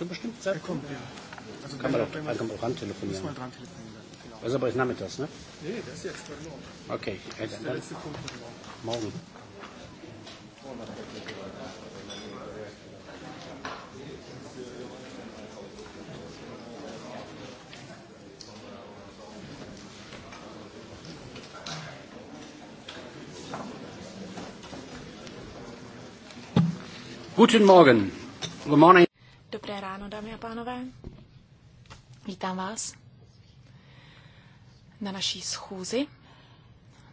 Zu bestimmten Zeit? Er kommt, ja. Also kann man, man, er er man auch ran telefonieren. Muss man dran telefonieren. Genau. Er das ist aber erst nachmittags, ne? Nee, das ist jetzt heute Morgen. Okay. Das ist der letzte Punkt heute Morgen. Morgen. Guten Morgen. Good morning pánové. Vítám vás na naší schůzi,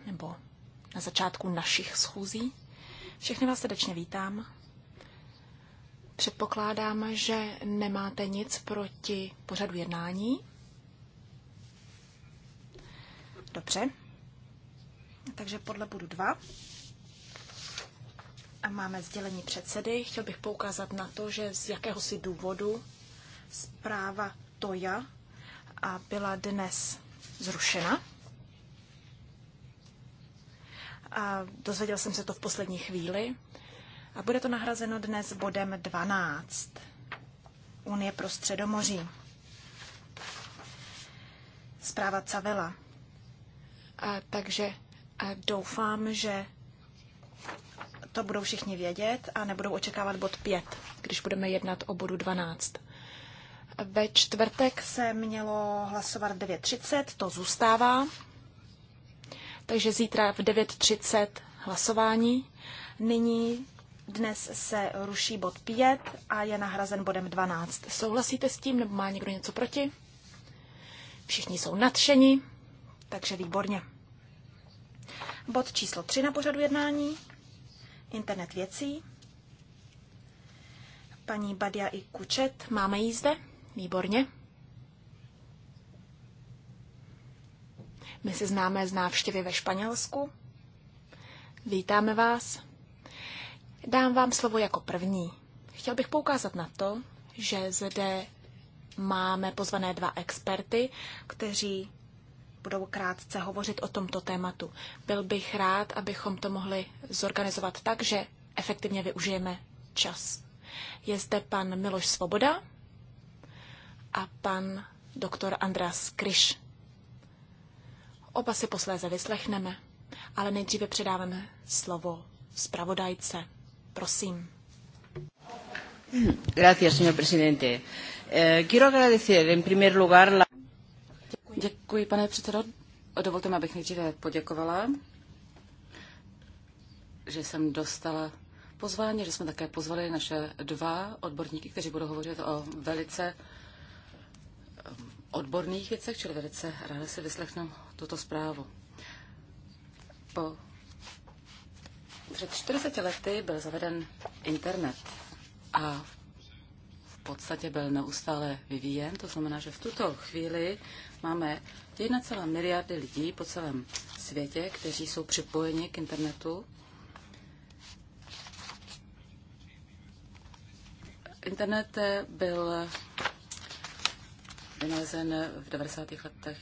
nebo na začátku našich schůzí. Všechny vás srdečně vítám. Předpokládám, že nemáte nic proti pořadu jednání. Dobře. Takže podle budu dva. a máme sdělení předsedy. Chtěl bych poukázat na to, že z jakéhosi důvodu práva Toja a byla dnes zrušena. A dozvěděl jsem se to v poslední chvíli. A bude to nahrazeno dnes bodem 12. Unie pro středomoří. Zpráva Cavela. A, takže a doufám, že to budou všichni vědět a nebudou očekávat bod 5, když budeme jednat o bodu 12. Ve čtvrtek se mělo hlasovat 9.30, to zůstává. Takže zítra v 9.30 hlasování. Nyní dnes se ruší bod 5 a je nahrazen bodem 12. Souhlasíte s tím, nebo má někdo něco proti? Všichni jsou nadšeni, takže výborně. Bod číslo 3 na pořadu jednání. Internet věcí. Paní Badia i Kučet, máme jí zde? Výborně. My se známe z návštěvy ve Španělsku. Vítáme vás. Dám vám slovo jako první. Chtěl bych poukázat na to, že zde máme pozvané dva experty, kteří budou krátce hovořit o tomto tématu. Byl bych rád, abychom to mohli zorganizovat tak, že efektivně využijeme čas. Je zde pan Miloš Svoboda, a pan doktor Andras Kryš. Oba si posléze vyslechneme, ale nejdříve předáváme slovo zpravodajce. Prosím. Gracias, señor presidente. Eh, quiero agradecer en primer lugar la... Děkuji, pane předsedo. Dovolte mi, abych nejdříve poděkovala, že jsem dostala pozvání, že jsme také pozvali naše dva odborníky, kteří budou hovořit o velice odborných věcech, čili velice ráda si vyslechnu tuto zprávu. Po před 40 lety byl zaveden internet a v podstatě byl neustále vyvíjen. To znamená, že v tuto chvíli máme 1,1 miliardy lidí po celém světě, kteří jsou připojeni k internetu. Internet byl vynalezen v 90. letech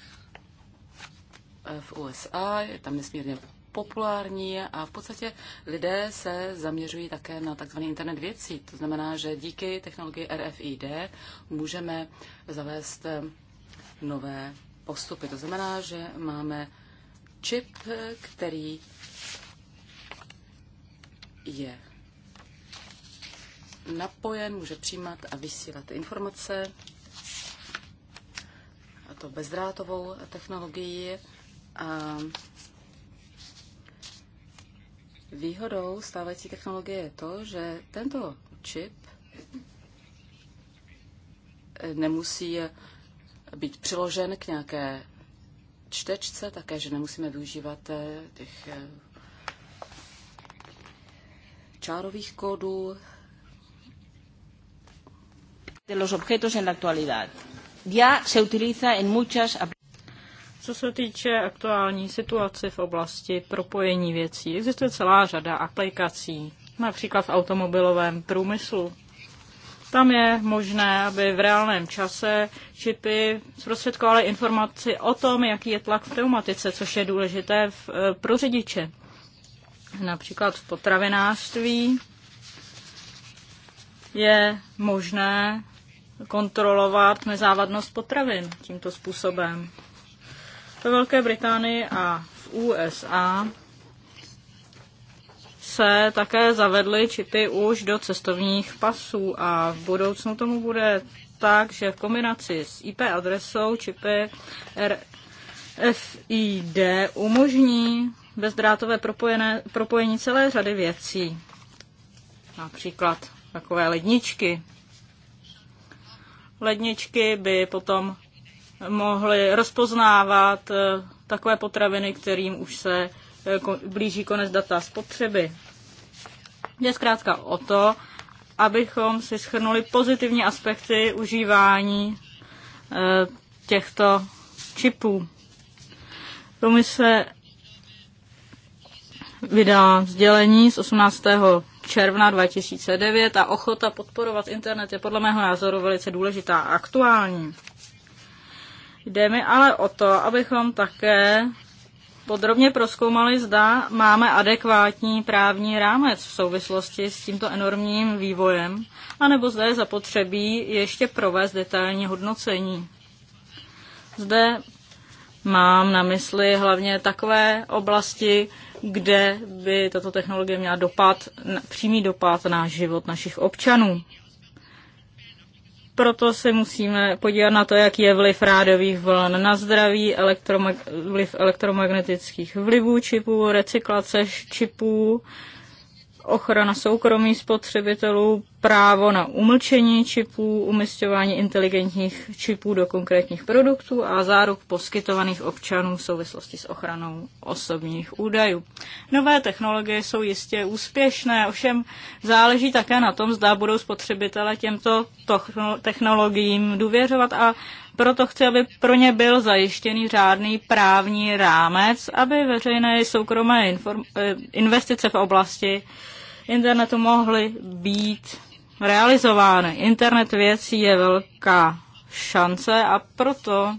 eh, v USA, je tam nesmírně populární a v podstatě lidé se zaměřují také na tzv. internet věcí. To znamená, že díky technologii RFID můžeme zavést eh, nové postupy. To znamená, že máme čip, který je napojen, může přijímat a vysílat informace to bezdrátovou technologii. A výhodou stávající technologie je to, že tento čip nemusí být přiložen k nějaké čtečce, také, že nemusíme využívat eh, těch eh, čárových kódů. De los objetos en la actualidad ya se utiliza en muchas co se týče aktuální situace v oblasti propojení věcí, existuje celá řada aplikací, například v automobilovém průmyslu. Tam je možné, aby v reálném čase čipy zprostředkovaly informaci o tom, jaký je tlak v pneumatice, což je důležité v, e, pro řidiče. Například v potravinářství je možné kontrolovat nezávadnost potravin tímto způsobem. Ve Velké Británii a v USA se také zavedly čipy už do cestovních pasů a v budoucnu tomu bude tak, že v kombinaci s IP adresou čipy RFID umožní bezdrátové propojené, propojení celé řady věcí. Například takové ledničky, ledničky by potom mohly rozpoznávat eh, takové potraviny, kterým už se eh, blíží konec data spotřeby. Je zkrátka o to, abychom si schrnuli pozitivní aspekty užívání eh, těchto čipů. Komise vydá sdělení z 18. června 2009 a ochota podporovat internet je podle mého názoru velice důležitá a aktuální. Jde mi ale o to, abychom také podrobně proskoumali, zda máme adekvátní právní rámec v souvislosti s tímto enormním vývojem, anebo zda je zapotřebí ještě provést detailní hodnocení. Zde mám na mysli hlavně takové oblasti, kde by tato technologie měla dopad, přímý dopad na život našich občanů. Proto se musíme podívat na to, jaký je vliv rádových vln na zdraví, elektromag- vliv elektromagnetických vlivů čipů, recyklace čipů, ochrana soukromí spotřebitelů, právo na umlčení čipů, umistování inteligentních čipů do konkrétních produktů a záruk poskytovaných občanů v souvislosti s ochranou osobních údajů. Nové technologie jsou jistě úspěšné, ovšem záleží také na tom, zda budou spotřebitele těmto technologiím důvěřovat a proto chci, aby pro ně byl zajištěný řádný právní rámec, aby veřejné i soukromé eh, investice v oblasti internetu mohly být realizovány. Internet věcí je velká šance a proto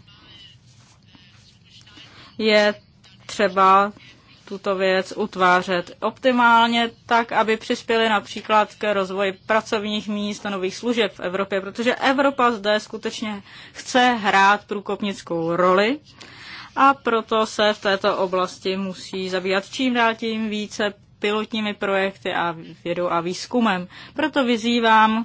je třeba tuto věc utvářet optimálně tak, aby přispěli například ke rozvoji pracovních míst a nových služeb v Evropě, protože Evropa zde skutečně chce hrát průkopnickou roli a proto se v této oblasti musí zabývat čím dál tím více pilotními projekty a vědou a výzkumem. Proto vyzývám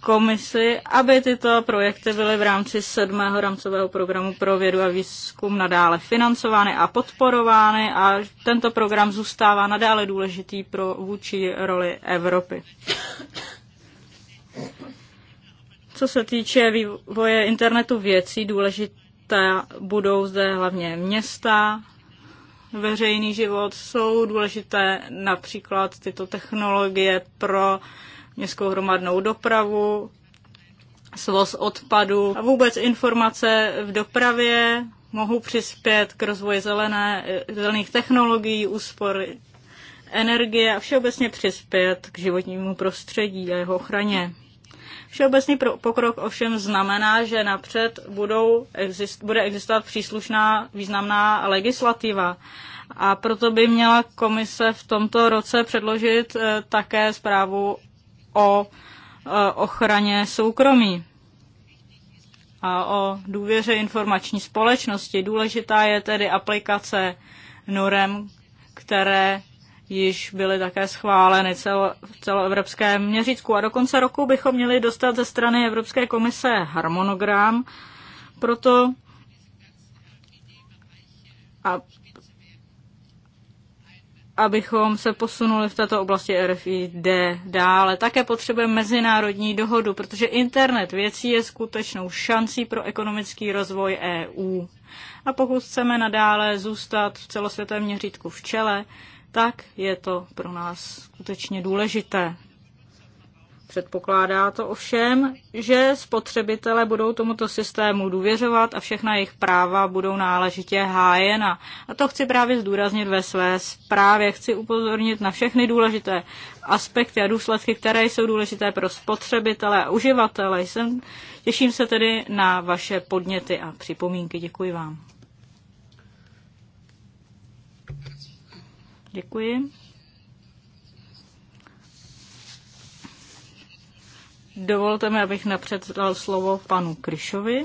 komisi, aby tyto projekty byly v rámci sedmého rámcového programu pro vědu a výzkum nadále financovány a podporovány a tento program zůstává nadále důležitý pro vůči roli Evropy. Co se týče vývoje internetu věcí, důležité budou zde hlavně města, veřejný život jsou důležité například tyto technologie pro městskou hromadnou dopravu, svoz odpadu a vůbec informace v dopravě mohou přispět k rozvoji zelené, zelených technologií, úspory energie a všeobecně přispět k životnímu prostředí a jeho ochraně. Všeobecný pokrok ovšem znamená, že napřed budou, exist, bude existovat příslušná významná legislativa. A proto by měla komise v tomto roce předložit eh, také zprávu o eh, ochraně soukromí a o důvěře informační společnosti. Důležitá je tedy aplikace norem, které již byly také schváleny celo, v celoevropském měřítku. A do konce roku bychom měli dostat ze strany Evropské komise harmonogram, proto a, abychom se posunuli v této oblasti RFID dále. Také potřebujeme mezinárodní dohodu, protože internet věcí je skutečnou šancí pro ekonomický rozvoj EU. A pokud chceme nadále zůstat v celosvětovém měřítku v čele, tak je to pro nás skutečně důležité. Předpokládá to ovšem, že spotřebitele budou tomuto systému důvěřovat a všechna jejich práva budou náležitě hájena. A to chci právě zdůraznit ve své zprávě. Chci upozornit na všechny důležité aspekty a důsledky, které jsou důležité pro spotřebitele a uživatele. Jsem, těším se tedy na vaše podněty a připomínky. Děkuji vám. Děkuji. Dovolte mi, abych napřed dal slovo panu Kryšovi.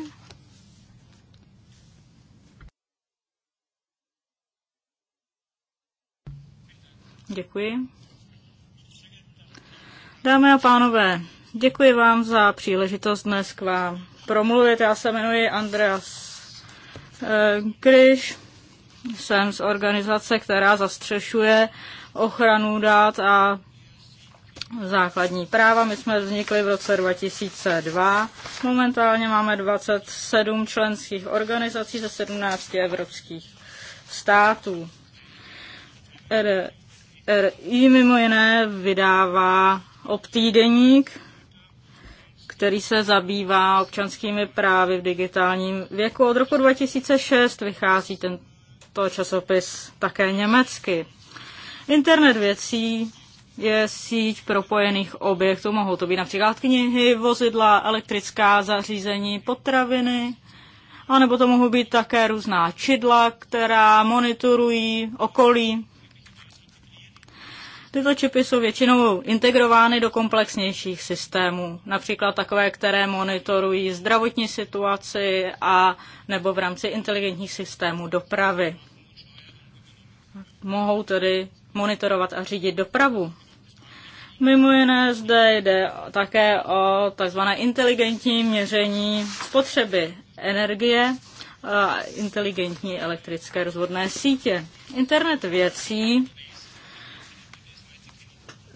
Děkuji. Dámy a pánové, děkuji vám za příležitost dnes k vám promluvit. Já se jmenuji Andreas eh, Kryš jsem z organizace, která zastřešuje ochranu dát a základní práva. My jsme vznikli v roce 2002. Momentálně máme 27 členských organizací ze 17 evropských států. RI mimo jiné vydává obtýdeník, který se zabývá občanskými právy v digitálním věku. Od roku 2006 vychází ten to časopis také německy. Internet věcí je síť propojených objektů. Mohou to být například knihy, vozidla, elektrická zařízení, potraviny, anebo to mohou být také různá čidla, která monitorují okolí. Tyto čipy jsou většinou integrovány do komplexnějších systémů, například takové, které monitorují zdravotní situaci a nebo v rámci inteligentních systémů dopravy mohou tedy monitorovat a řídit dopravu. Mimo jiné zde jde také o tzv. inteligentní měření spotřeby energie a inteligentní elektrické rozvodné sítě. Internet věcí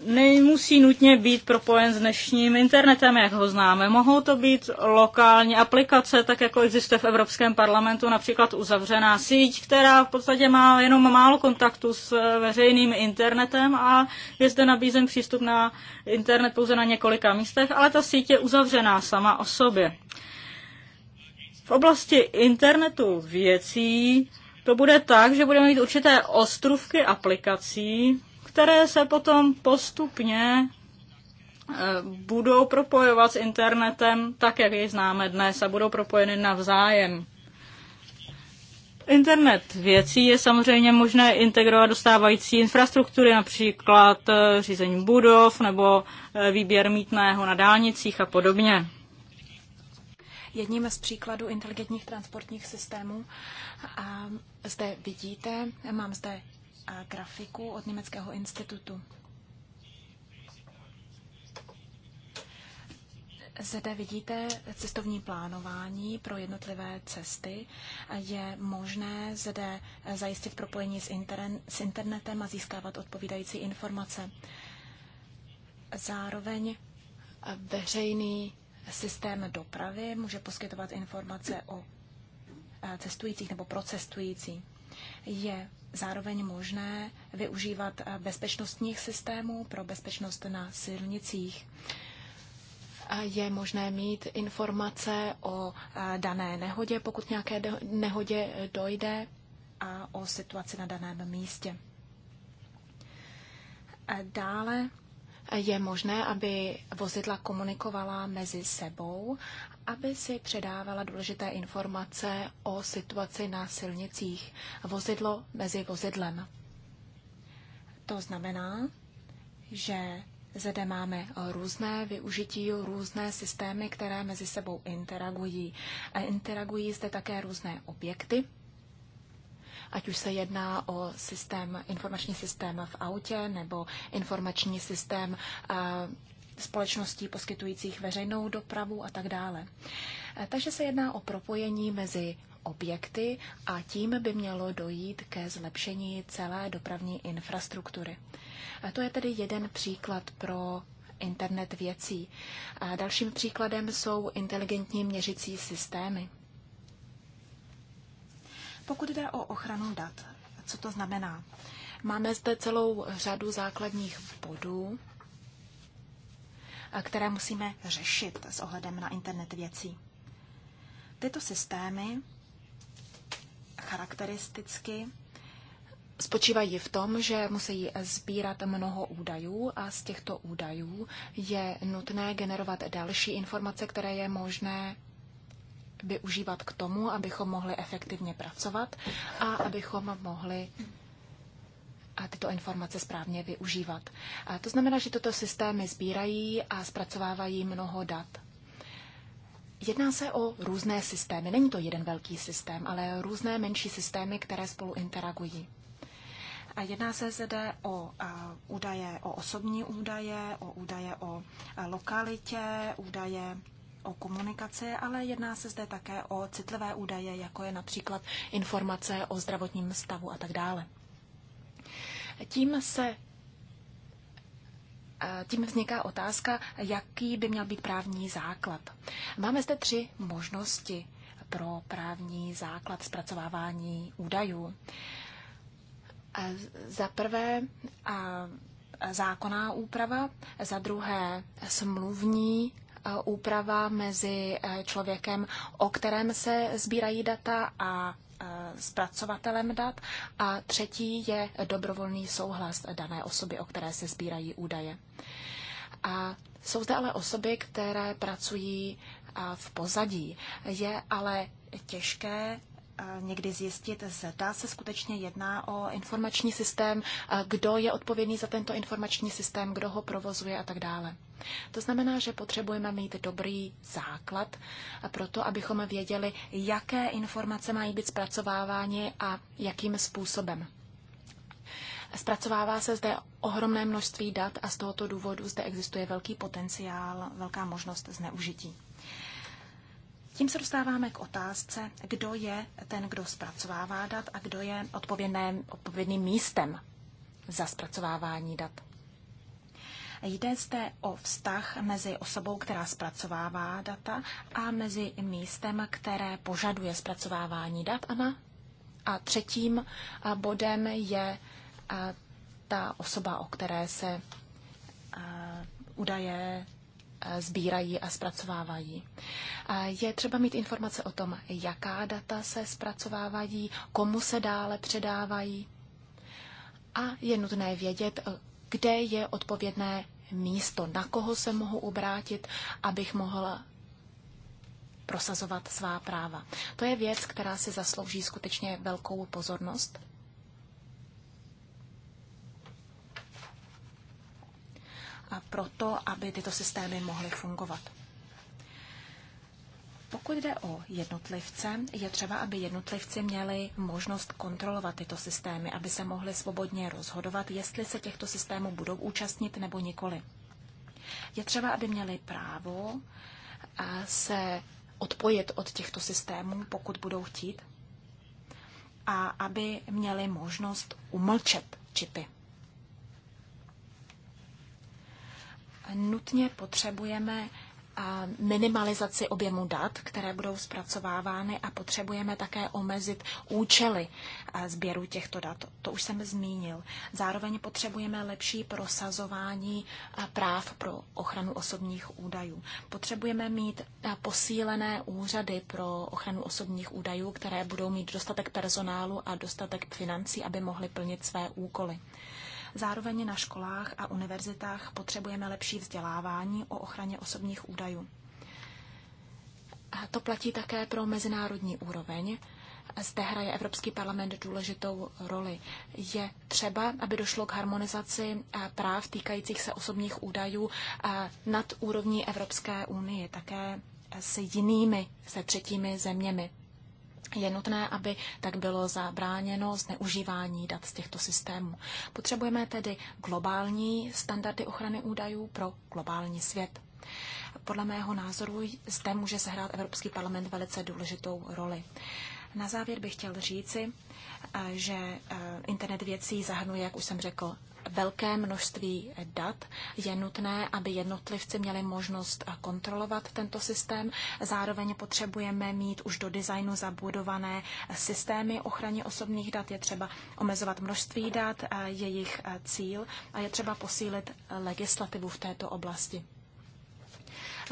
nemusí nutně být propojen s dnešním internetem, jak ho známe. Mohou to být lokální aplikace, tak jako existuje v Evropském parlamentu například uzavřená síť, která v podstatě má jenom málo kontaktu s veřejným internetem a je zde nabízen přístup na internet pouze na několika místech, ale ta síť je uzavřená sama o sobě. V oblasti internetu věcí to bude tak, že budeme mít určité ostrůvky aplikací, které se potom postupně eh, budou propojovat s internetem tak, jak jej známe dnes a budou propojeny navzájem. Internet věcí je samozřejmě možné integrovat do stávající infrastruktury, například eh, řízení budov nebo eh, výběr mítného na dálnicích a podobně. Jedním z příkladů inteligentních transportních systémů a zde vidíte, mám zde a grafiku od Německého institutu. Zde vidíte cestovní plánování pro jednotlivé cesty. Je možné zde zajistit propojení s, interen- s internetem a získávat odpovídající informace. Zároveň veřejný systém dopravy může poskytovat informace o eh, cestujících nebo procestující. Je zároveň možné využívat eh, bezpečnostních systémů pro bezpečnost na silnicích. Je možné mít informace o eh, dané nehodě, pokud nějaké nehodě dojde, a o situaci na daném místě. Dále je možné, aby vozidla komunikovala mezi sebou aby si předávala důležité informace o situaci na silnicích vozidlo mezi vozidlem. To znamená, že zde máme různé využití, různé systémy, které mezi sebou interagují. A interagují zde také různé objekty, ať už se jedná o systém, informační systém v autě nebo informační systém eh, společností poskytujících veřejnou dopravu a tak dále. Eh, takže se jedná o propojení mezi objekty a tím by mělo dojít ke zlepšení celé dopravní infrastruktury. A eh, to je tedy jeden příklad pro internet věcí. A eh, dalším příkladem jsou inteligentní měřicí systémy. Pokud jde o ochranu dat, co to znamená? Máme zde celou řadu základních bodů, které musíme řešit s ohledem na internet věcí. Tyto systémy charakteristicky spočívají v tom, že musí sbírat mnoho údajů a z těchto údajů je nutné generovat další informace, které je možné využívat k tomu, abychom mohli efektivně pracovat a abychom mohli tyto informace správně využívat. A to znamená, že tyto systémy sbírají a zpracovávají mnoho dat. Jedná se o různé systémy. Není to jeden velký systém, ale různé menší systémy, které spolu interagují. A jedná se zde o a, údaje o osobní údaje, o údaje o a, lokalitě, údaje o komunikaci, ale jedná se zde také o citlivé údaje, jako je například informace o zdravotním stavu a tak dále. Tím se eh, tím vzniká otázka, jaký by měl být právní základ. Máme zde tři možnosti pro právní základ zpracovávání údajů. Eh, za prvé eh, zákonná úprava, za druhé smluvní úprava mezi člověkem, o kterém se sbírají data a Eh, zpracovatelem dat a třetí je dobrovolný souhlas dané osoby, o které se sbírají údaje. A jsou zde ale osoby, které pracují eh, v pozadí. Je ale těžké někdy zjistit, zda se skutečně jedná o informační systém, kdo je odpovědný za tento informační systém, kdo ho provozuje a tak dále. To znamená, že potřebujeme mít dobrý základ pro to, abychom věděli, jaké informace mají být zpracovávány a jakým způsobem. Zpracovává se zde ohromné množství dat a z tohoto důvodu zde existuje velký potenciál, velká možnost zneužití. Tím se dostáváme k otázce, kdo je ten, kdo zpracovává dat a kdo je odpovědným, odpovědným místem za zpracovávání dat. Jde zde o vztah mezi osobou, která zpracovává data a mezi místem, které požaduje zpracovávání dat a A třetím bodem je ta osoba, o které se údaje sbírají a zpracovávají. Je třeba mít informace o tom, jaká data se zpracovávají, komu se dále předávají a je nutné vědět, kde je odpovědné místo, na koho se mohu obrátit, abych mohla prosazovat svá práva. To je věc, která si zaslouží skutečně velkou pozornost proto, aby tyto systémy mohly fungovat. Pokud jde o jednotlivce, je třeba, aby jednotlivci měli možnost kontrolovat tyto systémy, aby se mohli svobodně rozhodovat, jestli se těchto systémů budou účastnit nebo nikoli. Je třeba, aby měli právo se odpojit od těchto systémů, pokud budou chtít, a aby měli možnost umlčet čipy. nutně potřebujeme minimalizaci objemu dat, které budou zpracovávány a potřebujeme také omezit účely sběru těchto dat. To už jsem zmínil. Zároveň potřebujeme lepší prosazování práv pro ochranu osobních údajů. Potřebujeme mít posílené úřady pro ochranu osobních údajů, které budou mít dostatek personálu a dostatek financí, aby mohly plnit své úkoly. Zároveň na školách a univerzitách potřebujeme lepší vzdělávání o ochraně osobních údajů. to platí také pro mezinárodní úroveň. Zde hraje Evropský parlament důležitou roli. Je třeba, aby došlo k harmonizaci práv týkajících se osobních údajů nad úrovní Evropské unie, také s jinými, se třetími zeměmi. Je nutné, aby tak bylo zabráněno zneužívání dat z těchto systémů. Potřebujeme tedy globální standardy ochrany údajů pro globální svět. Podle mého názoru zde může sehrát Evropský parlament velice důležitou roli. Na závěr bych chtěl říci, eh, že eh, internet věcí zahrnuje, jak už jsem řekl, velké množství dat. Je nutné, aby jednotlivci měli možnost kontrolovat tento systém. Zároveň potřebujeme mít už do designu zabudované systémy ochrany osobních dat. Je třeba omezovat množství dat, eh, jejich eh, cíl a je třeba posílit legislativu v této oblasti.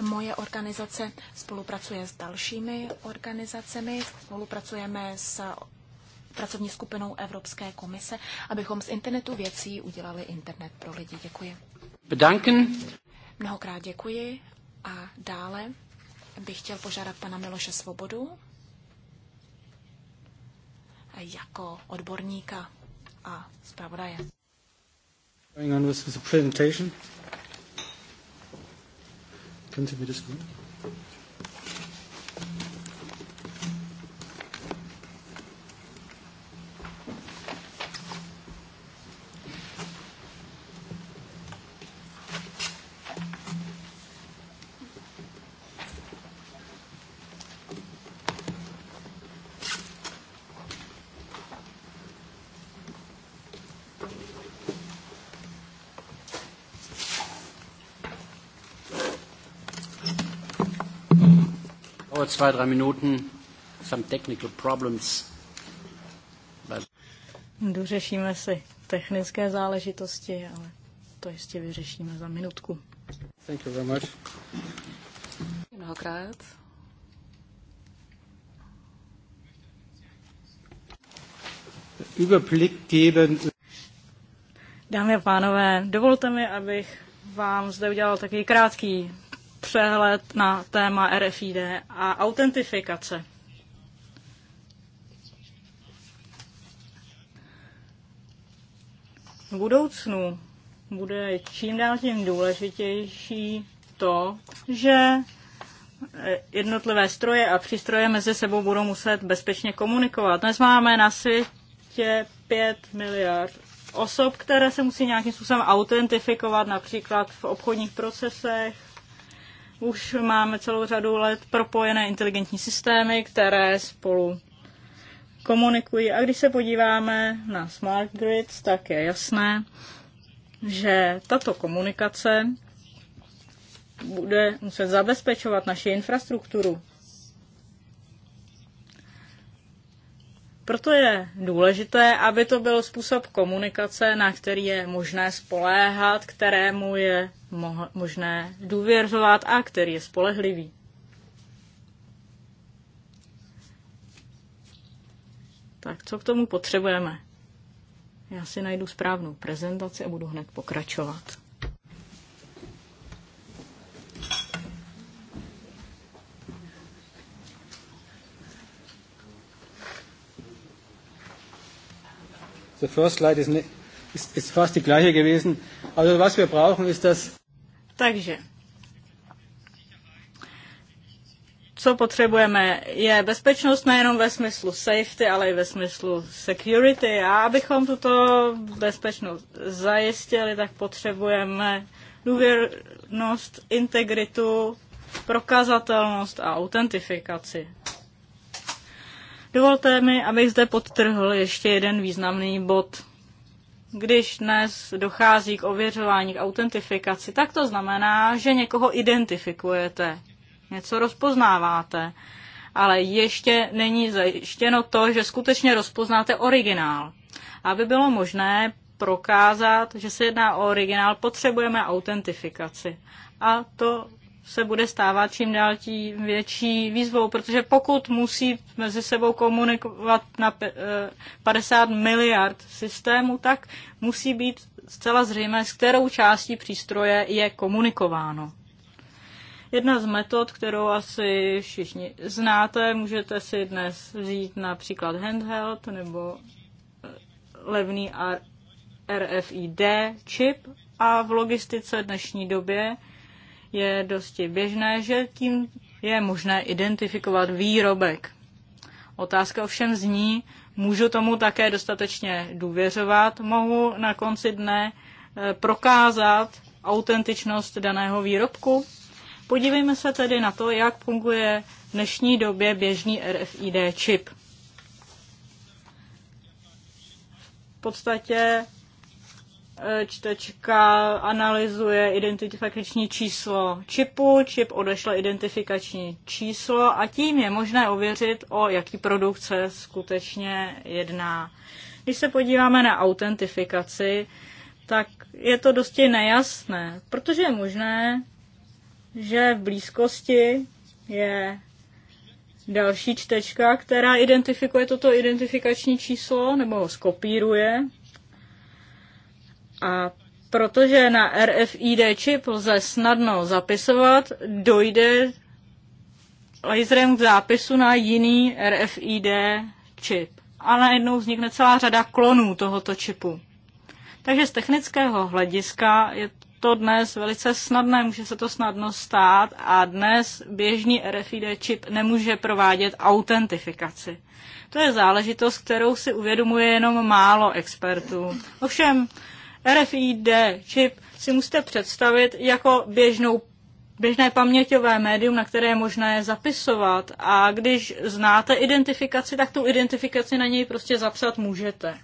Moje organizace spolupracuje s dalšími organizacemi, spolupracujeme s pracovní skupinou Evropské komise, abychom z internetu věcí udělali internet pro lidi. Děkuji. Bedanken. Mnohokrát děkuji a dále bych chtěl požádat pana Miloše Svobodu jako odborníka a zpravodaje. Going on with the presentation. Können Sie mir zwei, drei Minuten. Some technical problems. Dořešíme si technické záležitosti, ale to jistě vyřešíme za minutku. Thank you very much. Mnohokrát. Überblick geben. Dámy a pánové, dovolte mi, abych vám zde udělal takový krátký přehled na téma RFID a autentifikace. V budoucnu bude čím dál tím důležitější to, že eh, jednotlivé stroje a přístroje mezi sebou budou muset bezpečně komunikovat. Dnes máme na světě 5 miliard osob, které se musí nějakým způsobem autentifikovat, například v obchodních procesech, už máme celou řadu let propojené inteligentní systémy, které spolu komunikují. A když se podíváme na smart grids, tak je jasné, že tato komunikace bude muset zabezpečovat naši infrastrukturu. Proto je důležité, aby to byl způsob komunikace, na který je možné spoléhat, kterému je možné důvěřovat a který je spolehlivý. Tak co k tomu potřebujeme? Já si najdu správnou prezentaci a budu hned pokračovat. The first slide is, is, is fast die gleiche gewesen. Also was wir brauchen ist das takže co potřebujeme, je bezpečnost nejenom ve smyslu safety, ale i ve smyslu security. A abychom tuto bezpečnost zajistili, tak potřebujeme důvěrnost, integritu, prokazatelnost a autentifikaci. Dovolte mi, abych zde podtrhl ještě jeden významný bod. Když dnes dochází k ověřování, k autentifikaci, tak to znamená, že někoho identifikujete, něco rozpoznáváte, ale ještě není zajištěno to, že skutečně rozpoznáte originál. Aby bylo možné prokázat, že se jedná o originál, potřebujeme autentifikaci. A to se bude stávat čím dál tím větší výzvou, protože pokud musí mezi sebou komunikovat na 50 eh, miliard systémů, tak musí být zcela zřejmé, s kterou částí přístroje je komunikováno. Jedna z metod, kterou asi všichni znáte, můžete si dnes vzít například handheld nebo eh, levný RFID čip a v logistice dnešní době je dosti běžné, že tím je možné identifikovat výrobek. Otázka ovšem zní, můžu tomu také dostatečně důvěřovat, mohu na konci dne eh, prokázat autentičnost daného výrobku. Podívejme se tedy na to, jak funguje v dnešní době běžný RFID čip. V podstatě čtečka analyzuje identifikační číslo čipu, čip odešle identifikační číslo a tím je možné ověřit, o jaký produkt se skutečně jedná. Když se podíváme na autentifikaci, tak je to dosti nejasné, protože je možné, že v blízkosti je další čtečka, která identifikuje toto identifikační číslo nebo ho skopíruje a protože na RFID čip lze snadno zapisovat, dojde laserem k zápisu na jiný RFID čip. A najednou vznikne celá řada klonů tohoto čipu. Takže z technického hlediska je to dnes velice snadné, může se to snadno stát a dnes běžný RFID čip nemůže provádět autentifikaci. To je záležitost, kterou si uvědomuje jenom málo expertů. Ovšem, RFID čip si musíte představit jako běžnou běžné paměťové médium, na které je možné zapisovat a když znáte identifikaci, tak tu identifikaci na něj prostě zapsat můžete.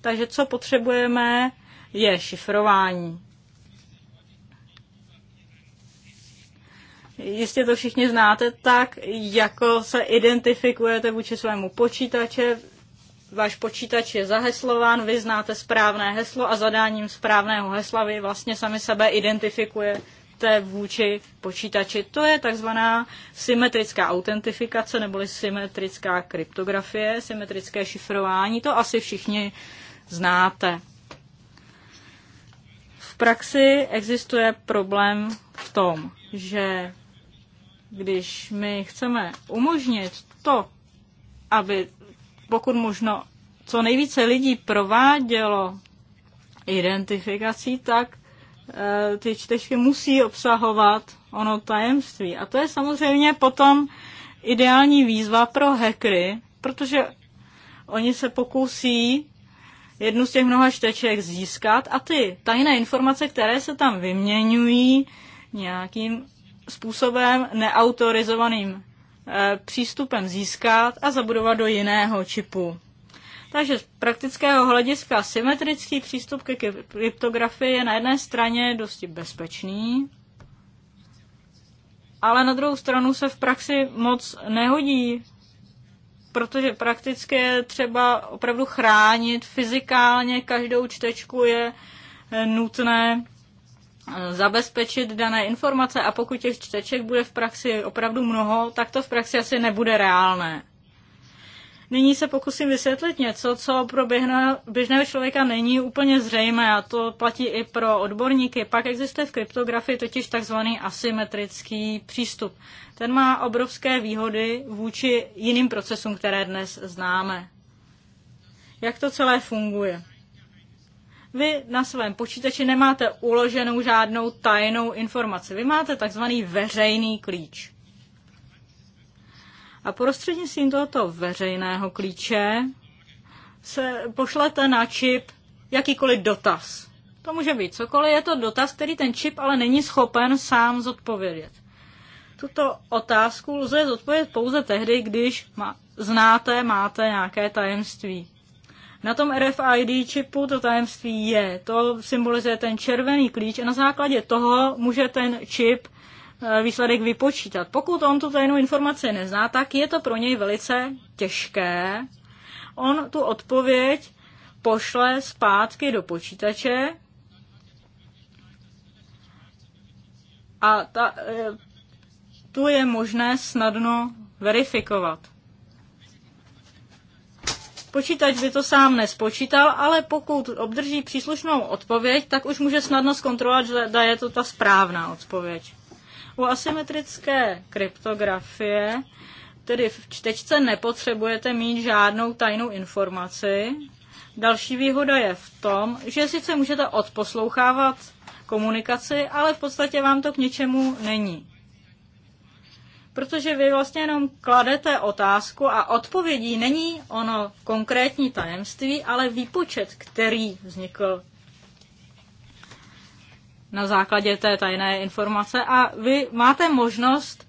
Takže co potřebujeme, je šifrování. Jistě to všichni znáte tak, jako se identifikujete vůči svému počítače, váš počítač je zaheslován, vy znáte správné heslo a zadáním správného hesla vy vlastně sami sebe identifikujete vůči počítači. To je takzvaná symetrická autentifikace neboli symetrická kryptografie, symetrické šifrování. To asi všichni znáte. V praxi existuje problém v tom, že když my chceme umožnit to, aby pokud možno co nejvíce lidí provádělo identifikací, tak eh, ty čtečky musí obsahovat ono tajemství. A to je samozřejmě potom ideální výzva pro hackery, protože oni se pokusí jednu z těch mnoha čteček získat a ty tajné informace, které se tam vyměňují nějakým způsobem neautorizovaným přístupem získat a zabudovat do jiného čipu. Takže z praktického hlediska symetrický přístup ke kryptografii je na jedné straně dosti bezpečný, ale na druhou stranu se v praxi moc nehodí, protože prakticky je třeba opravdu chránit fyzikálně každou čtečku je eh, nutné zabezpečit dané informace a pokud těch čteček bude v praxi opravdu mnoho, tak to v praxi asi nebude reálné. Nyní se pokusím vysvětlit něco, co pro běžného člověka není úplně zřejmé a to platí i pro odborníky. Pak existuje v kryptografii totiž takzvaný asymetrický přístup. Ten má obrovské výhody vůči jiným procesům, které dnes známe. Jak to celé funguje? Vy na svém počítači nemáte uloženou žádnou tajnou informaci. Vy máte takzvaný veřejný klíč. A prostřednictvím tohoto veřejného klíče se pošlete na čip jakýkoliv dotaz. To může být cokoliv, je to dotaz, který ten čip ale není schopen sám zodpovědět. Tuto otázku lze zodpovědět pouze tehdy, když ma- znáte, máte nějaké tajemství. Na tom RFID čipu to tajemství je. To symbolizuje ten červený klíč a na základě toho může ten čip eh, výsledek vypočítat. Pokud on tu tajnou informaci nezná, tak je to pro něj velice těžké. On tu odpověď pošle zpátky do počítače a ta, eh, tu je možné snadno verifikovat. Počítač by to sám nespočítal, ale pokud obdrží příslušnou odpověď, tak už může snadno zkontrolovat, že da je to ta správná odpověď. U asymetrické kryptografie, tedy v čtečce nepotřebujete mít žádnou tajnou informaci. Další výhoda je v tom, že sice můžete odposlouchávat komunikaci, ale v podstatě vám to k ničemu není protože vy vlastně jenom kladete otázku a odpovědí není ono konkrétní tajemství, ale výpočet, který vznikl na základě té tajné informace a vy máte možnost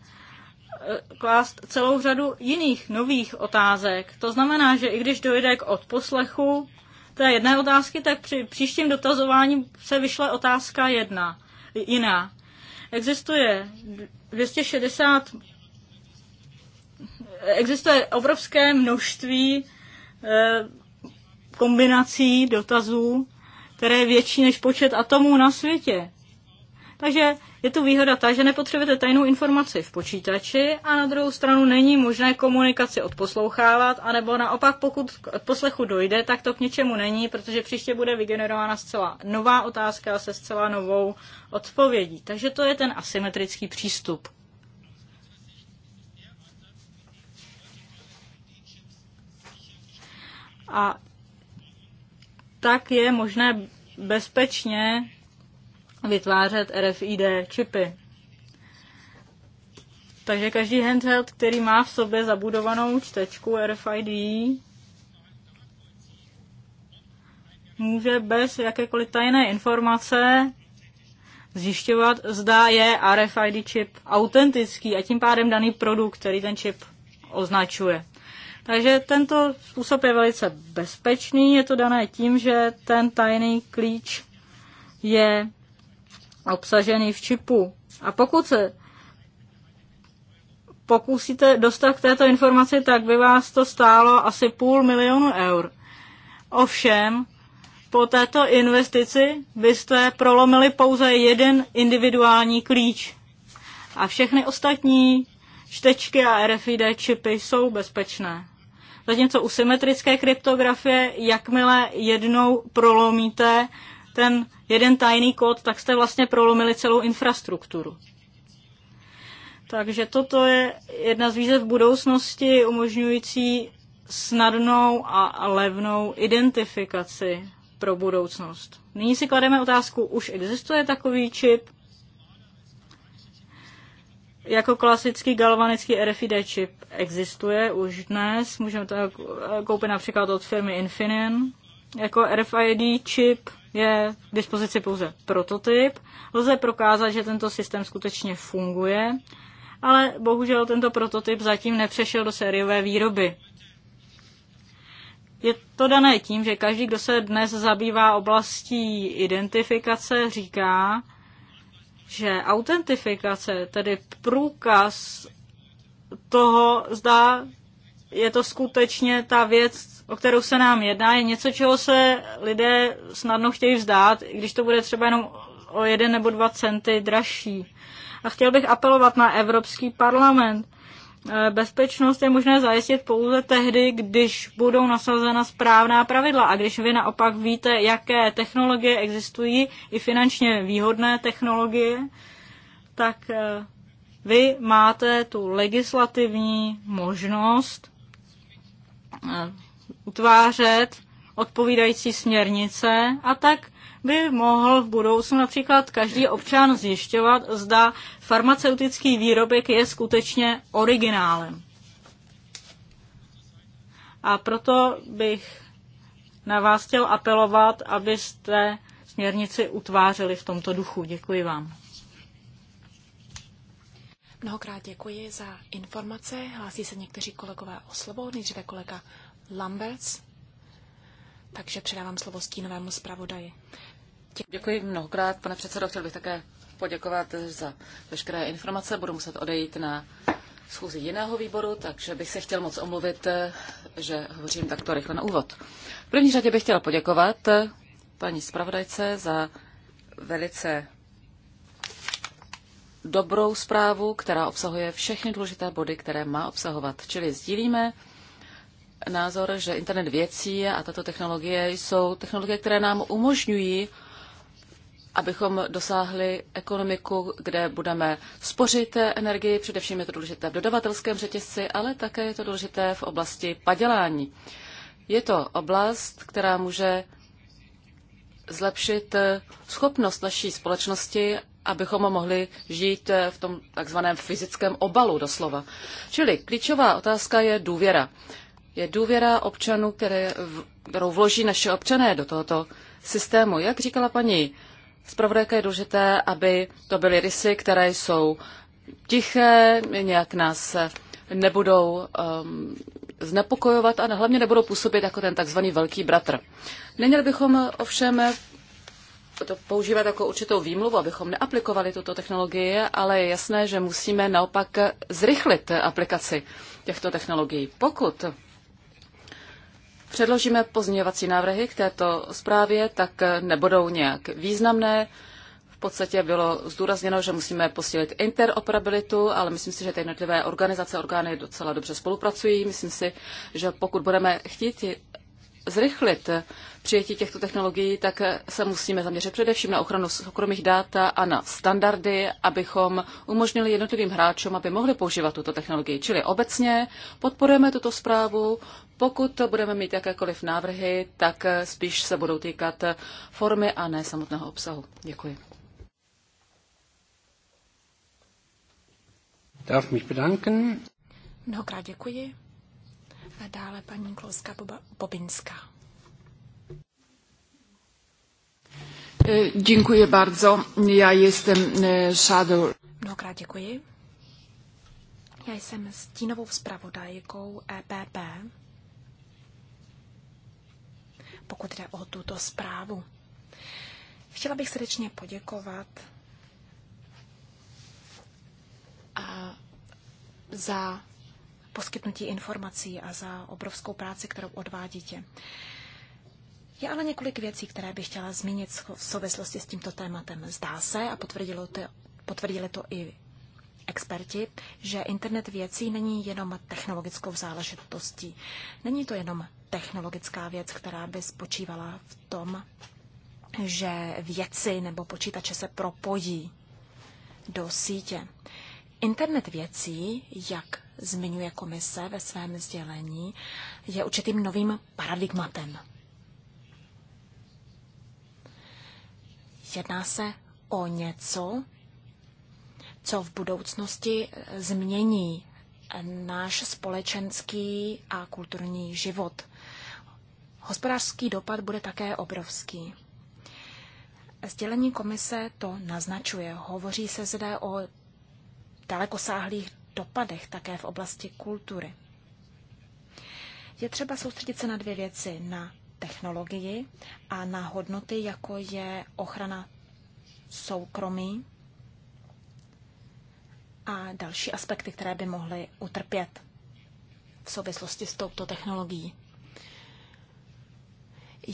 eh, klást celou řadu jiných nových otázek. To znamená, že i když dojde k odposlechu té jedné otázky, tak při příštím dotazování se vyšle otázka jedna, jiná. Existuje 260 existuje obrovské množství eh, kombinací dotazů, které je větší než počet atomů na světě. Takže je tu výhoda ta, že nepotřebujete tajnou informaci v počítači a na druhou stranu není možné komunikaci odposlouchávat, anebo naopak pokud k poslechu dojde, tak to k něčemu není, protože příště bude vygenerována zcela nová otázka se zcela novou odpovědí. Takže to je ten asymetrický přístup. a tak je možné bezpečně vytvářet RFID čipy. Takže každý handheld, který má v sobě zabudovanou čtečku RFID, může bez jakékoliv tajné informace zjišťovat, zda je RFID čip autentický a tím pádem daný produkt, který ten čip označuje. Takže tento způsob je velice bezpečný. Je to dané tím, že ten tajný klíč je obsažený v čipu. A pokud se pokusíte dostat k této informaci, tak by vás to stálo asi půl milionu eur. Ovšem, po této investici byste prolomili pouze jeden individuální klíč. A všechny ostatní čtečky a RFID čipy jsou bezpečné. Zatímco u symetrické kryptografie, jakmile jednou prolomíte ten jeden tajný kód, tak jste vlastně prolomili celou infrastrukturu. Takže toto je jedna z výzev budoucnosti umožňující snadnou a levnou identifikaci pro budoucnost. Nyní si klademe otázku, už existuje takový čip? jako klasický galvanický RFID čip existuje už dnes, můžeme to koupit například od firmy Infineon. Jako RFID čip je k dispozici pouze prototyp. Lze prokázat, že tento systém skutečně funguje, ale bohužel tento prototyp zatím nepřešel do sériové výroby. Je to dané tím, že každý, kdo se dnes zabývá oblastí identifikace, říká, že autentifikace, tedy průkaz toho, zda je to skutečně ta věc, o kterou se nám jedná, je něco, čeho se lidé snadno chtějí vzdát, i když to bude třeba jenom o jeden nebo dva centy dražší. A chtěl bych apelovat na Evropský parlament, Eh, bezpečnost je možné zajistit pouze tehdy, když budou nasazena správná pravidla a když vy naopak víte, jaké technologie existují, i finančně výhodné technologie, tak eh, vy máte tu legislativní možnost eh, utvářet odpovídající směrnice a tak by mohl v budoucnu například každý občan zjišťovat, zda farmaceutický výrobek je skutečně originálem. A proto bych na vás chtěl apelovat, abyste směrnici utvářeli v tomto duchu. Děkuji vám. Mnohokrát děkuji za informace. Hlásí se někteří kolegové o slovo. Nejdříve kolega Lamberts. Takže předávám slovo stínovému zpravodaji. Děkuji mnohokrát, pane předsedo. Chtěl bych také poděkovat za veškeré informace. Budu muset odejít na schůzi jiného výboru, takže bych se chtěl moc omluvit, že hovořím takto rychle na úvod. V první řadě bych chtěla poděkovat paní zpravodajce za velice dobrou zprávu, která obsahuje všechny důležité body, které má obsahovat. Čili sdílíme názor, že internet věcí a tato technologie jsou technologie, které nám umožňují, abychom dosáhli ekonomiku, kde budeme spořit energii. Především je to důležité v dodavatelském řetězci, ale také je to důležité v oblasti padělání. Je to oblast, která může zlepšit schopnost naší společnosti, abychom mohli žít v tom takzvaném fyzickém obalu doslova. Čili klíčová otázka je důvěra je důvěra občanů, které, kterou vloží naše občané do tohoto systému. Jak říkala paní zpravodajka, je důležité, aby to byly rysy, které jsou tiché, nějak nás nebudou um, znepokojovat a hlavně nebudou působit jako ten takzvaný velký bratr. Neměli bychom ovšem to používat jako určitou výmluvu, abychom neaplikovali tuto technologii, ale je jasné, že musíme naopak zrychlit aplikaci těchto technologií. Pokud předložíme pozměňovací návrhy k této zprávě, tak eh, nebudou nějak významné. V podstatě bylo zdůrazněno, že musíme posílit interoperabilitu, ale myslím si, že ty jednotlivé organizace, orgány docela dobře spolupracují. Myslím si, že pokud budeme chtít zrychlit přijetí těchto technologií, tak se musíme zaměřit především na ochranu soukromých dat a na standardy, abychom umožnili jednotlivým hráčům, aby mohli používat tuto technologii. Čili obecně podporujeme tuto zprávu. Pokud budeme mít jakékoliv návrhy, tak spíš se budou týkat formy a ne samotného obsahu. Děkuji. Darf mich bedanken. Mnohokrát děkuji. A dále paní Kloska Bobinská. E, děkuji bardzo. Já jsem e, shadow. Mnohokrát děkuji. Já jsem stínovou zpravodajkou EPP, pokud jde o tuto zprávu. Chtěla bych srdečně poděkovat a za poskytnutí informací a za obrovskou práci, kterou odvádíte. Je ale několik věcí, které bych chtěla zmínit v souvislosti s tímto tématem. Zdá se, a potvrdilo to, potvrdili to i experti, že internet věcí není jenom technologickou záležitostí. Není to jenom technologická věc, která by spočívala v tom, že věci nebo počítače se propojí do sítě. Internet věcí, jak zmiňuje komise ve svém sdělení, je určitým novým paradigmatem. Jedná se o něco, co v budoucnosti změní náš společenský a kulturní život. Hospodářský dopad bude také obrovský. Sdělení komise to naznačuje. Hovoří se zde o dalekosáhlých dopadech také v oblasti kultury. Je třeba soustředit se na dvě věci. Na technologii a na hodnoty, jako je ochrana soukromí a další aspekty, které by mohly utrpět v souvislosti s touto technologií.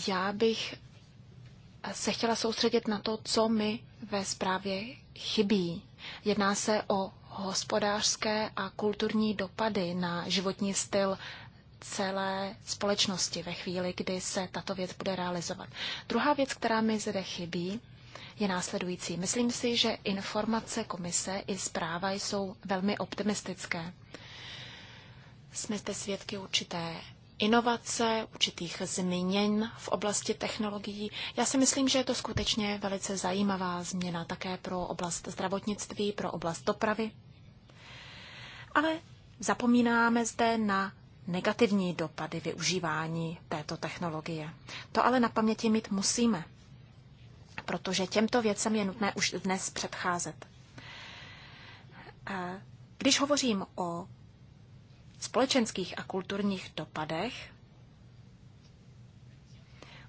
Já bych se chtěla soustředit na to, co mi ve zprávě chybí. Jedná se o hospodářské a kulturní dopady na životní styl celé společnosti ve chvíli, kdy se tato věc bude realizovat. Druhá věc, která mi zde chybí, je následující. Myslím si, že informace komise i zpráva jsou velmi optimistické. Jsme zde svědky určité inovace, určitých změn v oblasti technologií. Já si myslím, že je to skutečně velice zajímavá změna také pro oblast zdravotnictví, pro oblast dopravy. Ale zapomínáme zde na negativní dopady využívání této technologie. To ale na paměti mít musíme, protože těmto věcem je nutné už dnes předcházet. Když hovořím o společenských a kulturních dopadech,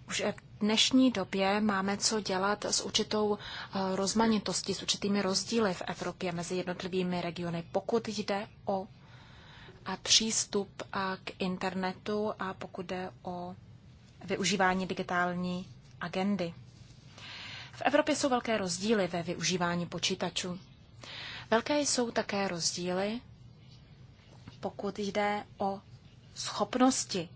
už v dnešní době máme co dělat s určitou eh, rozmanitostí, s určitými rozdíly v Evropě mezi jednotlivými regiony, pokud jde o a přístup k internetu a pokud jde o využívání digitální agendy. V Evropě jsou velké rozdíly ve využívání počítačů. Velké jsou také rozdíly, pokud jde o schopnosti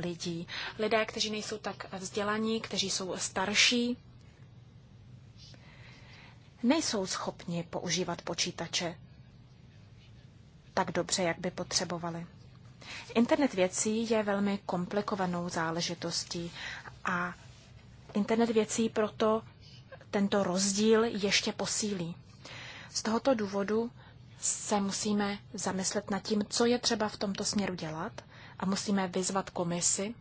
lidí. Lidé, kteří nejsou tak vzdělaní, kteří jsou starší, nejsou schopni používat počítače tak dobře, jak by potřebovali. Internet věcí je velmi komplikovanou záležitostí a internet věcí proto tento rozdíl ještě posílí. Z tohoto důvodu se musíme zamyslet nad tím, co je třeba v tomto směru dělat a musíme vyzvat komisi,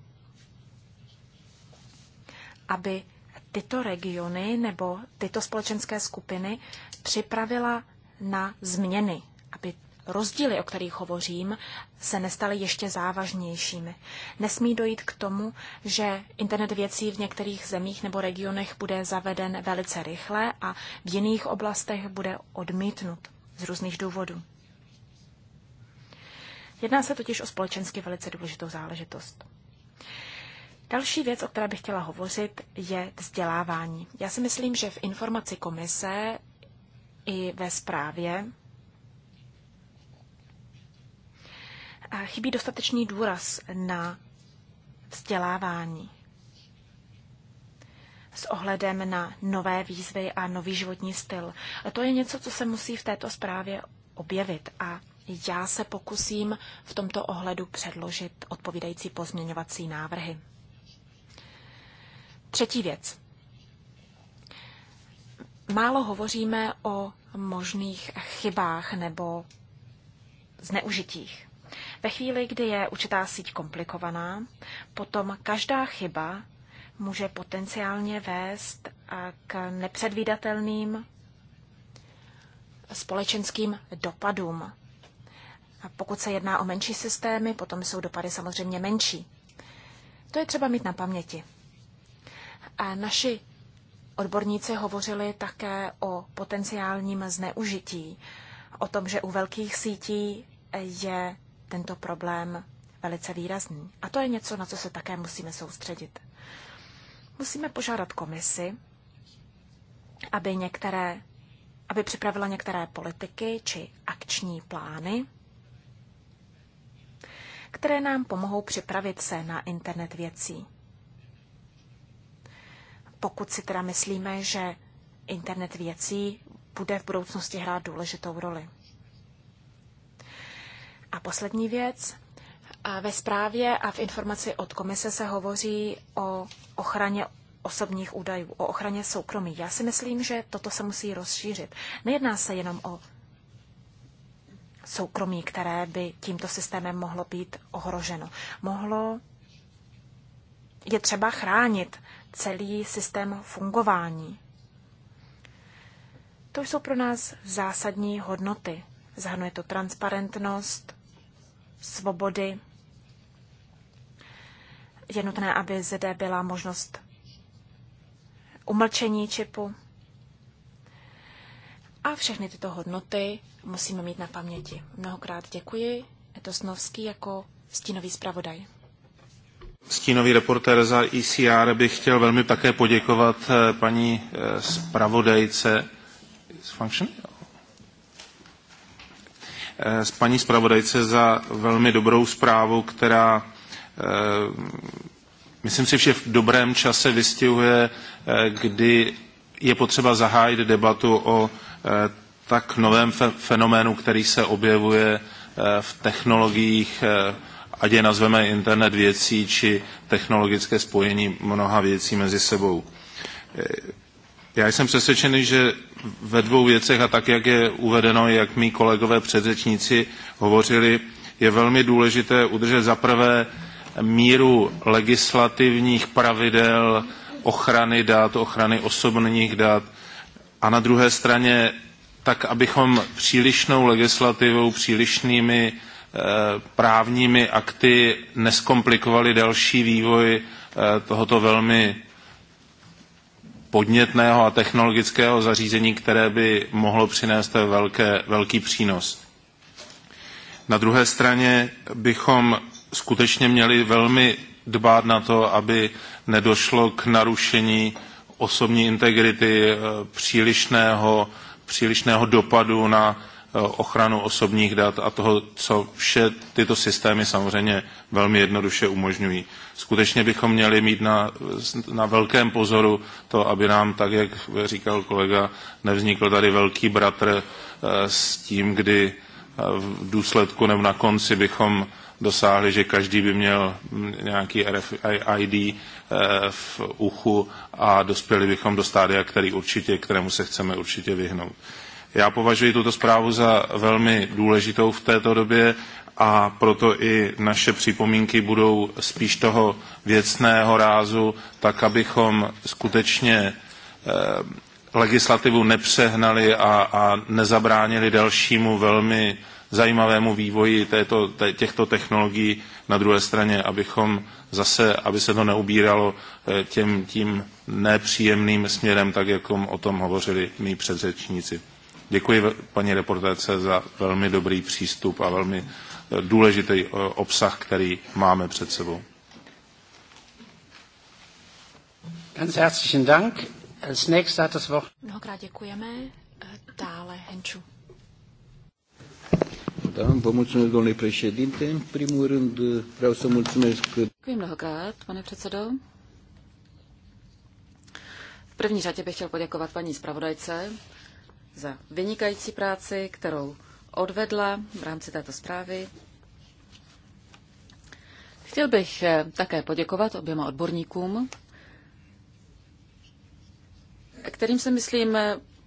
aby tyto regiony nebo tyto společenské skupiny připravila na změny, aby rozdíly, o kterých hovořím, se nestaly ještě závažnějšími. Nesmí dojít k tomu, že internet věcí v některých zemích nebo regionech bude zaveden velice rychle a v jiných oblastech bude odmítnut z různých důvodů. Jedná se totiž o společensky velice důležitou záležitost. Další věc, o které bych chtěla hovořit, je vzdělávání. Já si myslím, že v informaci komise i ve zprávě chybí dostatečný důraz na vzdělávání s ohledem na nové výzvy a nový životní styl. To je něco, co se musí v této zprávě objevit a já se pokusím v tomto ohledu předložit odpovídající pozměňovací návrhy. Třetí věc. Málo hovoříme o možných chybách nebo zneužitích. Ve chvíli, kdy je určitá síť komplikovaná, potom každá chyba může potenciálně vést k nepředvídatelným společenským dopadům. A pokud se jedná o menší systémy, potom jsou dopady samozřejmě menší. To je třeba mít na paměti. A naši odborníci hovořili také o potenciálním zneužití, o tom, že u velkých sítí je tento problém velice výrazný. A to je něco, na co se také musíme soustředit. Musíme požádat komisi, aby, některé, aby připravila některé politiky či akční plány, které nám pomohou připravit se na internet věcí. Pokud si teda myslíme, že internet věcí bude v budoucnosti hrát důležitou roli. A poslední věc. Ve zprávě a v informaci od komise se hovoří o ochraně osobních údajů, o ochraně soukromí. Já si myslím, že toto se musí rozšířit. Nejedná se jenom o soukromí, které by tímto systémem mohlo být ohroženo. Mohlo je třeba chránit celý systém fungování. To jsou pro nás zásadní hodnoty. Zahrnuje to transparentnost, svobody. Je nutné, aby zde byla možnost umlčení čipu. A všechny tyto hodnoty musíme mít na paměti. Mnohokrát děkuji to snovský jako stínový zpravodaj. Stínový reportér za ICR e bych chtěl velmi také poděkovat eh, paní eh, zpravodajce. Is Eh, s paní zpravodajce za velmi dobrou zprávu, která eh, myslím si, že v dobrém čase vystihuje, eh, kdy je potřeba zahájit debatu o tak novém fenoménu, který se objevuje v technologiích, ať je nazveme internet věcí, či technologické spojení mnoha věcí mezi sebou. Já jsem přesvědčený, že ve dvou věcech a tak, jak je uvedeno, jak mý kolegové předřečníci hovořili, je velmi důležité udržet zaprvé míru legislativních pravidel ochrany dat, ochrany osobních dat a na druhé straně tak, abychom přílišnou legislativou, přílišnými eh, právními akty neskomplikovali další vývoj eh, tohoto velmi podnětného a technologického zařízení, které by mohlo přinést velké, velký přínos. Na druhé straně bychom skutečně měli velmi dbát na to, aby nedošlo k narušení osobní integrity eh, přílišného, přílišného dopadu na Eh, ochranu osobních dat a toho, co vše tyto systémy samozřejmě velmi jednoduše umožňují. Skutečně bychom měli mít na, na velkém pozoru to, aby nám, tak jak říkal kolega, nevznikl tady velký bratr eh, s tím, kdy eh, v důsledku nebo na konci bychom dosáhli, že každý by měl nějaký RFID v uchu a dospěli bychom do stádia, který určitě, kterému se chceme určitě vyhnout. Já považuji tuto zprávu za velmi důležitou v této době a proto i naše připomínky budou spíš toho věcného rázu, tak abychom skutečně eh, legislativu nepřehnali a, a nezabránili dalšímu velmi zajímavému vývoji této, těchto technologií. Na druhé straně, abychom zase, aby se to neubíralo eh, těm, tím nepříjemným směrem, tak jak o tom hovořili mý předřečníci. Děkuji paní reportérce za velmi dobrý přístup a velmi eh, důležitý eh, obsah, který máme před sebou. Ganz herzlichen Dank. Als nächstes hat das Wort. Mnohokrát děkujeme. Eh, dále Henču. Da, vă mulțumesc, domnule președinte. În primul rând, vreau să mulțumesc... Děkuji mnohokrát, pane předsedo. V první řadě bych chtěl poděkovat paní zpravodajce za vynikající práci, kterou odvedla v rámci této zprávy. Chtěl bych eh, také poděkovat oběma odborníkům, kterým se, myslím,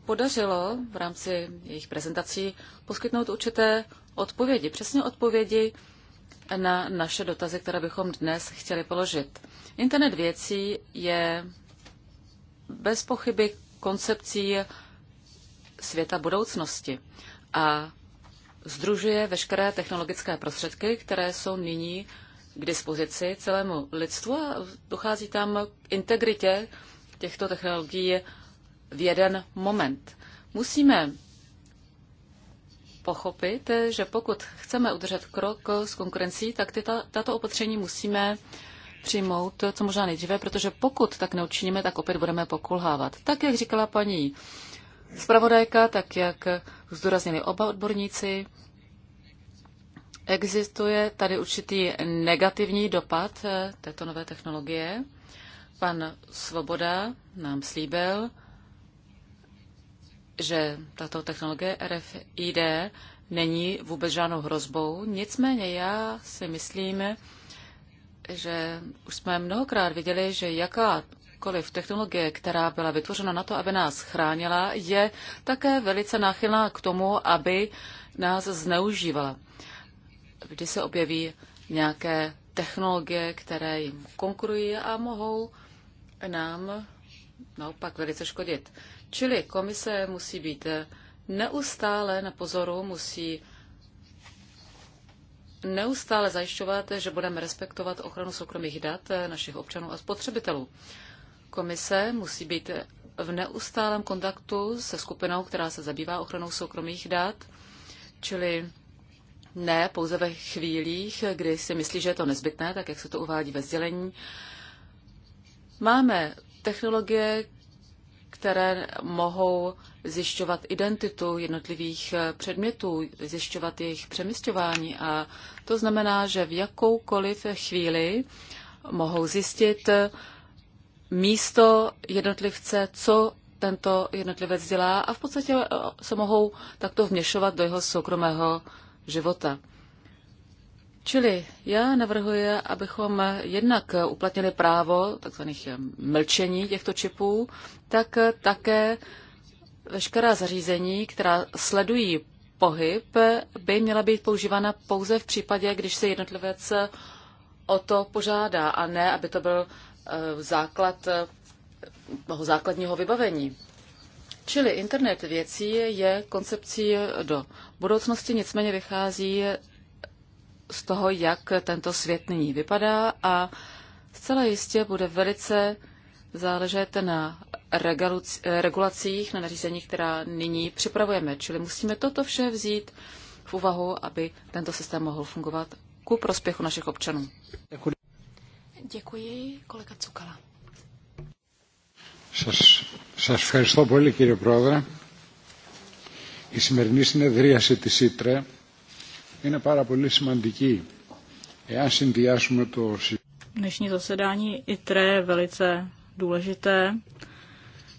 podařilo v rámci jejich prezentací poskytnout určité odpovědi, přesně odpovědi na naše dotazy, které bychom dnes chtěli položit. Internet věcí je bez pochyby koncepcí světa budoucnosti a združuje veškeré technologické prostředky, které jsou nyní k dispozici celému lidstvu a dochází tam k integritě těchto technologií v jeden moment. Musíme pochopit, že pokud chceme udržet krok s konkurencí, tak tyta, tato opatření musíme přijmout co možná nejdříve, protože pokud tak neučiníme, tak opět budeme pokulhávat. Tak, jak říkala paní zpravodajka, tak jak zdůraznili oba odborníci, existuje tady určitý negativní dopad eh, této nové technologie. Pan Svoboda nám slíbil, že tato technologie RFID není vůbec žádnou hrozbou. Nicméně já si myslím, že už jsme mnohokrát viděli, že jaká, jakkoliv technologie, která byla vytvořena na to, aby nás chránila, je také velice náchylná k tomu, aby nás zneužívala. Vždy se objeví nějaké technologie, které jim konkurují a mohou nám naopak velice škodit. Čili komise musí být neustále na pozoru, musí neustále zajišťovat, že budeme respektovat ochranu soukromých dat našich občanů a spotřebitelů. Komise musí být v neustálém kontaktu se skupinou, která se zabývá ochranou soukromých dat, čili ne pouze ve chvílích, kdy si myslí, že je to nezbytné, tak jak se to uvádí ve sdělení. Máme technologie, které mohou zjišťovat identitu jednotlivých předmětů, zjišťovat jejich přemysťování a to znamená, že v jakoukoliv chvíli mohou zjistit, místo jednotlivce, co tento jednotlivec dělá a v podstatě eh, se mohou takto vměšovat do jeho soukromého života. Čili já navrhuji, abychom jednak uplatnili právo tzv. Eh, mlčení těchto čipů, tak eh, také veškerá zařízení, která sledují pohyb, by měla být používána pouze v případě, když se jednotlivec o to požádá, a ne, aby to byl Eh, základ eh, toho základního vybavení. Čili internet věcí je koncepcí do budoucnosti, nicméně vychází z toho, jak tento svět nyní vypadá a zcela jistě bude velice záležet na regulacích, na nařízeních, která nyní připravujeme. Čili musíme toto vše vzít v úvahu, aby tento systém mohl fungovat ku prospěchu našich občanů. Děkuji, kolega Cukala. Σας, σας ευχαριστώ πολύ κύριε Πρόεδρε. Η σημερινή συνεδρίαση της ΙΤΡΕ είναι πάρα πολύ σημαντική. Εάν συνδυάσουμε το... Dnešní zasedání ITRE je velice důležité.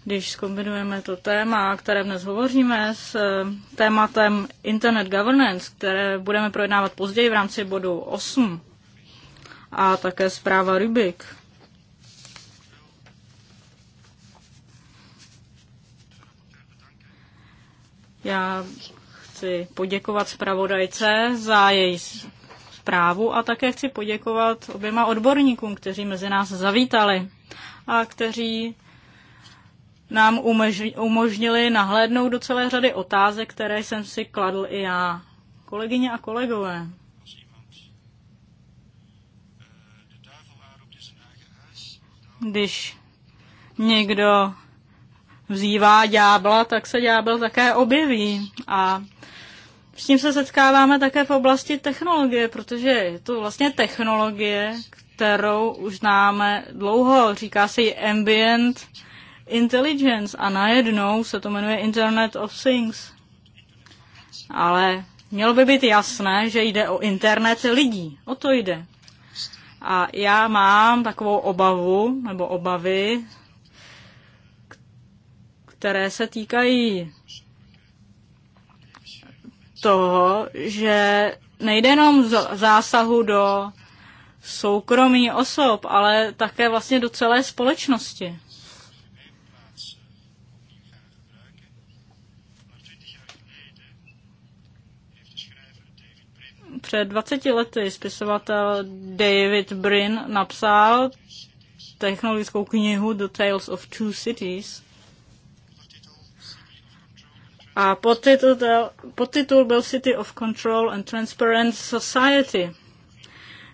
Když skombinujeme to téma, které dnes hovoříme, s eh, tématem Internet Governance, které budeme projednávat později v rámci bodu 8, a také zpráva Rybik. Já chci poděkovat zpravodajce za její zprávu a také chci poděkovat oběma odborníkům, kteří mezi nás zavítali a kteří nám umožnili nahlédnout do celé řady otázek, které jsem si kladl i já. Kolegyně a kolegové, Když někdo vzývá ďábla, tak se ďábel také objeví. A s tím se setkáváme také v oblasti technologie, protože je to vlastně technologie, kterou už známe dlouho. Říká se ji ambient intelligence a najednou se to jmenuje Internet of Things. Ale mělo by být jasné, že jde o internet lidí. O to jde. A já mám takovou obavu, nebo obavy, které se týkají toho, že nejde jenom zásahu do soukromí osob, ale také vlastně do celé společnosti. před 20 lety spisovatel David Brin napsal technologickou knihu The Tales of Two Cities. A podtitul, podtitul byl City of Control and Transparent Society.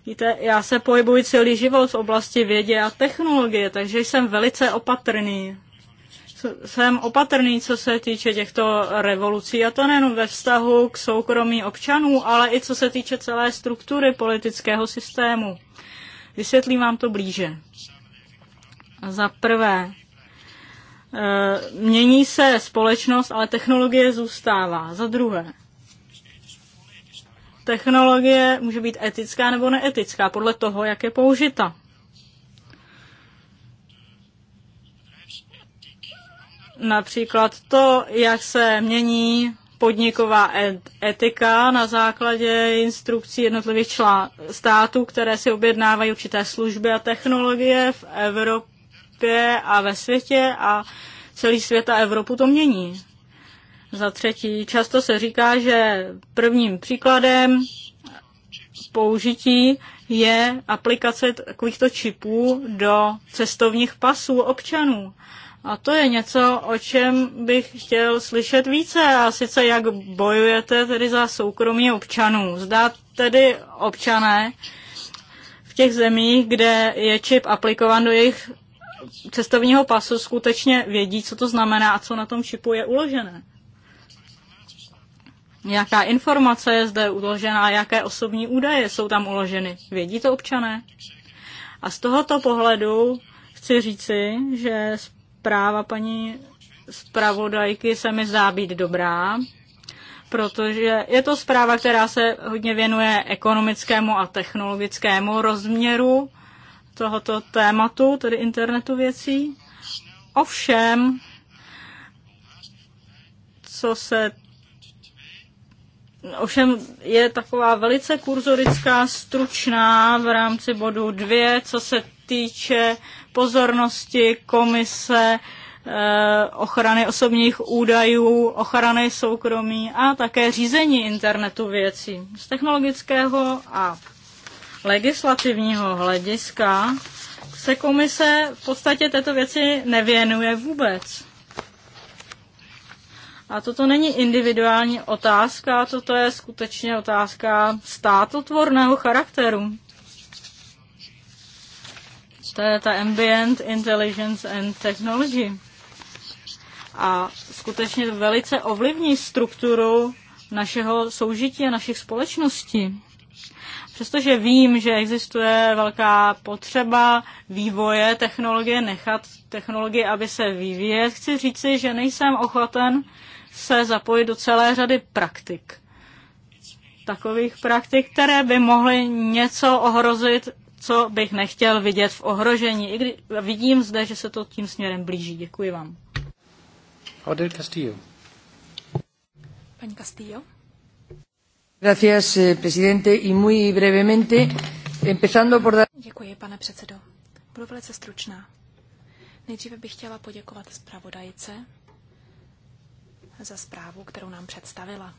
Víte, já se pohybuji celý život v oblasti vědě a technologie, takže jsem velice opatrný jsem opatrný, co se týče těchto revolucí, a to nejen ve vztahu k soukromí občanů, ale i co se týče celé struktury politického systému. Vysvětlím vám to blíže. Za prvé, eh, mění se společnost, ale technologie zůstává. Za druhé, technologie může být etická nebo neetická podle toho, jak je použita. například to, jak se mění podniková etika na základě instrukcí jednotlivých států, které si objednávají určité služby a technologie v Evropě a ve světě a celý svět a Evropu to mění. Za třetí, často se říká, že prvním příkladem použití je aplikace takovýchto čipů do cestovních pasů občanů. A to je něco, o čem bych chtěl slyšet více, a sice jak bojujete tedy za soukromí občanů. Zdá tedy občané v těch zemích, kde je čip aplikovan do jejich cestovního pasu, skutečně vědí, co to znamená a co na tom čipu je uložené. Jaká informace je zde uložena a jaké osobní údaje jsou tam uloženy. Vědí to občané? A z tohoto pohledu chci říci, že z zpráva paní zpravodajky se mi zdá být dobrá, protože je to zpráva, která se hodně věnuje ekonomickému a technologickému rozměru tohoto tématu, tedy internetu věcí. Ovšem, co se Ovšem je taková velice kurzorická, stručná v rámci bodu 2, co se týče pozornosti komise eh, ochrany osobních údajů, ochrany soukromí a také řízení internetu věcí. Z technologického a legislativního hlediska se komise v podstatě této věci nevěnuje vůbec. A toto není individuální otázka, toto je skutečně otázka státotvorného charakteru to je ta Ambient Intelligence and Technology. A skutečně velice ovlivní strukturu našeho soužití a našich společností. Přestože vím, že existuje velká potřeba vývoje technologie, nechat technologie, aby se vyvíjet, chci říci, že nejsem ochoten se zapojit do celé řady praktik. Takových praktik, které by mohly něco ohrozit co bych nechtěl vidět v ohrožení. I kdy, vidím zde, že se to tím směrem blíží. Děkuji vám. Odel Castillo. Paní Castillo. Gracias, eh, presidente, y muy brevemente, empezando por Děkuji, pane předsedo. Budu velice stručná. Nejdříve bych chtěla poděkovat zpravodajce za zprávu, kterou nám představila.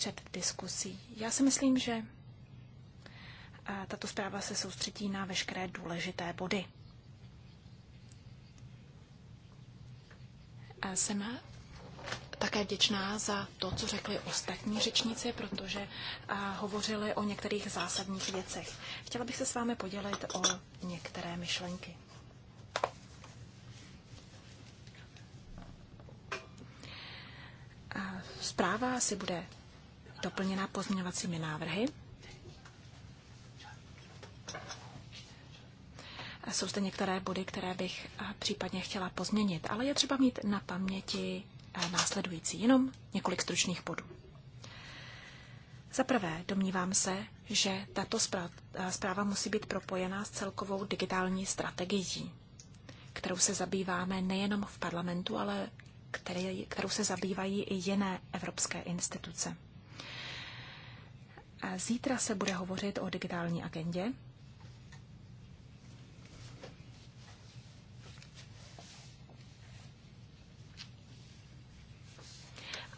před diskusí. Já si myslím, že tato zpráva se soustředí na veškeré důležité body. A jsem také vděčná za to, co řekli ostatní řečníci, protože hovořili o některých zásadních věcech. Chtěla bych se s vámi podělit o některé myšlenky. Zpráva asi bude doplněna pozměňovacími návrhy. Jsou zde některé body, které bych případně chtěla pozměnit, ale je třeba mít na paměti následující jenom několik stručných bodů. Za prvé, domnívám se, že tato zpráva musí být propojená s celkovou digitální strategií, kterou se zabýváme nejenom v parlamentu, ale kterou se zabývají i jiné evropské instituce. Zítra se bude hovořit o digitální agendě.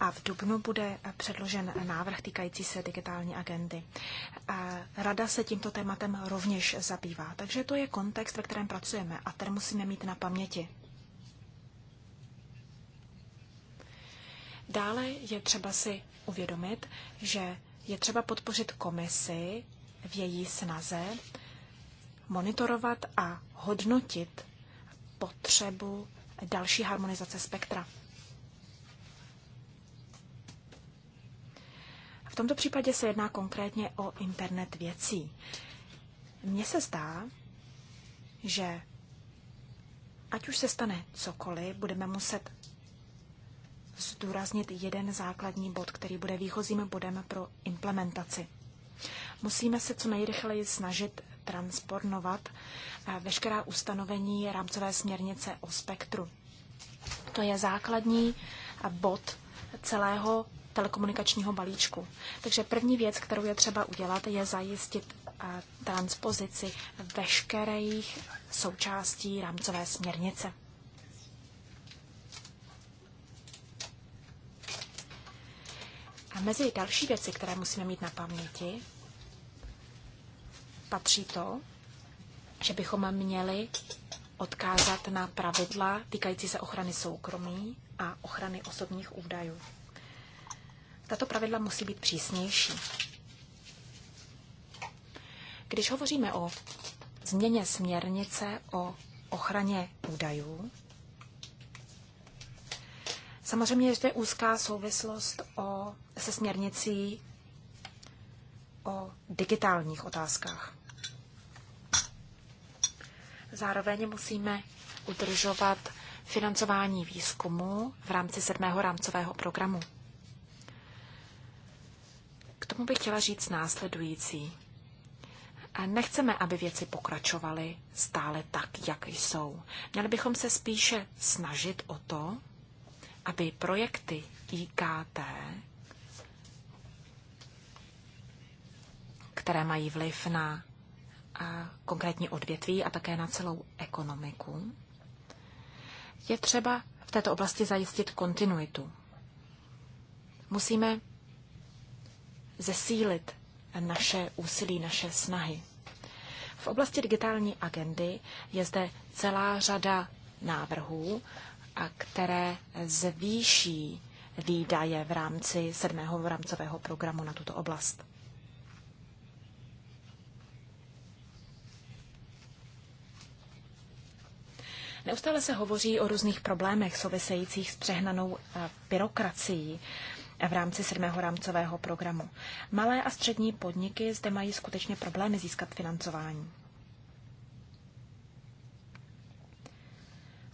a v dubnu bude předložen návrh týkající se digitální agendy. Rada se tímto tématem rovněž zabývá, takže to je kontext, ve kterém pracujeme a ten musíme mít na paměti. Dále je třeba si uvědomit, že je třeba podpořit komisi v její snaze monitorovat a hodnotit potřebu další harmonizace spektra. V tomto případě se jedná konkrétně o internet věcí. Mně se zdá, že ať už se stane cokoliv, budeme muset zdůraznit jeden základní bod, který bude výchozím bodem pro implementaci. Musíme se co nejrychleji snažit transponovat eh, veškerá ustanovení rámcové směrnice o spektru. To je základní eh, bod celého telekomunikačního balíčku. Takže první věc, kterou je třeba udělat, je zajistit eh, transpozici veškerých součástí rámcové směrnice. A mezi další věci, které musíme mít na paměti, patří to, že bychom měli odkázat na pravidla týkající se ochrany soukromí a ochrany osobních údajů. Tato pravidla musí být přísnější. Když hovoříme o změně směrnice o ochraně údajů, Samozřejmě je zde úzká souvislost o, se směrnicí o digitálních otázkách. Zároveň musíme udržovat financování výzkumu v rámci sedmého rámcového programu. K tomu bych chtěla říct následující. nechceme, aby věci pokračovaly stále tak, jak jsou. Měli bychom se spíše snažit o to, aby projekty IKT, které mají vliv na konkrétní odvětví a také na celou ekonomiku, je třeba v této oblasti zajistit kontinuitu. Musíme zesílit naše úsilí, naše snahy. V oblasti digitální agendy je zde celá řada návrhů a které zvýší výdaje v rámci sedmého rámcového programu na tuto oblast. Neustále se hovoří o různých problémech souvisejících s přehnanou eh, byrokracií v rámci sedmého rámcového programu. Malé a střední podniky zde mají skutečně problémy získat financování.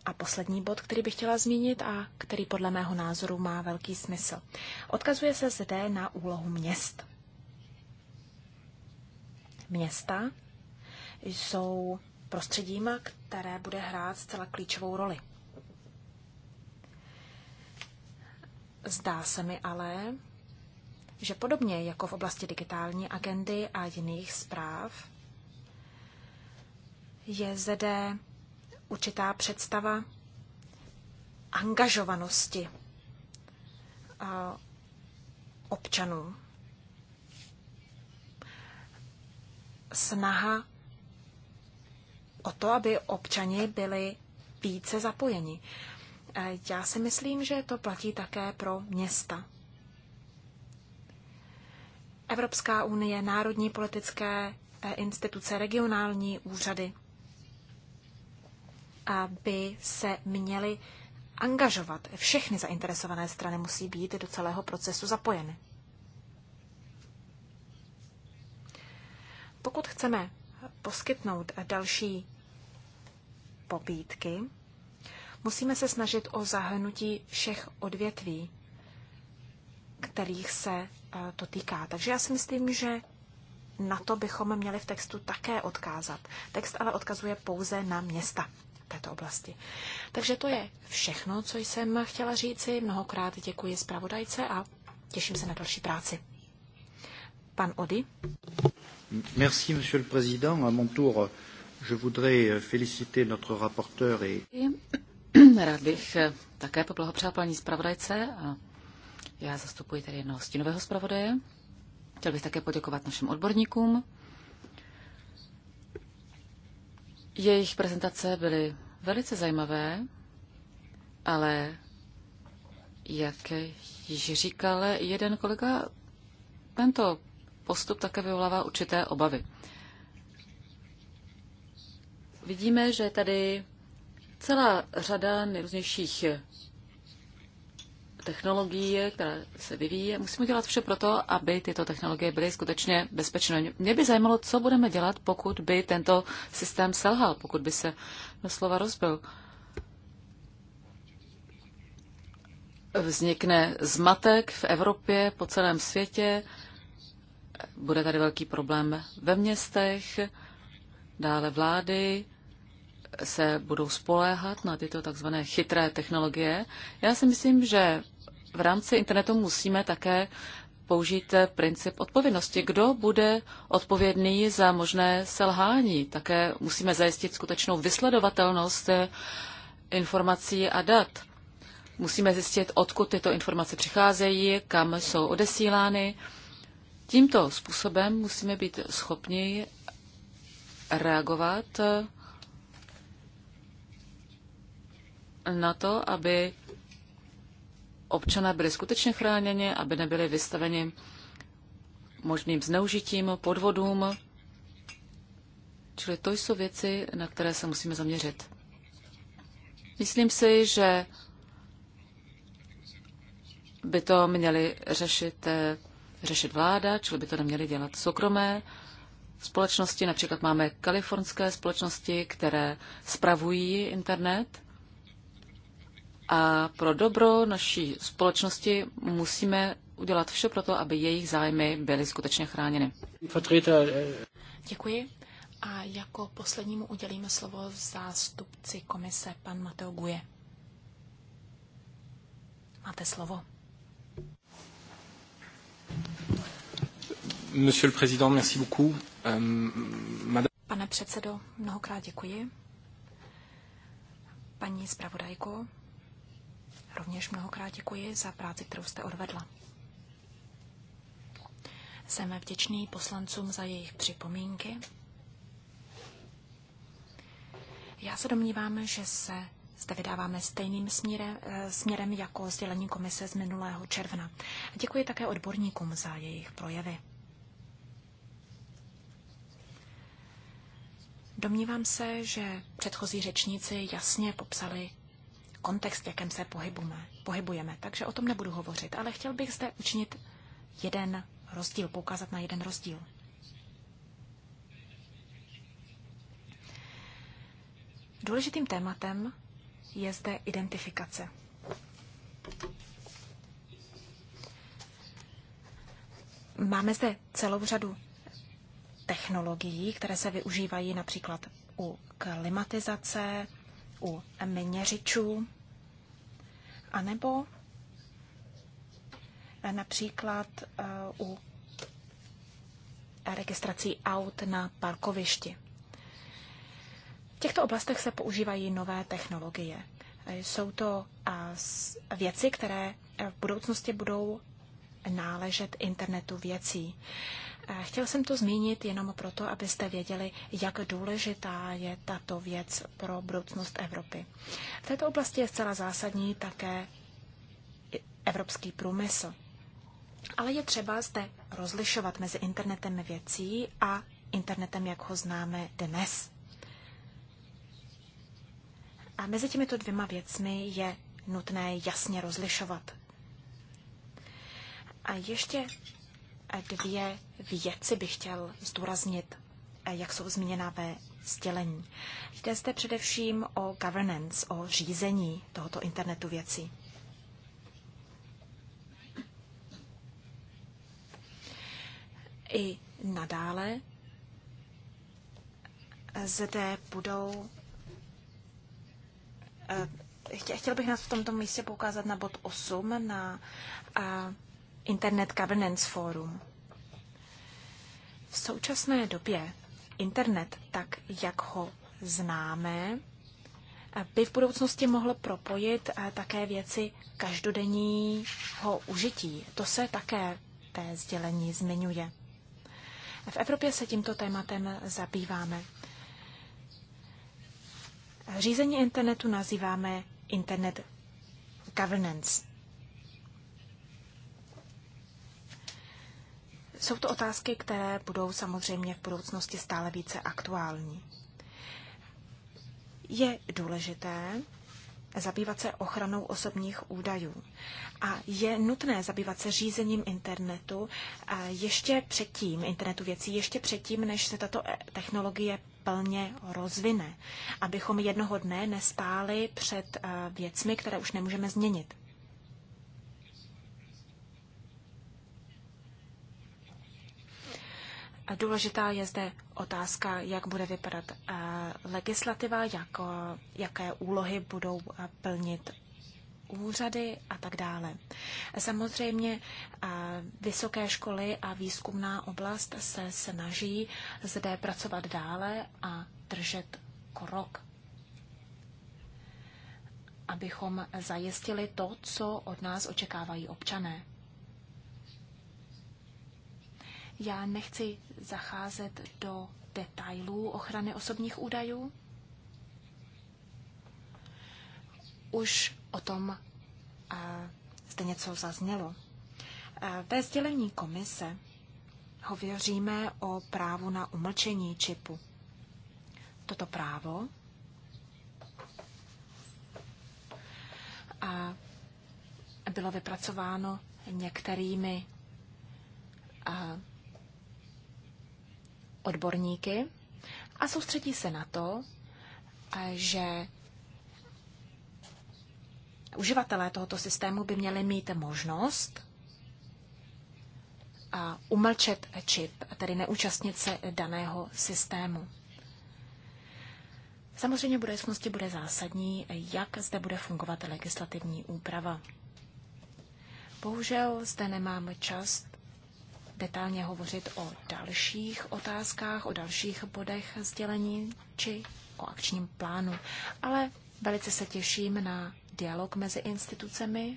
A poslední bod, který bych chtěla zmínit a který podle mého názoru má velký smysl. Odkazuje se zde na úlohu měst. Města jsou prostředím, které bude hrát zcela klíčovou roli. Zdá se mi ale, že podobně jako v oblasti digitální agendy a jiných zpráv, je zde určitá představa angažovanosti uh, občanů. Snaha o to, aby občani byli více zapojeni. Eh, já si myslím, že to platí také pro města. Evropská unie, národní politické eh, instituce, regionální úřady – aby se měly angažovat. Všechny zainteresované strany musí být do celého procesu zapojeny. Pokud chceme poskytnout další pobídky, musíme se snažit o zahrnutí všech odvětví, kterých se eh, to týká. Takže já si myslím, že na to bychom měli v textu také odkázat. Text ale odkazuje pouze na města této oblasti. Takže to je všechno, co jsem chtěla říci. Mnohokrát děkuji zpravodajce a těším se na další práci. Pan Ody. Merci, monsieur le président. A mon tour, je voudrais féliciter notre rapporteur et... Rád bych také poblahopřál paní zpravodajce a já zastupuji tady jednoho stínového zpravodaje. Chtěl bych také poděkovat našim odborníkům Jejich prezentace byly velice zajímavé, ale jak již říkal jeden kolega, tento postup také vyvolává určité obavy. Vidíme, že tady celá řada nejrůznějších technologií, které se vyvíjí. Musíme dělat vše pro to, aby tyto technologie byly skutečně bezpečné. Mě by zajímalo, co budeme dělat, pokud by tento systém selhal, pokud by se doslova rozbil. Vznikne zmatek v Evropě, po celém světě, bude tady velký problém ve městech, dále vlády, se budou spoléhat na tyto takzvané chytré technologie. Já si myslím, že v rámci internetu musíme také použít princip odpovědnosti. Kdo bude odpovědný za možné selhání? Také musíme zajistit skutečnou vysledovatelnost eh, informací a dat. Musíme zjistit, odkud tyto informace přicházejí, kam jsou odesílány. Tímto způsobem musíme být schopni reagovat eh, na to, aby občané byli skutečně chráněni, aby nebyli vystaveni možným zneužitím, podvodům. Čili to jsou věci, na které se musíme zaměřit. Myslím si, že by to měly řešit, eh, řešit vláda, čili by to neměly dělat soukromé společnosti. Například máme kalifornské společnosti, které spravují internet a pro dobro naší společnosti musíme udělat vše pro to, aby jejich zájmy byly skutečně chráněny. Eh, děkuji. A jako poslednímu udělíme slovo zástupci komise, pan Mateo Guje. Máte slovo. Monsieur le Président, merci beaucoup. Euh, madame... Pane předsedo, mnohokrát děkuji. Paní zpravodajko, Rovněž mnohokrát děkuji za práci, kterou jste odvedla. Jsem vděčný poslancům za jejich připomínky. Já se domnívám, že se zde vydáváme stejným směrem, eh, směrem jako sdělení komise z minulého června. Děkuji také odborníkům za jejich projevy. Domnívám se, že předchozí řečníci jasně popsali kontext, v jakém se pohybujeme, pohybujeme, takže o tom nebudu hovořit, ale chtěl bych zde učinit jeden rozdíl, poukázat na jeden rozdíl. Důležitým tématem je zde identifikace. Máme zde celou řadu technologií, které se využívají například u klimatizace, u měřičů. A nebo například eh, u registrací aut na parkovišti. V těchto oblastech se používají nové technologie. Jsou to eh, věci, které v budoucnosti budou náležet internetu věcí. Chtěl jsem to zmínit jenom proto, abyste věděli, jak důležitá je tato věc pro budoucnost Evropy. V této oblasti je zcela zásadní také evropský průmysl. Ale je třeba zde rozlišovat mezi internetem věcí a internetem, jak ho známe dnes. A mezi těmito dvěma věcmi je nutné jasně rozlišovat. A ještě dvě věci bych chtěl zdůraznit, eh, jak jsou zmíněna ve sdělení. Jde zde především o governance, o řízení tohoto internetu věcí. I nadále zde budou eh, Chtěl bych nás v tomto místě poukázat na bod 8 na eh, Internet Governance Forum současné době internet, tak jak ho známe, by v budoucnosti mohl propojit eh, také věci každodenního užití. To se také té sdělení zmiňuje. V Evropě se tímto tématem zabýváme. Řízení internetu nazýváme Internet Governance. Jsou to otázky, které budou samozřejmě v budoucnosti stále více aktuální. Je důležité zabývat se ochranou osobních údajů a je nutné zabývat se řízením internetu eh, ještě předtím, internetu věcí, ještě předtím, než se tato eh, technologie plně rozvine, abychom jednoho dne nestáli před eh, věcmi, které už nemůžeme změnit. Důležitá je zde otázka, jak bude vypadat eh, legislativa, jak, jaké úlohy budou eh, plnit úřady a tak dále. Samozřejmě eh, vysoké školy a výzkumná oblast se snaží zde pracovat dále a držet krok abychom zajistili to, co od nás očekávají občané. Já nechci zacházet do detailů ochrany osobních údajů. Už o tom eh, zde něco zaznělo. Eh, ve sdělení komise hovoříme o právu na umlčení čipu. Toto právo a eh, bylo vypracováno některými odborníky a soustředí se na to, eh, že uživatelé tohoto systému by měli mít možnost a eh, umlčet čip, tedy neúčastnit se daného systému. Samozřejmě v budoucnosti bude zásadní, jak zde bude fungovat legislativní úprava. Bohužel zde nemám čas detailně hovořit o dalších otázkách, o dalších bodech sdělení či o akčním plánu. Ale velice se těším na dialog mezi institucemi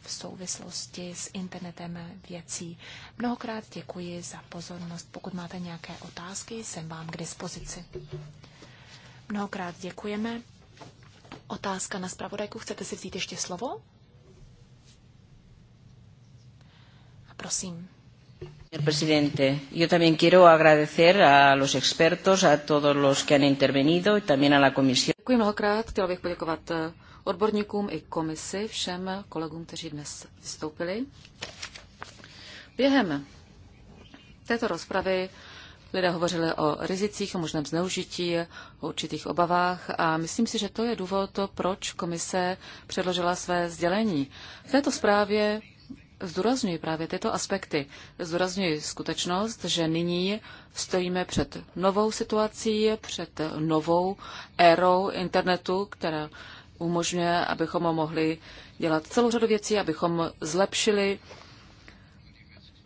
v souvislosti s internetem věcí. Mnohokrát děkuji za pozornost. Pokud máte nějaké otázky, jsem vám k dispozici. Mnohokrát děkujeme. Otázka na zpravodajku. Chcete si vzít ještě slovo? Prosím. Señor presidente, yo también quiero agradecer a los expertos, a todos los que han intervenido y también a la comisión. Děkuji mnohokrát, chtěla bych poděkovat eh, odborníkům i komisi, všem kolegům, kteří dnes vystoupili. Během této rozpravy lidé hovořili o rizicích, o možném zneužití, o určitých obavách a myslím si, že to je důvod, to, proč komise předložila své sdělení. V této zprávě zdůrazňuji právě tyto aspekty. Zdůrazňuji skutečnost, že nyní stojíme před novou situací, před novou érou internetu, která umožňuje, abychom mohli dělat celou řadu věcí, abychom zlepšili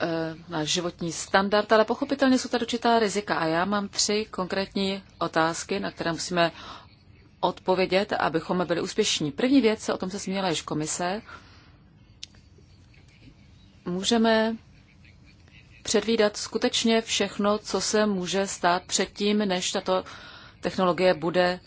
eh, náš životní standard, ale pochopitelně jsou tady určitá rizika. A já mám tři konkrétní otázky, na které musíme odpovědět, abychom byli úspěšní. První věc, o tom se zmínila již komise, můžeme předvídat skutečně všechno, co se může stát předtím, než tato technologie bude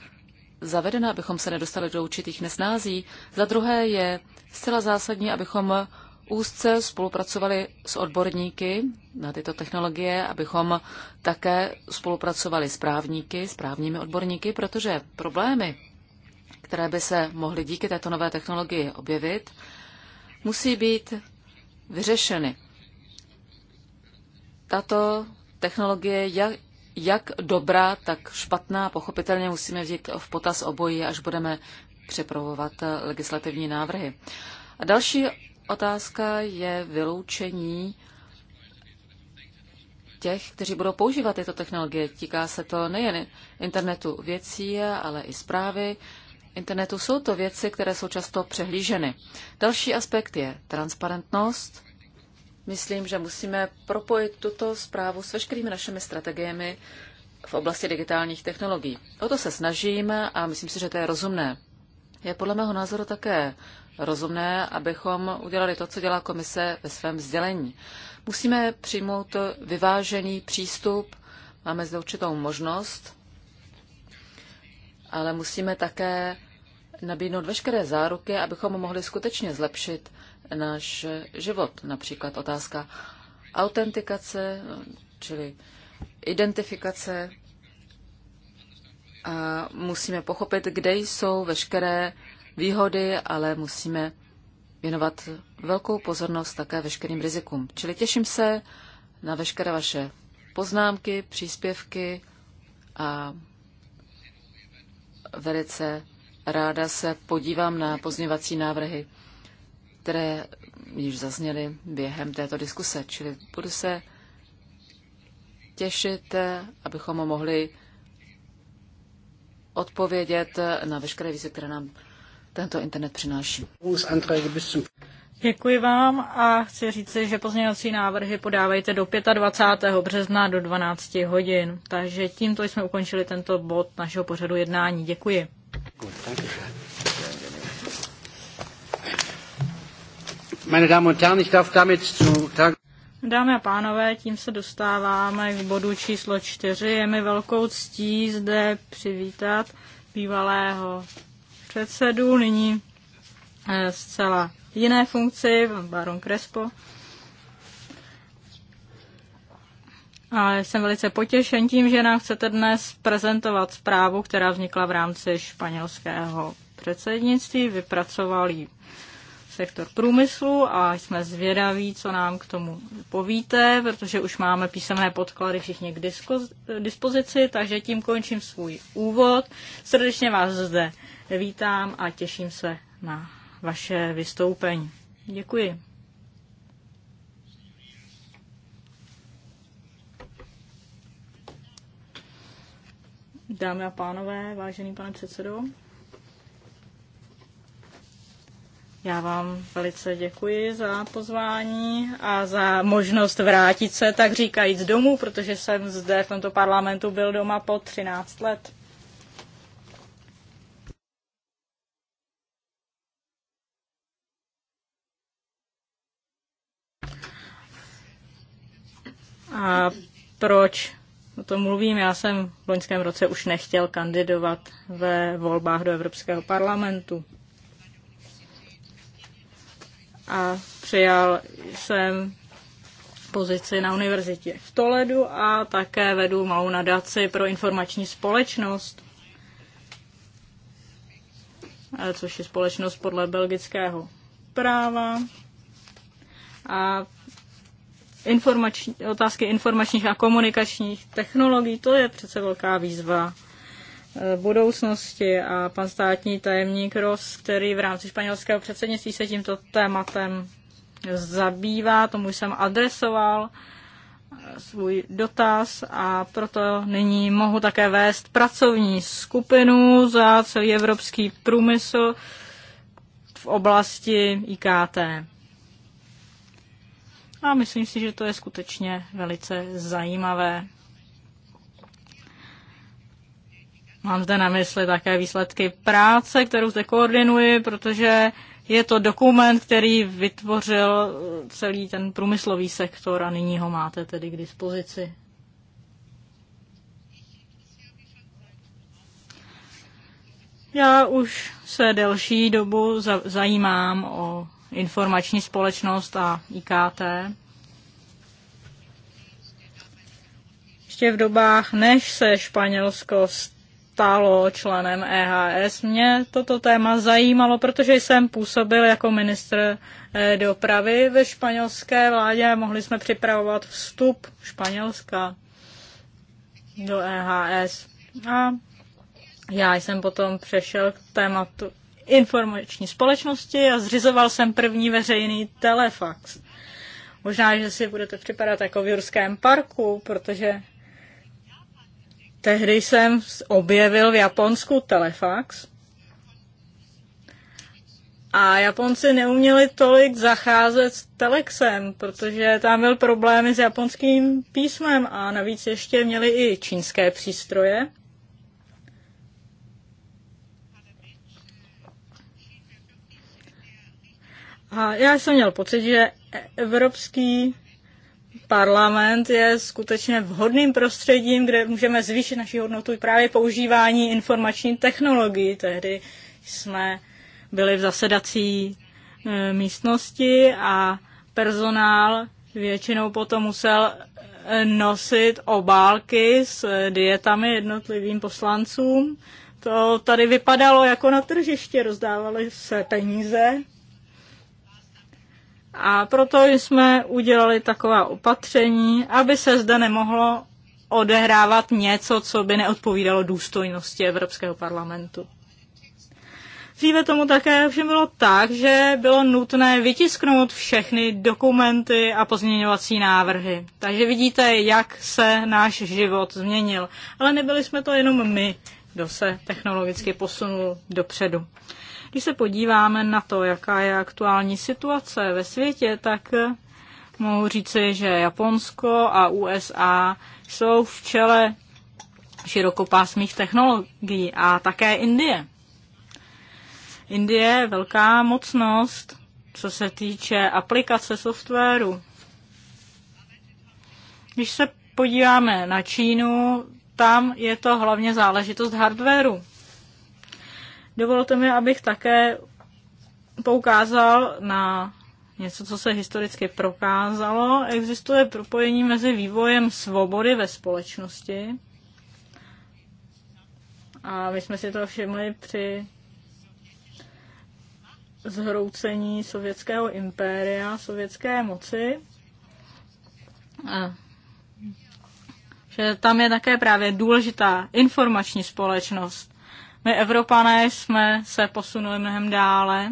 zavedena, abychom se nedostali do určitých nesnází. Za druhé je zcela zásadní, abychom úzce spolupracovali s odborníky na tyto technologie, abychom také spolupracovali s právníky, s právními odborníky, protože problémy, které by se mohly díky této nové technologii objevit, musí být vyřešeny. Tato technologie je jak dobrá, tak špatná. Pochopitelně musíme vzít v potaz obojí, až budeme připravovat legislativní návrhy. A další otázka je vyloučení těch, kteří budou používat tyto technologie. Týká se to nejen internetu věcí, ale i zprávy, internetu, jsou to věci, které jsou často přehlíženy. Další aspekt je transparentnost. Myslím, že musíme propojit tuto zprávu s veškerými našimi strategiemi v oblasti digitálních technologií. O to se snažíme a myslím si, že to je rozumné. Je podle mého názoru také rozumné, abychom udělali to, co dělá komise ve svém sdělení. Musíme přijmout vyvážený přístup. Máme zde určitou možnost ale musíme také nabídnout veškeré záruky, abychom mohli skutečně zlepšit náš život. Například otázka autentikace, čili identifikace. A musíme pochopit, kde jsou veškeré výhody, ale musíme věnovat velkou pozornost také veškerým rizikům. Čili těším se na veškeré vaše poznámky, příspěvky a velice ráda se podívám na pozměvací návrhy, které již zazněly během této diskuse. Čili budu se těšit, abychom mohli odpovědět na veškeré věci, které nám tento internet přináší. Děkuji vám a chci říct, že pozměňovací návrhy podávejte do 25. března do 12 hodin. Takže tímto jsme ukončili tento bod našeho pořadu jednání. Děkuji. Dámy a pánové, tím se dostáváme k bodu číslo čtyři. Je mi velkou ctí zde přivítat bývalého předsedu, nyní eh, zcela jiné funkci, baron Crespo. A jsem velice potěšen tím, že nám chcete dnes prezentovat zprávu, která vznikla v rámci španělského předsednictví. Vypracoval ji sektor průmyslu a jsme zvědaví, co nám k tomu povíte, protože už máme písemné podklady všichni k dispozici, takže tím končím svůj úvod. Srdečně vás zde vítám a těším se na vaše vystoupení. Děkuji. Dámy a pánové, vážený pane předsedo, já vám velice děkuji za pozvání a za možnost vrátit se, tak říkajíc, domů, protože jsem zde v tomto parlamentu byl doma po 13 let. A proč o tom mluvím? Já jsem v loňském roce už nechtěl kandidovat ve volbách do Evropského parlamentu. A přijal jsem pozici na univerzitě v Toledu a také vedu malou nadaci pro informační společnost, eh, což je společnost podle belgického práva. A informační, otázky informačních a komunikačních technologií, to je přece velká výzva eh, budoucnosti a pan státní tajemník Ros, který v rámci španělského předsednictví se tímto tématem zabývá, tomu jsem adresoval eh, svůj dotaz a proto nyní mohu také vést pracovní skupinu za celý evropský průmysl v oblasti IKT a myslím si, že to je skutečně velice zajímavé. Mám zde na mysli také výsledky práce, kterou zde koordinuji, protože je to dokument, který vytvořil celý ten průmyslový sektor a nyní ho máte tedy k dispozici. Já už se delší dobu zajímám o informační společnost a IKT. Ještě v dobách, než se Španělsko stalo členem EHS, mě toto téma zajímalo, protože jsem působil jako ministr eh, dopravy ve španělské vládě. Mohli jsme připravovat vstup Španělska do EHS. A já jsem potom přešel k tématu informační společnosti a zřizoval jsem první veřejný telefax. Možná, že si budete připadat jako v Jurském parku, protože tehdy jsem objevil v Japonsku telefax. A Japonci neuměli tolik zacházet s telexem, protože tam byl problémy s japonským písmem a navíc ještě měli i čínské přístroje. A já jsem měl pocit, že Evropský parlament je skutečně vhodným prostředím, kde můžeme zvýšit naši hodnotu právě používání informační technologií. Tehdy jsme byli v zasedací e, místnosti a personál většinou potom musel e, nosit obálky s dietami jednotlivým poslancům. To tady vypadalo jako na tržiště, rozdávaly se peníze a proto jsme udělali taková opatření, aby se zde nemohlo odehrávat něco, co by neodpovídalo důstojnosti Evropského parlamentu. Dříve tomu také všem bylo tak, že bylo nutné vytisknout všechny dokumenty a pozměňovací návrhy. Takže vidíte, jak se náš život změnil. Ale nebyli jsme to jenom my, kdo se technologicky posunul dopředu. Když se podíváme na to, jaká je aktuální situace ve světě, tak eh, mohu říci, že Japonsko a USA jsou v čele širokopásmých technologií a také Indie. Indie je velká mocnost, co se týče aplikace softwaru. Když se podíváme na Čínu, tam je to hlavně záležitost hardwaru. Dovolte mi, abych také poukázal na něco, co se historicky prokázalo. Existuje propojení mezi vývojem svobody ve společnosti. A my jsme si to všimli při zhroucení sovětského impéria, sovětské moci. A že tam je také právě důležitá informační společnost, my Evropané jsme se posunuli mnohem dále.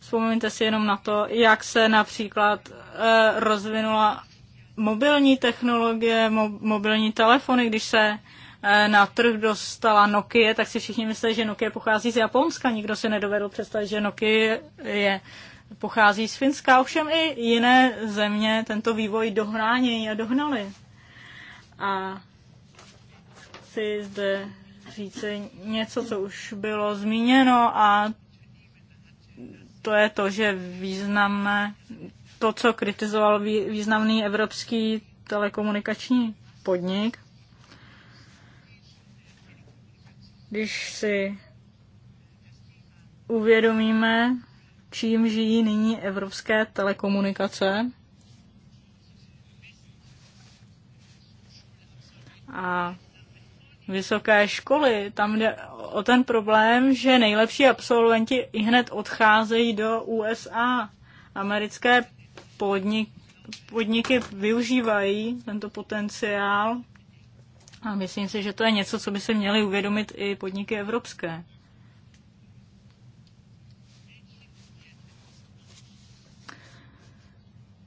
Vzpomeňte si jenom na to, jak se například uh, rozvinula mobilní technologie, mo- mobilní telefony, když se eh, na trh dostala Nokia, tak si všichni myslí, že Nokia pochází z Japonska. Nikdo si nedovedl představit, že Nokia je, pochází z Finska. Ovšem i jiné země tento vývoj dohnání a dohnali. A si zde říci něco, co už bylo zmíněno a to je to, že významné, to, co kritizoval významný evropský telekomunikační podnik, když si uvědomíme, čím žijí nyní evropské telekomunikace, a vysoké školy. Tam jde o ten problém, že nejlepší absolventi i hned odcházejí do USA. Americké podnik, podniky využívají tento potenciál a myslím si, že to je něco, co by se měly uvědomit i podniky evropské.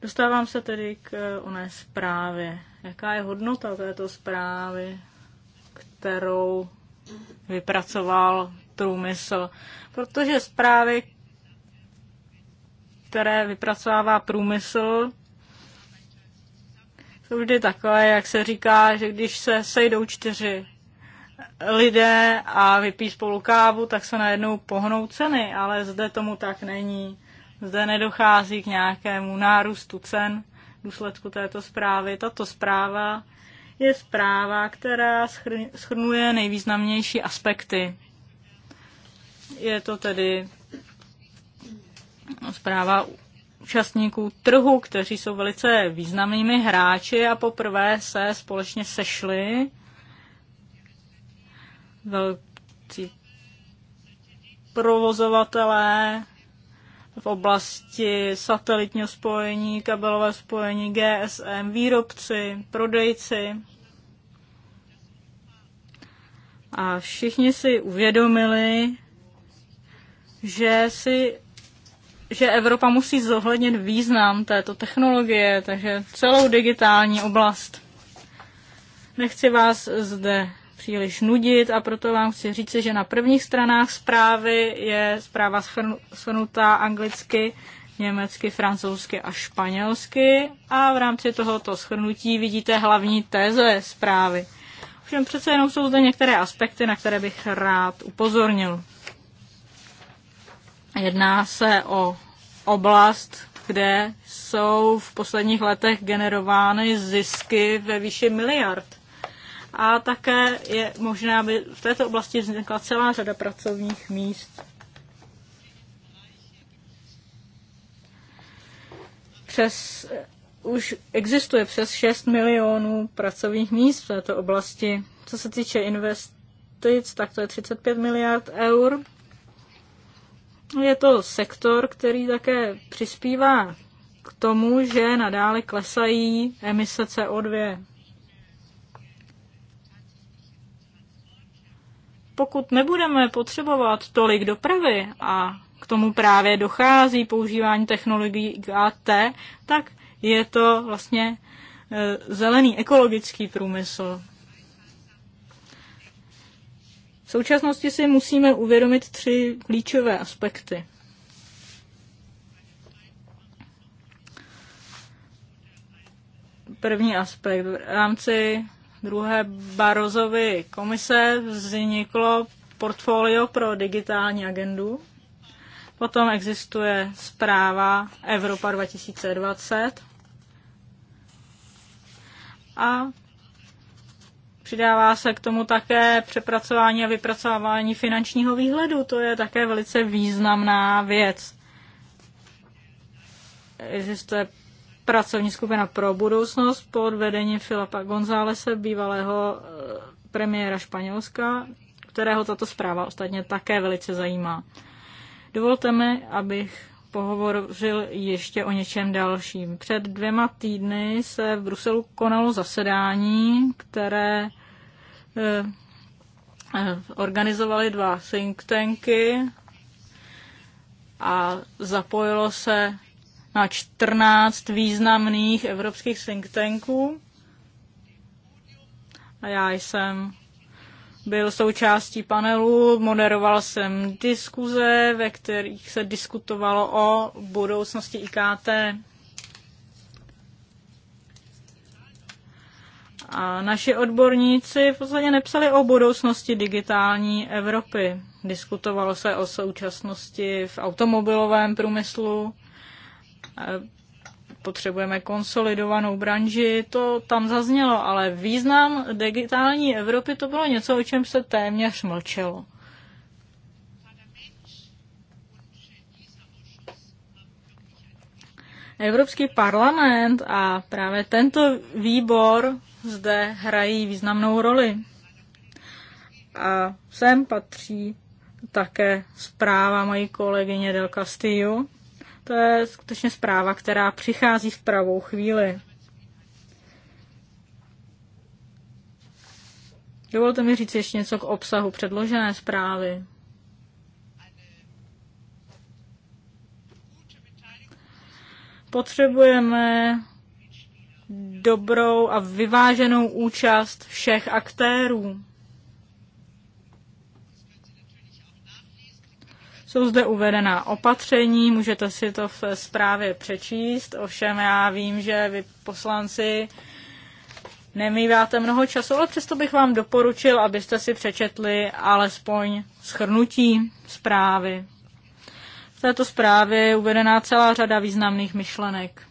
Dostávám se tedy k oné zprávě. Jaká je hodnota této zprávy? kterou vypracoval průmysl. Protože zprávy, které vypracovává průmysl, jsou vždy takové, jak se říká, že když se sejdou čtyři lidé a vypí spolu kávu, tak se najednou pohnou ceny, ale zde tomu tak není. Zde nedochází k nějakému nárůstu cen v důsledku této zprávy. Tato zpráva je zpráva, která schrnuje nejvýznamnější aspekty. Je to tedy zpráva účastníků trhu, kteří jsou velice významnými hráči a poprvé se společně sešli velcí provozovatelé v oblasti satelitního spojení, kabelové spojení, GSM, výrobci, prodejci. A všichni si uvědomili, že si že Evropa musí zohlednit význam této technologie, takže celou digitální oblast. Nechci vás zde příliš nudit a proto vám chci říct, že na prvních stranách zprávy je zpráva shrnutá anglicky, německy, francouzsky a španělsky a v rámci tohoto shrnutí vidíte hlavní téze zprávy. Všem přece jenom jsou zde některé aspekty, na které bych rád upozornil. Jedná se o oblast, kde jsou v posledních letech generovány zisky ve výši miliard. A také je možné, aby v této oblasti vznikla celá řada pracovních míst. Přes už existuje přes 6 milionů pracovních míst v této oblasti. Co se týče investic, tak to je 35 miliard eur. Je to sektor, který také přispívá k tomu, že nadále klesají emise CO2. Pokud nebudeme potřebovat tolik dopravy a k tomu právě dochází používání technologií GAT, tak je to vlastně e, zelený ekologický průmysl. V současnosti si musíme uvědomit tři klíčové aspekty. První aspekt. V rámci druhé Barozovy komise vzniklo portfolio pro digitální agendu. Potom existuje zpráva Evropa 2020, a přidává se k tomu také přepracování a vypracování finančního výhledu. To je také velice významná věc. Existuje pracovní skupina pro budoucnost pod vedením Filipa Gonzálese, bývalého eh, premiéra Španělska, kterého tato zpráva ostatně také velice zajímá. Dovolte mi, abych pohovořil ještě o něčem dalším. Před dvěma týdny se v Bruselu konalo zasedání, které eh, organizovali dva think tanky a zapojilo se na 14 významných evropských think tanků. A já jsem byl součástí panelu, moderoval jsem diskuze, ve kterých se diskutovalo o budoucnosti IKT. A naši odborníci v podstatě nepsali o budoucnosti digitální Evropy. Diskutovalo se o současnosti v automobilovém průmyslu, potřebujeme konsolidovanou branži, to tam zaznělo, ale význam digitální Evropy to bylo něco, o čem se téměř mlčelo. Evropský parlament a právě tento výbor zde hrají významnou roli. A sem patří také zpráva mojí kolegyně Del Castillo, to je skutečně zpráva, která přichází v pravou chvíli. Dovolte mi říct ještě něco k obsahu předložené zprávy. Potřebujeme dobrou a vyváženou účast všech aktérů. Jsou zde uvedená opatření, můžete si to v zprávě přečíst, ovšem já vím, že vy poslanci nemýváte mnoho času, ale přesto bych vám doporučil, abyste si přečetli alespoň schrnutí zprávy. V této zprávě je uvedená celá řada významných myšlenek.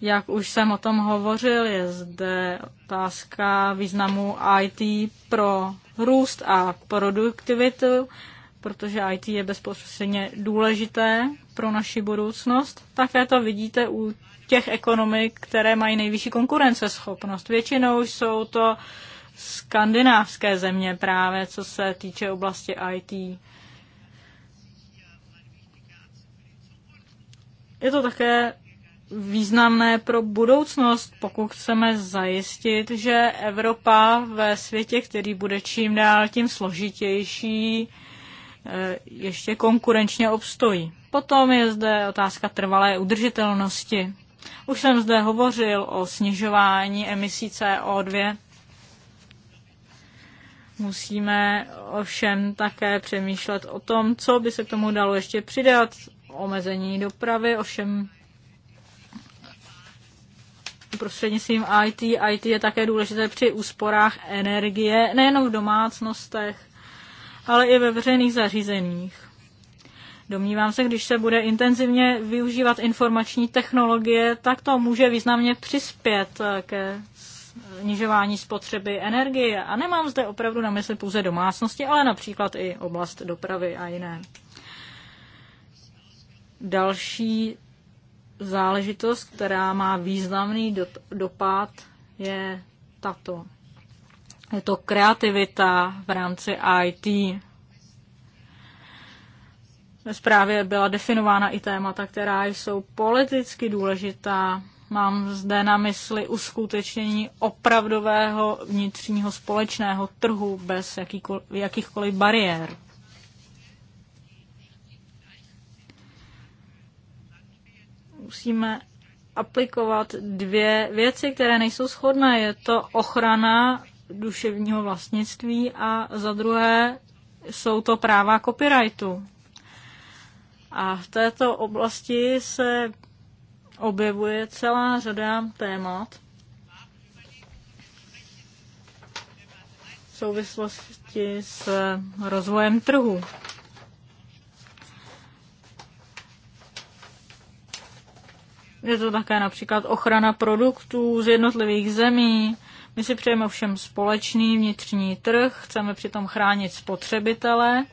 Jak už jsem o tom hovořil, je zde otázka významu IT pro růst a produktivitu, protože IT je bezprostředně důležité pro naši budoucnost. Také to vidíte u těch ekonomik, které mají nejvyšší konkurenceschopnost. Většinou jsou to skandinávské země právě, co se týče oblasti IT. Je to také významné pro budoucnost, pokud chceme zajistit, že Evropa ve světě, který bude čím dál tím složitější, eh, ještě konkurenčně obstojí. Potom je zde otázka trvalé udržitelnosti. Už jsem zde hovořil o snižování emisí CO2. Musíme ovšem také přemýšlet o tom, co by se k tomu dalo ještě přidat. Omezení dopravy, ovšem prostřednictvím IT. IT je také důležité při úsporách energie, nejenom v domácnostech, ale i ve veřejných zařízeních. Domnívám se, když se bude intenzivně využívat informační technologie, tak to může významně přispět ke snižování spotřeby energie. A nemám zde opravdu na mysli pouze domácnosti, ale například i oblast dopravy a jiné. Další záležitost, která má významný do, dopad, je tato. Je to kreativita v rámci IT. Ve zprávě byla definována i témata, která jsou politicky důležitá. Mám zde na mysli uskutečnění opravdového vnitřního společného trhu bez jakýkoliv, jakýchkoliv bariér. musíme aplikovat dvě věci, které nejsou shodné. Je to ochrana duševního vlastnictví a za druhé jsou to práva copyrightu. A v této oblasti se objevuje celá řada témat v souvislosti s rozvojem trhu. Je to také například ochrana produktů z jednotlivých zemí. My si přejeme všem společný vnitřní trh, chceme přitom chránit spotřebitele.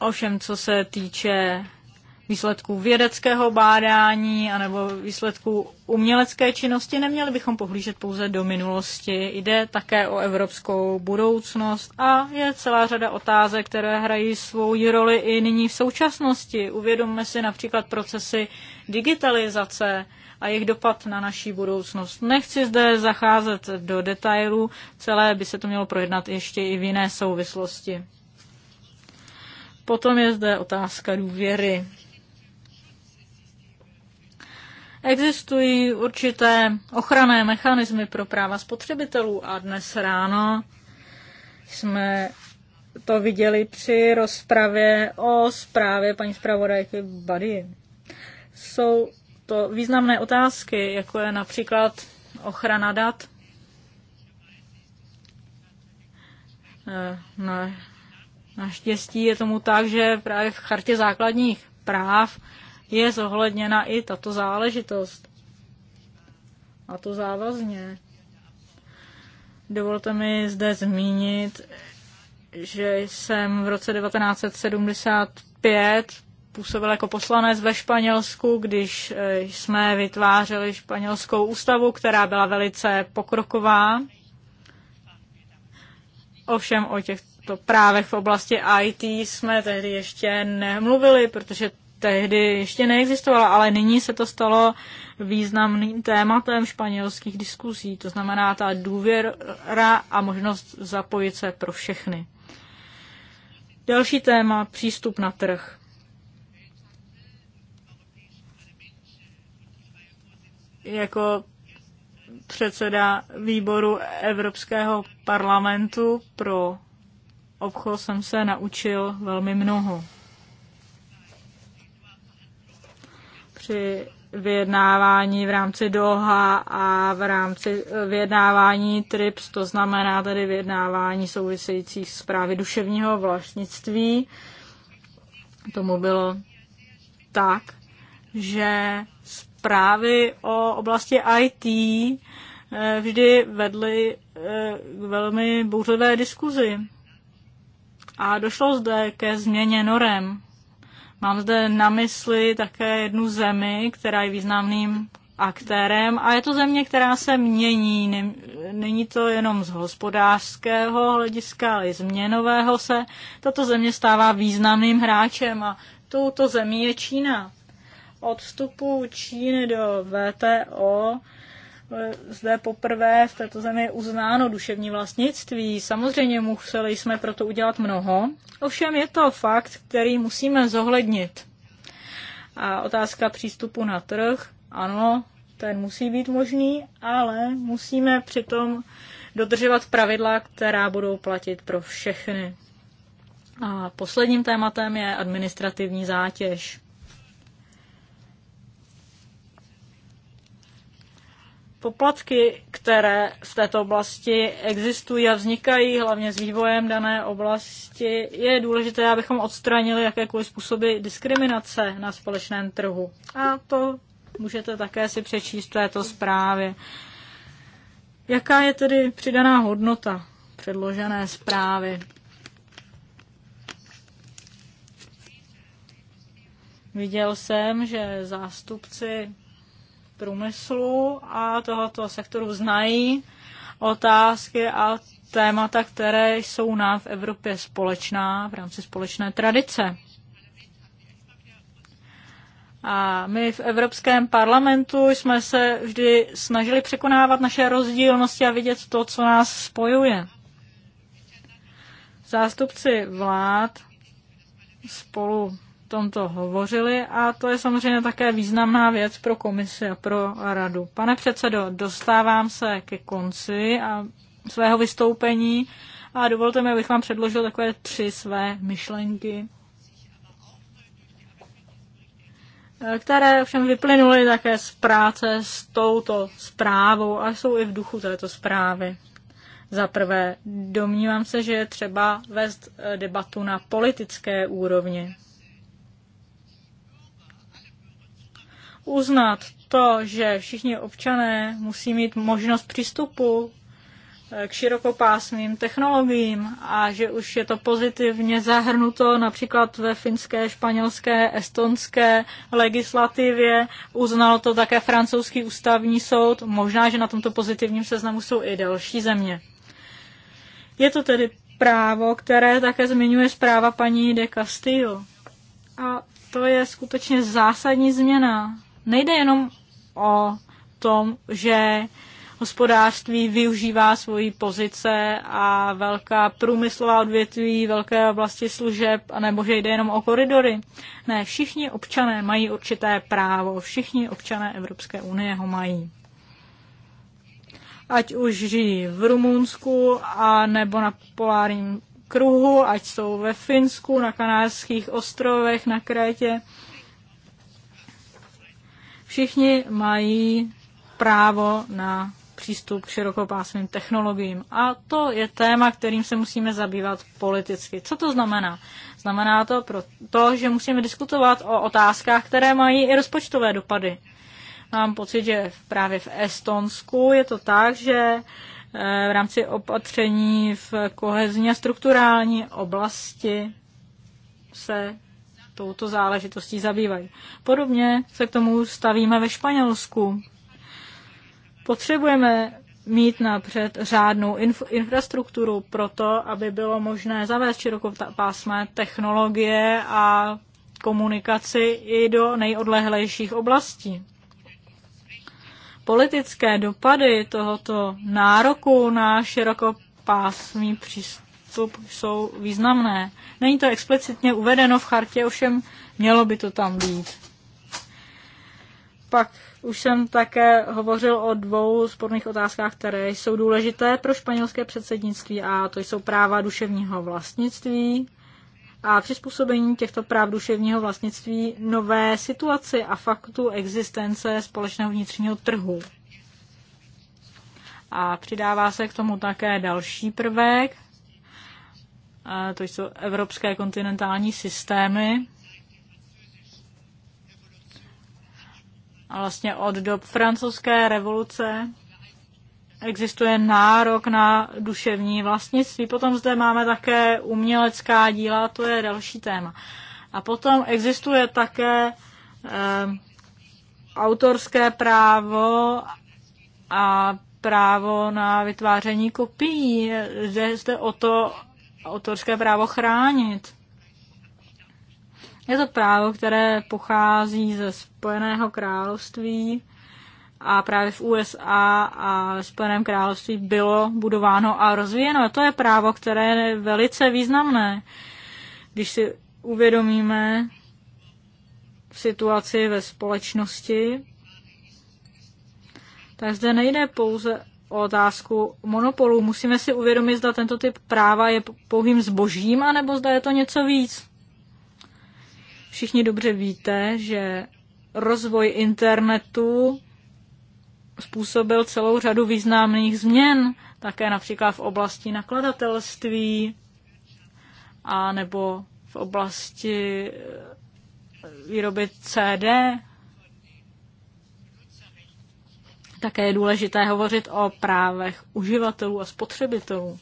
Ovšem, co se týče výsledků vědeckého bádání anebo výsledků umělecké činnosti, neměli bychom pohlížet pouze do minulosti. Jde také o evropskou budoucnost a je celá řada otázek, které hrají svou roli i nyní v současnosti. Uvědomme si například procesy digitalizace a jejich dopad na naší budoucnost. Nechci zde zacházet do detailů, celé by se to mělo projednat ještě i v jiné souvislosti. Potom je zde otázka důvěry. Existují určité ochranné mechanismy pro práva spotřebitelů a dnes ráno jsme to viděli při rozpravě o zprávě paní zpravodajky Bady. Jsou to významné otázky, jako je například ochrana dat. Eh, na, naštěstí je tomu tak, že právě v chartě základních práv je zohledněna i tato záležitost. A to závazně. Dovolte mi zde zmínit, že jsem v roce 1975 působil jako poslanec ve Španělsku, když eh, jsme vytvářeli španělskou ústavu, která byla velice pokroková. Ovšem o těchto právech v oblasti IT jsme tehdy ještě nemluvili, protože tehdy ještě neexistovala, ale nyní se to stalo významným tématem španělských diskusí, To znamená ta důvěra a možnost zapojit se pro všechny. Další téma, přístup na trh. Jako předseda výboru Evropského parlamentu pro obchod jsem se naučil velmi mnoho. při vyjednávání v rámci Doha a v rámci eh, vyjednávání TRIPS, to znamená tedy vyjednávání souvisejících s právy duševního vlastnictví. Tomu bylo tak, že zprávy o oblasti IT eh, vždy vedly eh, k velmi bouřlivé diskuzi. A došlo zde ke změně norem Mám zde na mysli také jednu zemi, která je významným aktérem a je to země, která se mění. Není to jenom z hospodářského hlediska, ale i z měnového se. Tato země stává významným hráčem a touto zemí je Čína. Od vstupu Číny do VTO Eh, zde poprvé v této zemi uznáno duševní vlastnictví. Samozřejmě museli jsme proto udělat mnoho, ovšem je to fakt, který musíme zohlednit. A otázka přístupu na trh, ano, ten musí být možný, ale musíme přitom dodržovat pravidla, která budou platit pro všechny. A posledním tématem je administrativní zátěž. poplatky, které v této oblasti existují a vznikají, hlavně s vývojem dané oblasti, je důležité, abychom odstranili jakékoliv způsoby diskriminace na společném trhu. A to můžete také si přečíst v této zprávě. Jaká je tedy přidaná hodnota předložené zprávy? Viděl jsem, že zástupci průmyslu a tohoto sektoru znají otázky a témata, které jsou nám v Evropě společná v rámci společné tradice. A my v Evropském parlamentu jsme se vždy snažili překonávat naše rozdílnosti a vidět to, co nás spojuje. Zástupci vlád spolu tomto hovořili a to je samozřejmě také významná věc pro komisi a pro radu. Pane předsedo, dostávám se ke konci a svého vystoupení a dovolte mi, abych vám předložil takové tři své myšlenky, které ovšem vyplynuly také z práce s touto zprávou a jsou i v duchu této zprávy. Za prvé, domnívám se, že je třeba vést debatu na politické úrovni. uznat to, že všichni občané musí mít možnost přístupu eh, k širokopásným technologiím a že už je to pozitivně zahrnuto například ve finské, španělské, estonské legislativě. Uznal to také francouzský ústavní soud. Možná, že na tomto pozitivním seznamu jsou i další země. Je to tedy právo, které také zmiňuje zpráva paní de Castillo. A to je skutečně zásadní změna Nejde jenom o tom, že hospodářství využívá svoji pozice a velká průmyslová odvětví, velké oblasti služeb, nebo že jde jenom o koridory. Ne, všichni občané mají určité právo, všichni občané Evropské unie ho mají. Ať už žijí v Rumunsku a nebo na polárním kruhu, ať jsou ve Finsku, na Kanářských ostrovech, na Krétě, Všichni mají právo na přístup k širokopásmým technologiím. A to je téma, kterým se musíme zabývat politicky. Co to znamená? Znamená to pro to, že musíme diskutovat o otázkách, které mají i rozpočtové dopady. Mám pocit, že právě v Estonsku je to tak, že eh, v rámci opatření v kohezní a strukturální oblasti se touto záležitostí zabývají. Podobně se k tomu stavíme ve Španělsku. Potřebujeme mít napřed řádnou inf- infrastrukturu pro to, aby bylo možné zavést širokopásmé technologie a komunikaci i do nejodlehlejších oblastí. Politické dopady tohoto nároku na širokopásmý přístup postup jsou významné. Není to explicitně uvedeno v chartě, ovšem mělo by to tam být. Pak už jsem také hovořil o dvou sporných otázkách, které jsou důležité pro španělské předsednictví a to jsou práva duševního vlastnictví a přizpůsobení těchto práv duševního vlastnictví nové situaci a faktu existence společného vnitřního trhu. A přidává se k tomu také další prvek, to jsou evropské kontinentální systémy. A vlastně od dob francouzské revoluce existuje nárok na duševní vlastnictví. Potom zde máme také umělecká díla, to je další téma. A potom existuje také eh, autorské právo a právo na vytváření kopií. Zde, zde o to, autorské právo chránit. Je to právo, které pochází ze Spojeného království a právě v USA a ve Spojeném království bylo budováno a rozvíjeno. A to je právo, které je velice významné, když si uvědomíme situaci ve společnosti. Tak zde nejde pouze otázku monopolu. Musíme si uvědomit, zda tento typ práva je pouhým zbožím, anebo zda je to něco víc. Všichni dobře víte, že rozvoj internetu způsobil celou řadu významných změn, také například v oblasti nakladatelství a nebo v oblasti eh, výroby CD Také je důležité hovořit o právech uživatelů a spotřebitelů.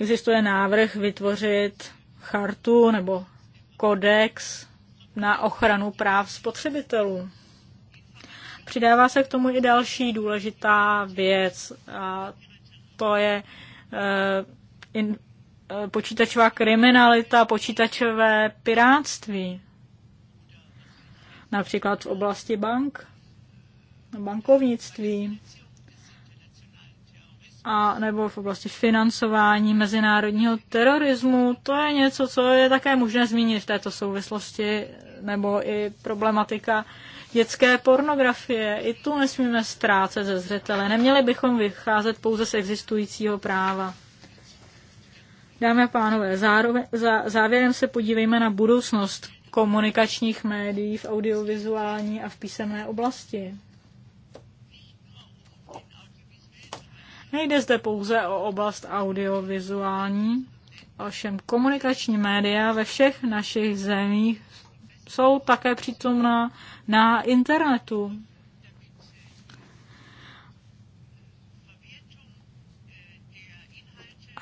Existuje návrh vytvořit chartu nebo kodex na ochranu práv spotřebitelů. Přidává se k tomu i další důležitá věc, a to je eh, in, eh, počítačová kriminalita, počítačové pirátství například v oblasti bank, bankovnictví, a nebo v oblasti financování mezinárodního terorismu. To je něco, co je také možné zmínit v této souvislosti, nebo i problematika dětské pornografie. I tu nesmíme ztrácet ze zřetele. Neměli bychom vycházet pouze z existujícího práva. Dámy a pánové, zároveň, za, závěrem se podívejme na budoucnost, komunikačních médií v audiovizuální a v písemné oblasti. Nejde zde pouze o oblast audiovizuální, ovšem komunikační média ve všech našich zemích jsou také přítomná na internetu.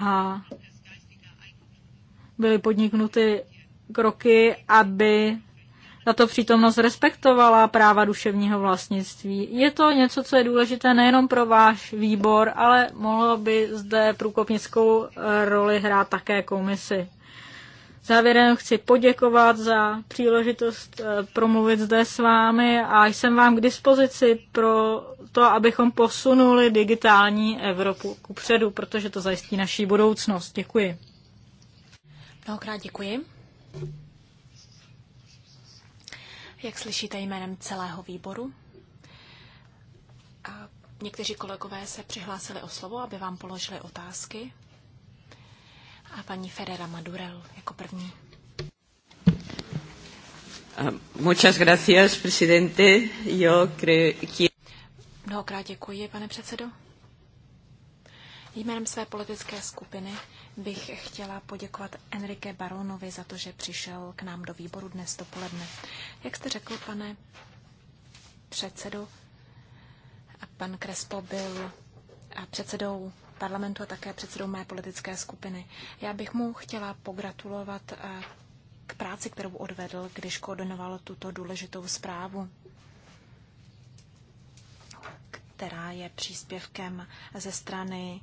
A byly podniknuty kroky, aby tato přítomnost respektovala práva duševního vlastnictví. Je to něco, co je důležité nejenom pro váš výbor, ale mohlo by zde průkopnickou eh, roli hrát také komisi. Závěrem chci poděkovat za příležitost eh, promluvit zde s vámi a jsem vám k dispozici pro to, abychom posunuli digitální Evropu kupředu, protože to zajistí naší budoucnost. Děkuji. Mnohokrát děkuji. Jak slyšíte jménem celého výboru? A někteří kolegové se přihlásili o slovo, aby vám položili otázky. A paní Ferrera Madurel jako první. Ah, muchas gracias, presidente. Yo creo que... Mnohokrát děkuji, pane předsedo. Jménem své politické skupiny bych chtěla poděkovat Enrique Baronovi za to, že přišel k nám do výboru dnes dopoledne. Jak jste řekl, pane předsedu, a pan Krespo byl předsedou parlamentu a také předsedou mé politické skupiny. Já bych mu chtěla pogratulovat eh, k práci, kterou odvedl, když koordinoval tuto důležitou zprávu, která je příspěvkem ze strany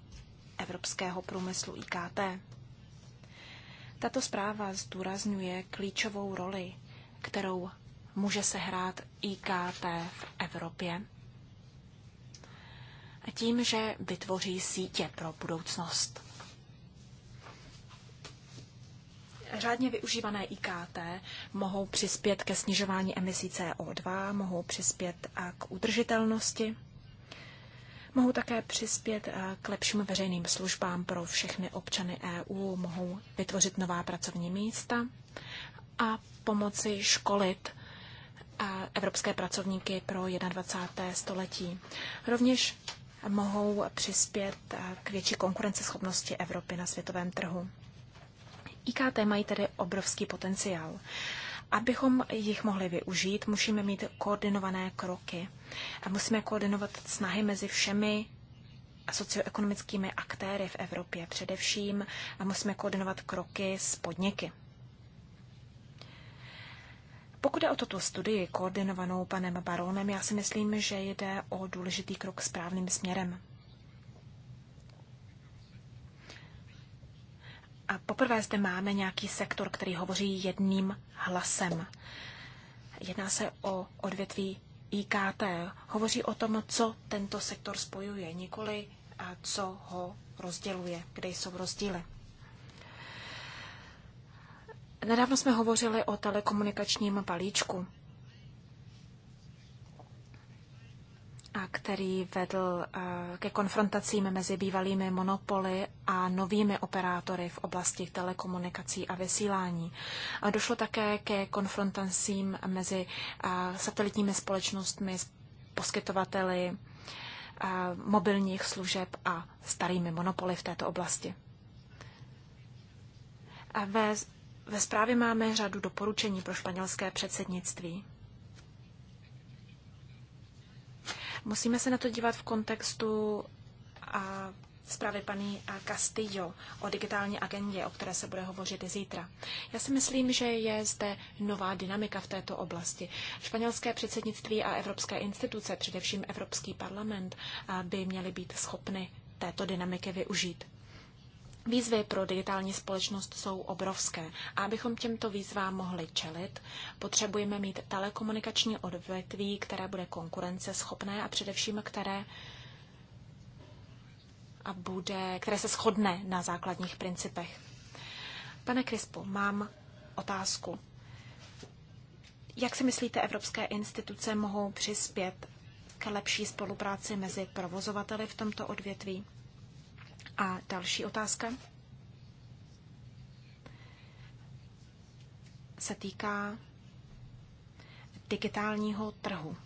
evropského průmyslu IKT. Tato zpráva zdůrazňuje klíčovou roli, kterou může sehrát IKT v Evropě. A tím, že vytvoří sítě pro budoucnost. Řádně využívané IKT mohou přispět ke snižování emisí CO2, mohou přispět k udržitelnosti mohou také přispět eh, k lepším veřejným službám pro všechny občany EU, mohou vytvořit nová pracovní místa a pomoci školit eh, evropské pracovníky pro 21. století. Rovněž mohou přispět eh, k větší konkurenceschopnosti Evropy na světovém trhu. IKT mají tedy obrovský potenciál. Abychom jich mohli využít, musíme mít koordinované kroky. A musíme koordinovat snahy mezi všemi socioekonomickými aktéry v Evropě především a musíme koordinovat kroky s podniky. Pokud je o tuto studii koordinovanou panem Baronem, já si myslím, že jde o důležitý krok správným směrem. A poprvé zde máme nějaký sektor, který hovoří jedním hlasem. Jedná se o odvětví IKT. Hovoří o tom, co tento sektor spojuje, nikoli a co ho rozděluje, kde jsou rozdíly. Nedávno jsme hovořili o telekomunikačním balíčku. a který vedl eh, ke konfrontacím mezi bývalými monopoly a novými operátory v oblasti telekomunikací a vysílání. A došlo také ke konfrontacím mezi eh, satelitními společnostmi, poskytovateli eh, mobilních služeb a starými monopoly v této oblasti. A ve, ve zprávě máme řadu doporučení pro španělské předsednictví. Musíme se na to dívat v kontextu a zprávy paní Castillo o digitální agendě, o které se bude hovořit i zítra. Já si myslím, že je zde nová dynamika v této oblasti. Španělské předsednictví a evropské instituce, především Evropský parlament, by měly být schopny této dynamiky využít. Výzvy pro digitální společnost jsou obrovské a abychom těmto výzvám mohli čelit, potřebujeme mít telekomunikační odvětví, které bude konkurenceschopné a především které a bude, které se shodne na základních principech. Pane Krispo, mám otázku. Jak si myslíte, evropské instituce mohou přispět k lepší spolupráci mezi provozovateli v tomto odvětví? A další otázka se týká digitálního trhu.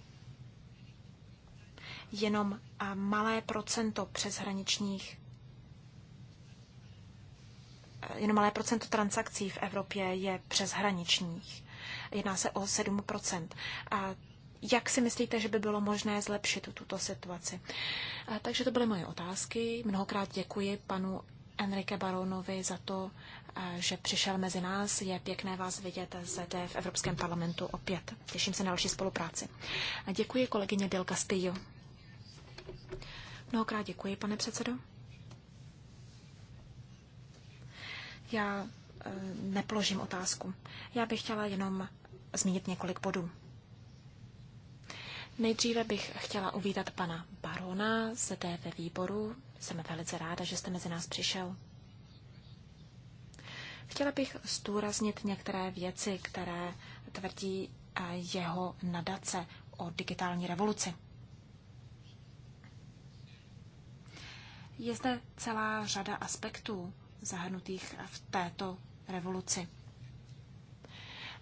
Jenom malé procento přeshraničních eh, jenom malé procento transakcí v Evropě je přeshraničních. Jedná se o 7 A jak si myslíte, že by bylo možné zlepšit tuto situaci? Takže to byly moje otázky. Mnohokrát děkuji panu Enrique Baronovi za to, že přišel mezi nás. Je pěkné vás vidět zde v Evropském parlamentu opět. Těším se na další spolupráci. děkuji kolegyně Del Castillo. Mnohokrát děkuji, pane předsedo. Já e, nepoložím otázku. Já bych chtěla jenom zmínit několik bodů. Nejdříve bych chtěla uvítat pana Barona zde ve výboru. Jsem velice ráda, že jste mezi nás přišel. Chtěla bych zdůraznit některé věci, které tvrdí eh, jeho nadace o digitální revoluci. Je zde celá řada aspektů zahrnutých v této revoluci.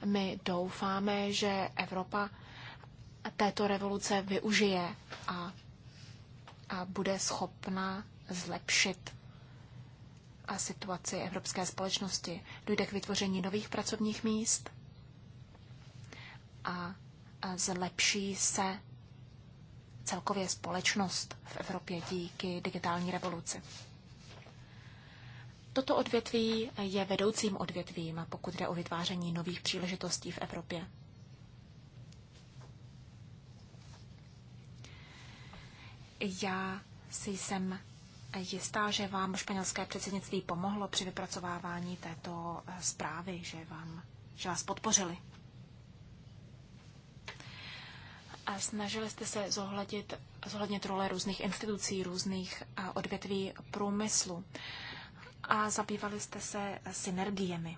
My doufáme, že Evropa této revoluce využije a, a bude schopna zlepšit a situaci evropské společnosti. Dojde k vytvoření nových pracovních míst a, a zlepší se celkově společnost v Evropě díky digitální revoluci. Toto odvětví je vedoucím odvětvím, pokud jde o vytváření nových příležitostí v Evropě. Já si jsem jistá, že vám španělské předsednictví pomohlo při vypracovávání této eh, zprávy, že, vám, že vás podpořili. A snažili jste se zohlednit, zohlednit role různých institucí, různých eh, odvětví průmyslu a zabývali jste se synergiemi.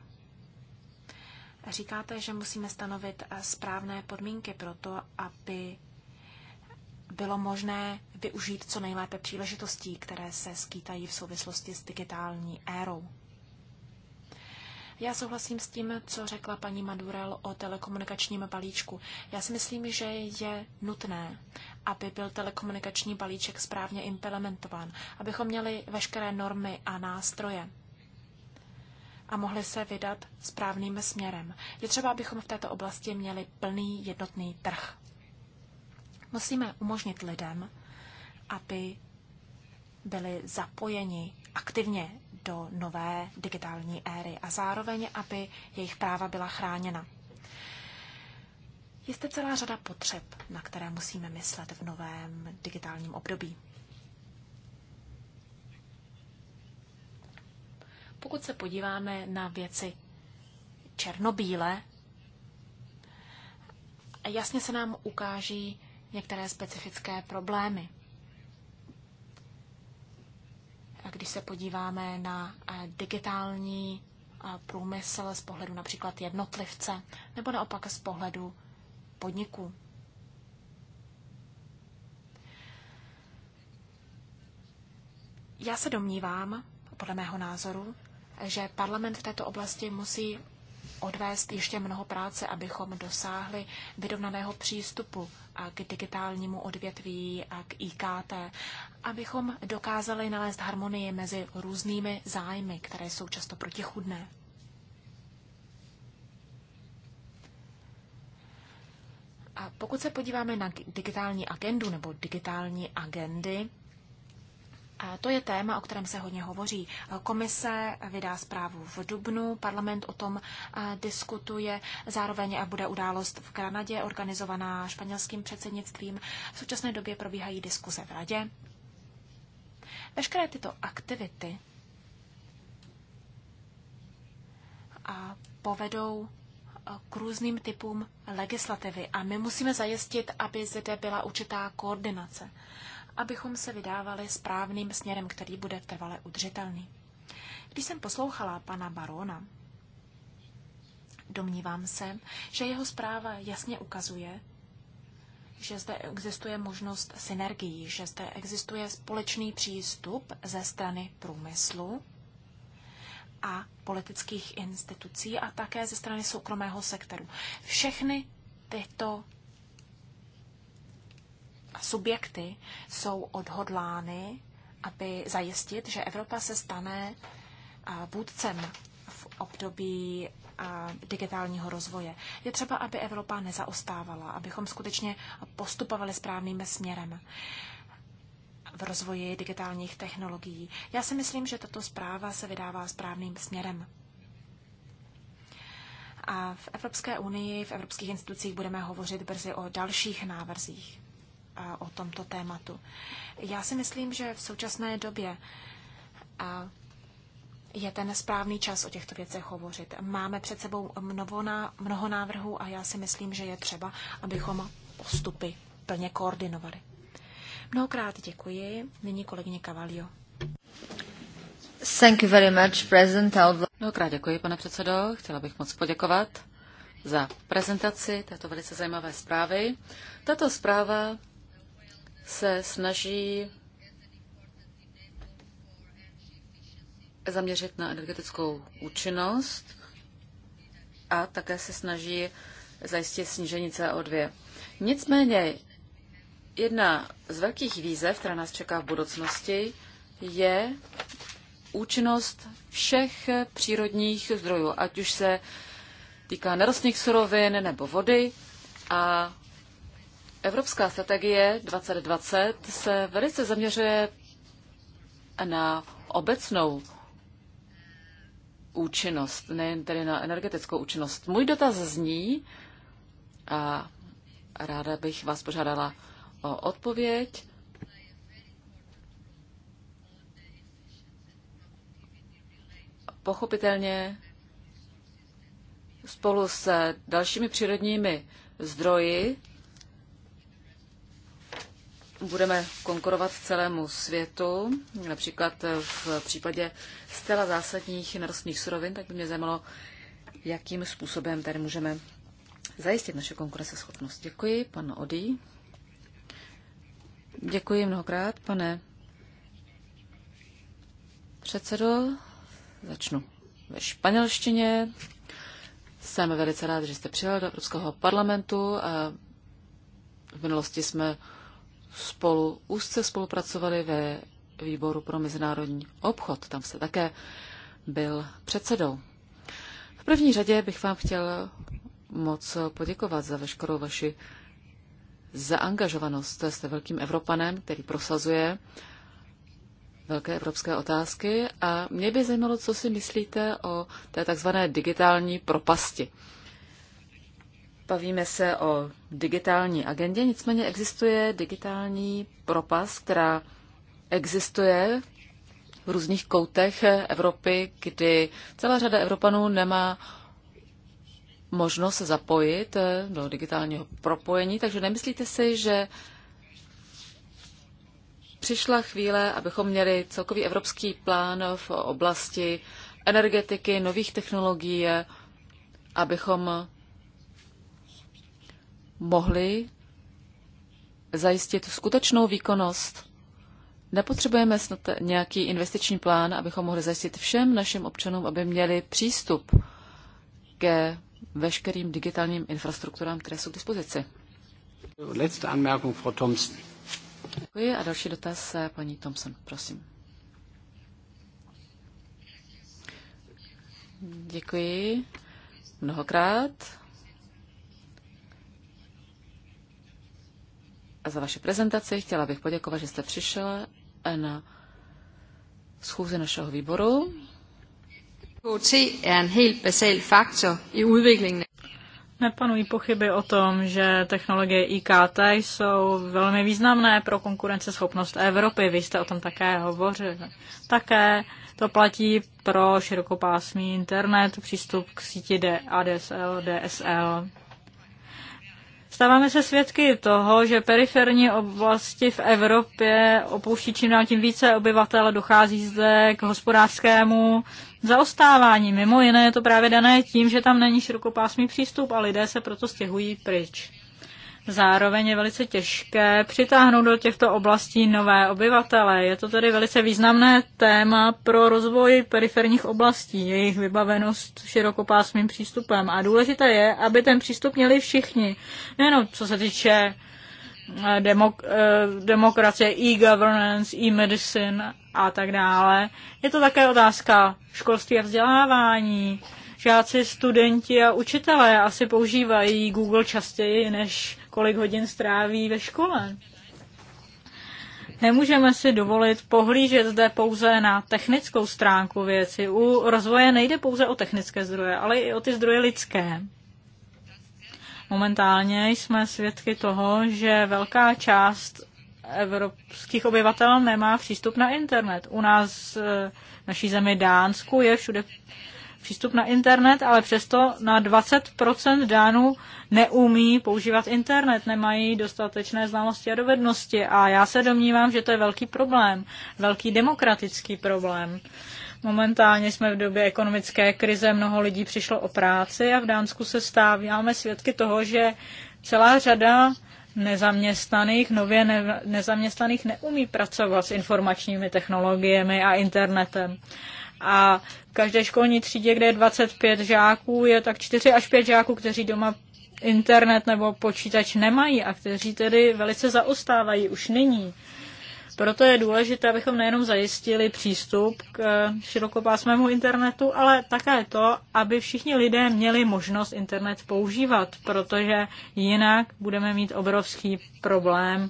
Říkáte, že musíme stanovit eh, správné podmínky pro to, aby bylo možné využít co nejlépe příležitostí, které se skýtají v souvislosti s digitální érou. Já souhlasím s tím, co řekla paní Madurel o telekomunikačním balíčku. Já si myslím, že je nutné, aby byl telekomunikační balíček správně implementován, abychom měli veškeré normy a nástroje a mohli se vydat správným směrem. Je třeba, abychom v této oblasti měli plný jednotný trh. Musíme umožnit lidem, aby byli zapojeni aktivně do nové digitální éry a zároveň, aby jejich práva byla chráněna. Je zde celá řada potřeb, na které musíme myslet v novém digitálním období. Pokud se podíváme na věci černobíle, jasně se nám ukáží některé specifické problémy. A když se podíváme na eh, digitální eh, průmysl z pohledu například jednotlivce nebo naopak z pohledu podniku. Já se domnívám, podle mého názoru, že parlament v této oblasti musí odvést ještě mnoho práce, abychom dosáhli vyrovnaného přístupu k digitálnímu odvětví a k IKT, abychom dokázali nalézt harmonii mezi různými zájmy, které jsou často protichudné. A pokud se podíváme na digitální agendu nebo digitální agendy, to je téma, o kterém se hodně hovoří. Komise vydá zprávu v Dubnu, parlament o tom diskutuje, zároveň a bude událost v Granadě organizovaná španělským předsednictvím. V současné době probíhají diskuze v radě. Veškeré tyto aktivity a povedou k různým typům legislativy a my musíme zajistit, aby zde byla určitá koordinace abychom se vydávali správným směrem, který bude trvale udržitelný. Když jsem poslouchala pana barona, domnívám se, že jeho zpráva jasně ukazuje, že zde existuje možnost synergií, že zde existuje společný přístup ze strany průmyslu a politických institucí a také ze strany soukromého sektoru. Všechny tyto subjekty jsou odhodlány, aby zajistit, že Evropa se stane vůdcem v období digitálního rozvoje. Je třeba, aby Evropa nezaostávala, abychom skutečně postupovali správným směrem v rozvoji digitálních technologií. Já si myslím, že tato zpráva se vydává správným směrem. A v Evropské unii, v evropských institucích budeme hovořit brzy o dalších návrzích o tomto tématu. Já si myslím, že v současné době je ten správný čas o těchto věcech hovořit. Máme před sebou mnoho návrhů a já si myslím, že je třeba, abychom postupy plně koordinovali. Mnohokrát děkuji. Nyní kolegyně Cavalio. Thank you very much, President. Mnohokrát děkuji, pane předsedo. Chtěla bych moc poděkovat za prezentaci této velice zajímavé zprávy. Tato zpráva se snaží zaměřit na energetickou účinnost a také se snaží zajistit snížení CO2. Nicméně jedna z velkých výzev, která nás čeká v budoucnosti, je účinnost všech přírodních zdrojů, ať už se týká nerostných surovin nebo vody. A Evropská strategie 2020 se velice zaměřuje na obecnou účinnost, nejen tedy na energetickou účinnost. Můj dotaz zní, a ráda bych vás požádala o odpověď, pochopitelně spolu s dalšími přírodními zdroji budeme konkurovat celému světu, například v případě zcela zásadních nerostných surovin, tak by mě zajímalo, jakým způsobem tady můžeme zajistit naše konkurenceschopnost. Děkuji, pan Odí. Děkuji mnohokrát, pane předsedo. Začnu ve španělštině. Jsem velice rád, že jste přijel do Evropského parlamentu. A v minulosti jsme spolu úzce spolupracovali ve výboru pro mezinárodní obchod. Tam se také byl předsedou. V první řadě bych vám chtěl moc poděkovat za veškerou vaši zaangažovanost. Jste velkým Evropanem, který prosazuje velké evropské otázky a mě by zajímalo, co si myslíte o té takzvané digitální propasti. Bavíme se o digitální agendě, nicméně existuje digitální propas, která existuje v různých koutech Evropy, kdy celá řada Evropanů nemá možnost zapojit eh, do digitálního propojení, takže nemyslíte si, že přišla chvíle, abychom měli celkový evropský plán v oblasti energetiky, nových technologií, eh, abychom mohli zajistit skutečnou výkonnost. Nepotřebujeme snad nějaký investiční plán, abychom mohli zajistit všem našim občanům, aby měli přístup ke veškerým digitálním infrastrukturám, které jsou k dispozici. Letzte Anmerkung, Frau Thompson. Děkuji a další dotaz, eh, paní Thompson, prosím. Děkuji mnohokrát. za vaši prezentaci. Chtěla bych poděkovat, že jste přišel na schůzi našeho výboru. je er Nepanují pochyby o tom, že technologie IKT jsou velmi významné pro konkurenceschopnost Evropy. Vy jste o tom také hovořili. Také to platí pro širokopásmý internet, přístup k síti ADSL, DSL Stáváme se svědky toho, že periferní oblasti v Evropě opouští čím dál tím více obyvatel, dochází zde k hospodářskému zaostávání. Mimo jiné je to právě dané tím, že tam není širokopásmý přístup a lidé se proto stěhují pryč. Zároveň je velice těžké přitáhnout do těchto oblastí nové obyvatele. Je to tedy velice významné téma pro rozvoj periferních oblastí, jejich vybavenost širokopásmým přístupem. A důležité je, aby ten přístup měli všichni. Nejenom co se týče eh, demok- eh, demokracie, e-governance, e-medicine a tak dále. Je to také otázka školství a vzdělávání. Žáci, studenti a učitelé asi používají Google častěji než kolik hodin stráví ve škole. Nemůžeme si dovolit pohlížet zde pouze na technickou stránku věci. U rozvoje nejde pouze o technické zdroje, ale i o ty zdroje lidské. Momentálně jsme svědky toho, že velká část evropských obyvatel nemá přístup na internet. U nás, eh, v naší zemi Dánsku, je všude přístup na internet, ale přesto na 20% Dánů neumí používat internet, nemají dostatečné znalosti a dovednosti. A já se domnívám, že to je velký problém, velký demokratický problém. Momentálně jsme v době ekonomické krize, mnoho lidí přišlo o práci a v Dánsku se stáváme svědky toho, že celá řada nezaměstnaných, nově ne, nezaměstnaných neumí pracovat s informačními technologiemi a internetem. A každé školní třídě, kde je 25 žáků, je tak 4 až 5 žáků, kteří doma internet nebo počítač nemají a kteří tedy velice zaostávají už nyní. Proto je důležité, abychom nejenom zajistili přístup k eh, širokopásmému internetu, ale také to, aby všichni lidé měli možnost internet používat, protože jinak budeme mít obrovský problém,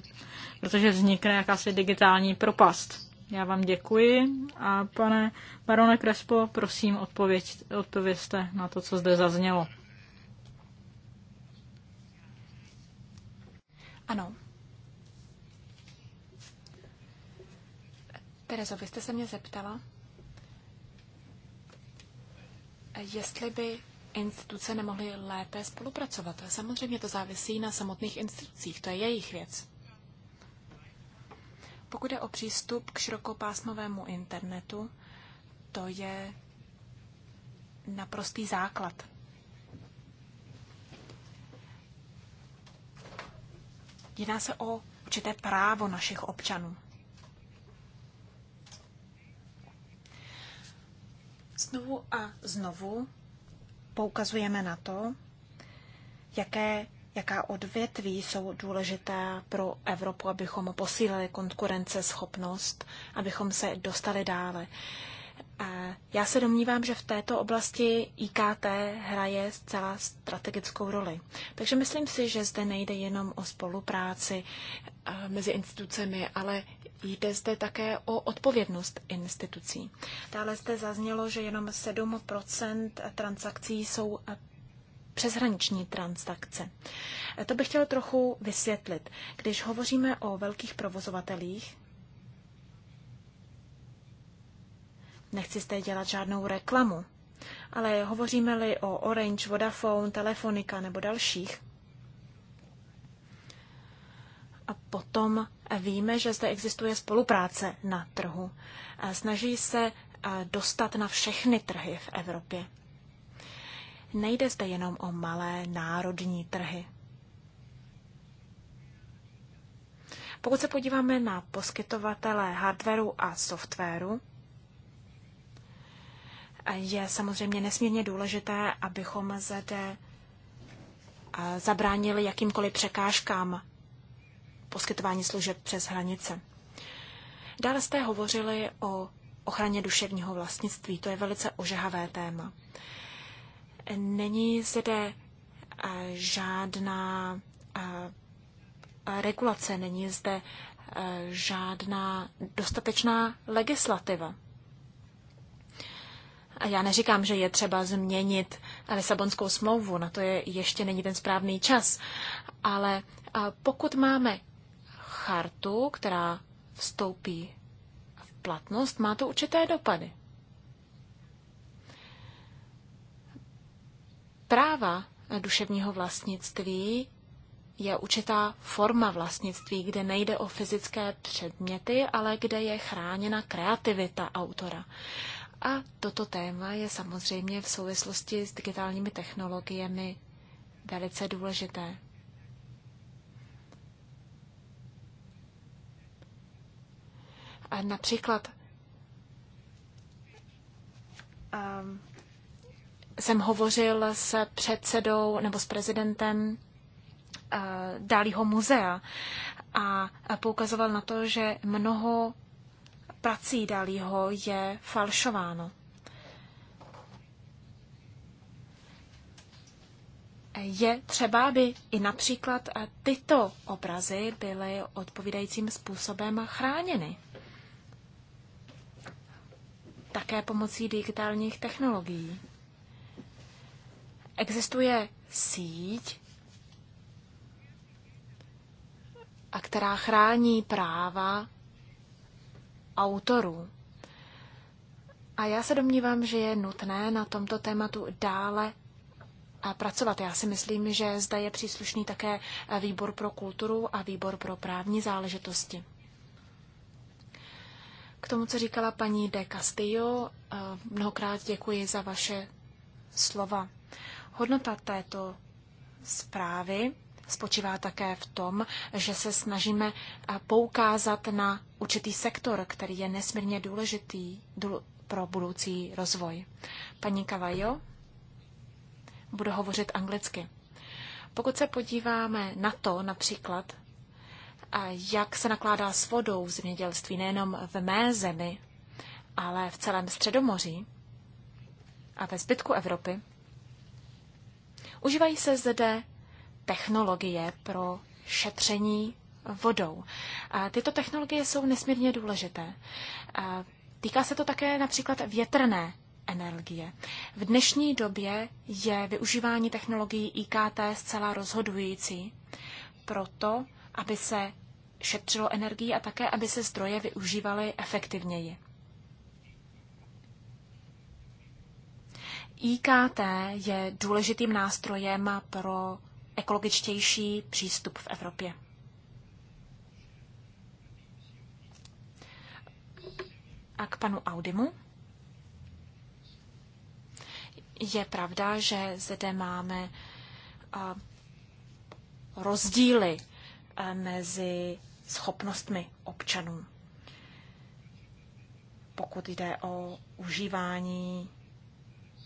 protože vznikne jakási digitální propast. Já vám děkuji a pane barone Krespo, prosím odpověď, odpovězte na to, co zde zaznělo. Ano. Terezo, vy jste se mě zeptala, jestli by instituce nemohly lépe spolupracovat. Samozřejmě to závisí na samotných institucích, to je jejich věc. Pokud je o přístup k širokopásmovému internetu, to je naprostý základ. Jedná se o určité právo našich občanů. Znovu a znovu poukazujeme na to, jaké jaká odvětví jsou důležitá pro Evropu, abychom posílili konkurenceschopnost, abychom se dostali dále. Já se domnívám, že v této oblasti IKT hraje zcela strategickou roli. Takže myslím si, že zde nejde jenom o spolupráci eh, mezi institucemi, ale jde zde také o odpovědnost institucí. Dále zde zaznělo, že jenom 7 transakcí jsou přeshraniční transakce. E, to bych chtěla trochu vysvětlit. Když hovoříme o velkých provozovatelích, nechci zde dělat žádnou reklamu, ale hovoříme-li o Orange, Vodafone, Telefonika nebo dalších, a potom víme, že zde existuje spolupráce na trhu. E, snaží se e, dostat na všechny trhy v Evropě. Nejde zde jenom o malé národní trhy. Pokud se podíváme na poskytovatele hardwareu a softwaru, je samozřejmě nesmírně důležité, abychom zde zabránili jakýmkoliv překážkám poskytování služeb přes hranice. Dále jste hovořili o ochraně duševního vlastnictví. To je velice ožehavé téma. Není zde eh, žádná eh, regulace, není zde eh, žádná dostatečná legislativa. A já neříkám, že je třeba změnit Lisabonskou smlouvu, na to je ještě není ten správný čas. Ale pokud máme chartu, která vstoupí v platnost, má to určité dopady. práva duševního vlastnictví je určitá forma vlastnictví, kde nejde o fyzické předměty, ale kde je chráněna kreativita autora. A toto téma je samozřejmě v souvislosti s digitálními technologiemi velice důležité. A například um, jsem hovořil s předsedou nebo s prezidentem eh, Dálího muzea a poukazoval na to, že mnoho prací Dálího je falšováno. Je třeba, aby i například tyto obrazy byly odpovídajícím způsobem chráněny. Také pomocí digitálních technologií. Existuje síť, a která chrání práva autorů. A já se domnívám, že je nutné na tomto tématu dále a eh, pracovat. Já si myslím, že zde je příslušný také eh, výbor pro kulturu a výbor pro právní záležitosti. K tomu, co říkala paní de Castillo, eh, mnohokrát děkuji za vaše slova. Hodnota této zprávy spočívá také v tom, že se snažíme eh, poukázat na určitý sektor, který je nesmírně důležitý pro budoucí rozvoj. Paní Kavajo bude hovořit anglicky. Pokud se podíváme na to například, eh, jak se nakládá s vodou v zemědělství nejenom v mé zemi, ale v celém Středomoří a ve zbytku Evropy, Užívají se zde technologie pro šetření vodou. A tyto technologie jsou nesmírně důležité. A týká se to také například větrné energie. V dnešní době je využívání technologií IKT zcela rozhodující proto, aby se šetřilo energii a také, aby se zdroje využívaly efektivněji. IKT je důležitým nástrojem pro ekologičtější přístup v Evropě. A k panu Audimu. Je pravda, že zde máme rozdíly e, mezi schopnostmi občanů, pokud jde o užívání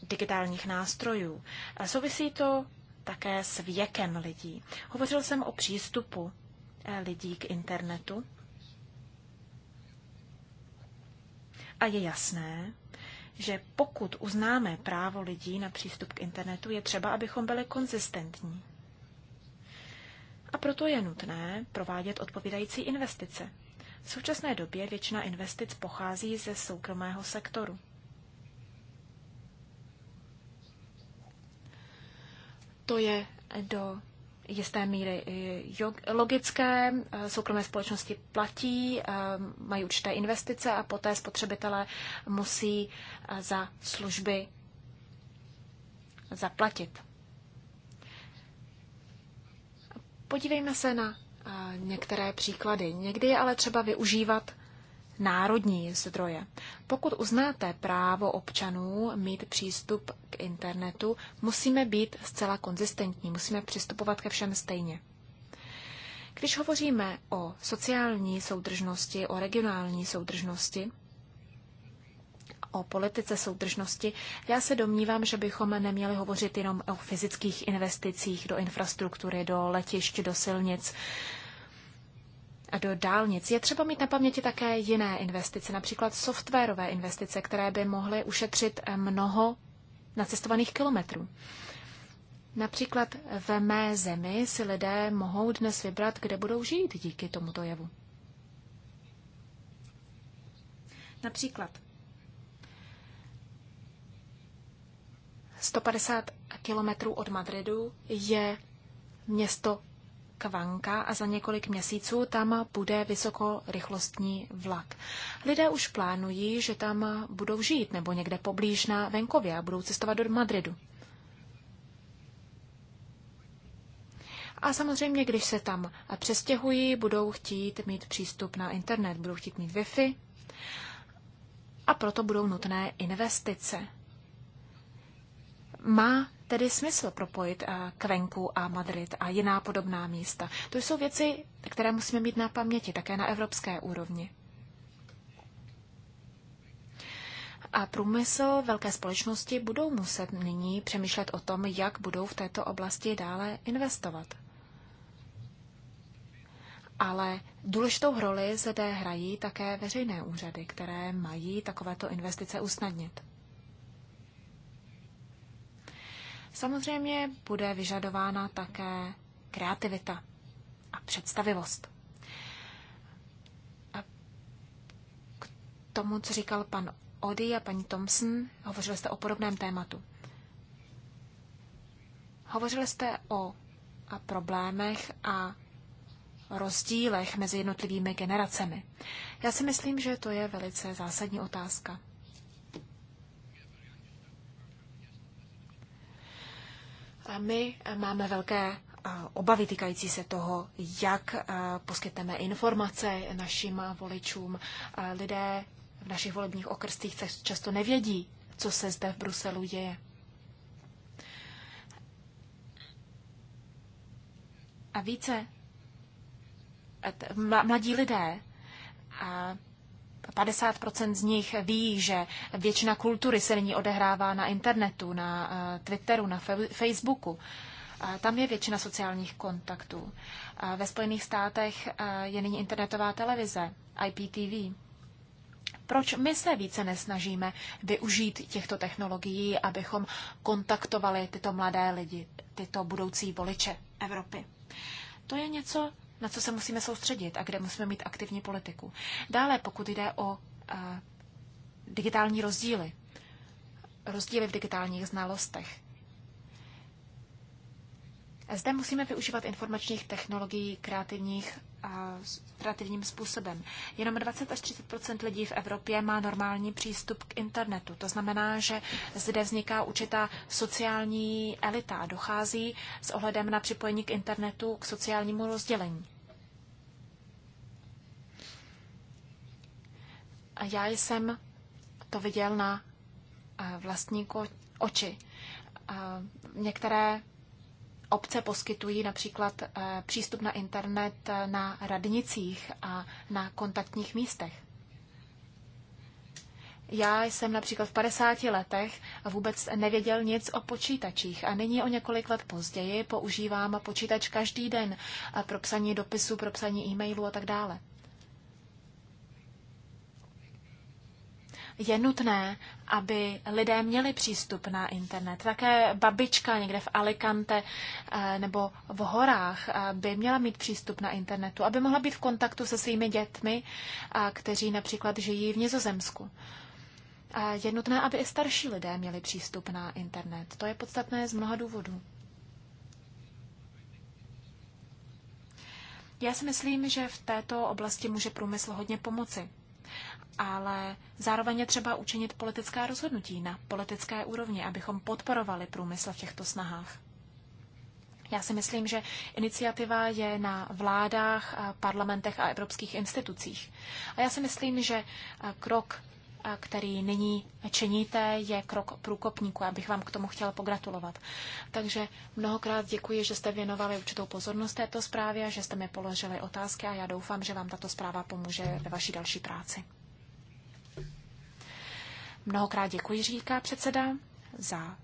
digitálních nástrojů. A souvisí to také s věkem lidí. Hovořil jsem o přístupu eh, lidí k internetu. A je jasné, že pokud uznáme právo lidí na přístup k internetu, je třeba, abychom byli konzistentní. A proto je nutné provádět odpovídající investice. V současné době většina investic pochází ze soukromého sektoru. To je do jisté míry logické. Eh, soukromé společnosti platí, eh, mají určité investice a poté spotřebitelé musí eh, za služby zaplatit. Podívejme se na některé příklady. Někdy je ale třeba využívat národní zdroje. Pokud uznáte právo občanů mít přístup k internetu, musíme být zcela konzistentní, musíme přistupovat ke všem stejně. Když hovoříme o sociální soudržnosti, o regionální soudržnosti, o politice soudržnosti, já se domnívám, že bychom neměli hovořit jenom o fyzických investicích do infrastruktury, do letišť, do silnic, do dálnic. Je třeba mít na paměti také jiné investice, například softwarové investice, které by mohly ušetřit eh, mnoho nacestovaných kilometrů. Například ve mé zemi si lidé mohou dnes vybrat, kde budou žít díky tomuto jevu. Například 150 kilometrů od Madridu je město Kvanka a za několik měsíců tam bude vysokorychlostní vlak. Lidé už plánují, že tam budou žít nebo někde poblíž na venkově a budou cestovat do Madridu. A samozřejmě, když se tam přestěhují, budou chtít mít přístup na internet, budou chtít mít Wi-Fi a proto budou nutné investice. Má tedy smysl propojit eh, Kvenku a Madrid a jiná podobná místa. To jsou věci, které musíme mít na paměti, také na evropské úrovni. A průmysl velké společnosti budou muset nyní přemýšlet o tom, jak budou v této oblasti dále investovat. Ale důležitou roli zde hrají také veřejné úřady, které mají takovéto investice usnadnit. Samozřejmě bude vyžadována také kreativita a představivost. A k tomu, co říkal pan Ody a paní Thompson, hovořili jste o podobném tématu. Hovořili jste o a problémech a rozdílech mezi jednotlivými generacemi. Já si myslím, že to je velice zásadní otázka. A my máme velké eh, obavy týkající se toho, jak eh, poskytneme informace našim voličům. Eh, lidé v našich volebních okrstích často nevědí, co se zde v Bruselu děje. A více mladí lidé a 50 z nich ví, že většina kultury se nyní odehrává na internetu, na eh, Twitteru, na Facebooku. Tam je většina sociálních kontaktů. Ve Spojených státech eh, je nyní internetová televize, IPTV. Proč my se více nesnažíme využít těchto technologií, abychom kontaktovali tyto mladé lidi, tyto budoucí voliče Evropy? To je něco, na co se musíme soustředit a kde musíme mít aktivní politiku. Dále, pokud jde o a, eh, digitální rozdíly, rozdíly v digitálních znalostech. Zde musíme využívat informačních technologií, kreativních operativním způsobem. Jenom 20 až 30 lidí v Evropě má normální přístup k internetu. To znamená, že zde vzniká určitá sociální elita a dochází s ohledem na připojení k internetu k sociálnímu rozdělení. A já jsem to viděl na eh, vlastní oči. Eh, některé Obce poskytují například eh, přístup na internet eh, na radnicích a na kontaktních místech. Já jsem například v 50 letech vůbec nevěděl nic o počítačích a nyní o několik let později používám počítač každý den eh, pro psaní dopisů, pro psaní e mailu a tak dále. je nutné, aby lidé měli přístup na internet. Také babička někde v Alicante eh, nebo v horách eh, by měla mít přístup na internetu, aby mohla být v kontaktu se svými dětmi, eh, kteří například žijí v Nizozemsku. Je nutné, aby i starší lidé měli přístup na internet. To je podstatné z mnoha důvodů. Já si myslím, že v této oblasti může průmysl hodně pomoci ale zároveň je třeba učinit politická rozhodnutí na politické úrovni, abychom podporovali průmysl v těchto snahách. Já si myslím, že iniciativa je na vládách, parlamentech a evropských institucích. A já si myslím, že krok, který nyní činíte, je krok průkopníku. Já bych vám k tomu chtěla pogratulovat. Takže mnohokrát děkuji, že jste věnovali určitou pozornost této zprávě, že jste mi položili otázky a já doufám, že vám tato zpráva pomůže ve vaší další práci. Mnohokrát děkuji, říká předseda, za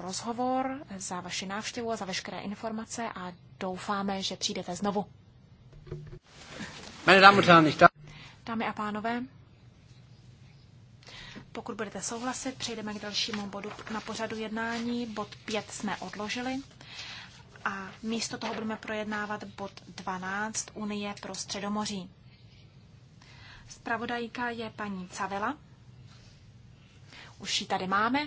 rozhovor, za vaši návštěvu a za veškeré informace a doufáme, že přijdete znovu. Dámy a pánové, pokud budete souhlasit, přejdeme k dalšímu bodu na pořadu jednání. Bod 5 jsme odložili a místo toho budeme projednávat bod 12 Unie pro Středomoří. Spravodajka je paní Cavela. Už ji tady máme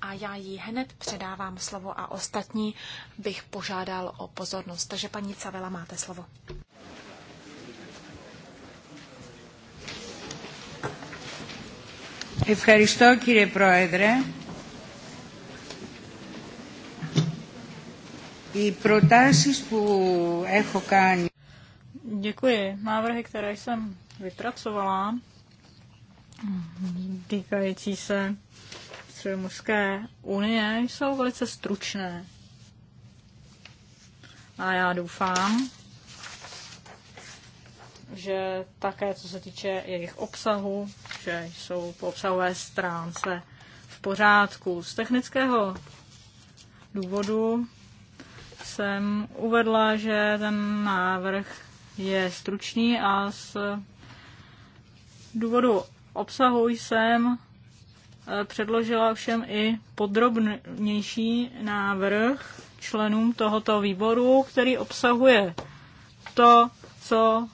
a já jí hned předávám slovo a ostatní bych požádal o pozornost. Takže paní Cavela, máte slovo. Ευχαριστώ κύριε Πρόεδρε. Οι προτάσεις που έχω κάνει... Děkuji. Návrhy, které jsem vypracovala, týkající se Středomorské unie jsou velice stručné. A já doufám, že také co se týče jejich obsahu, že jsou po obsahové stránce v pořádku. Z technického důvodu jsem uvedla, že ten návrh je stručný a z důvodu obsahu jsem eh, předložila všem i podrobnější návrh členům tohoto výboru, který obsahuje to, co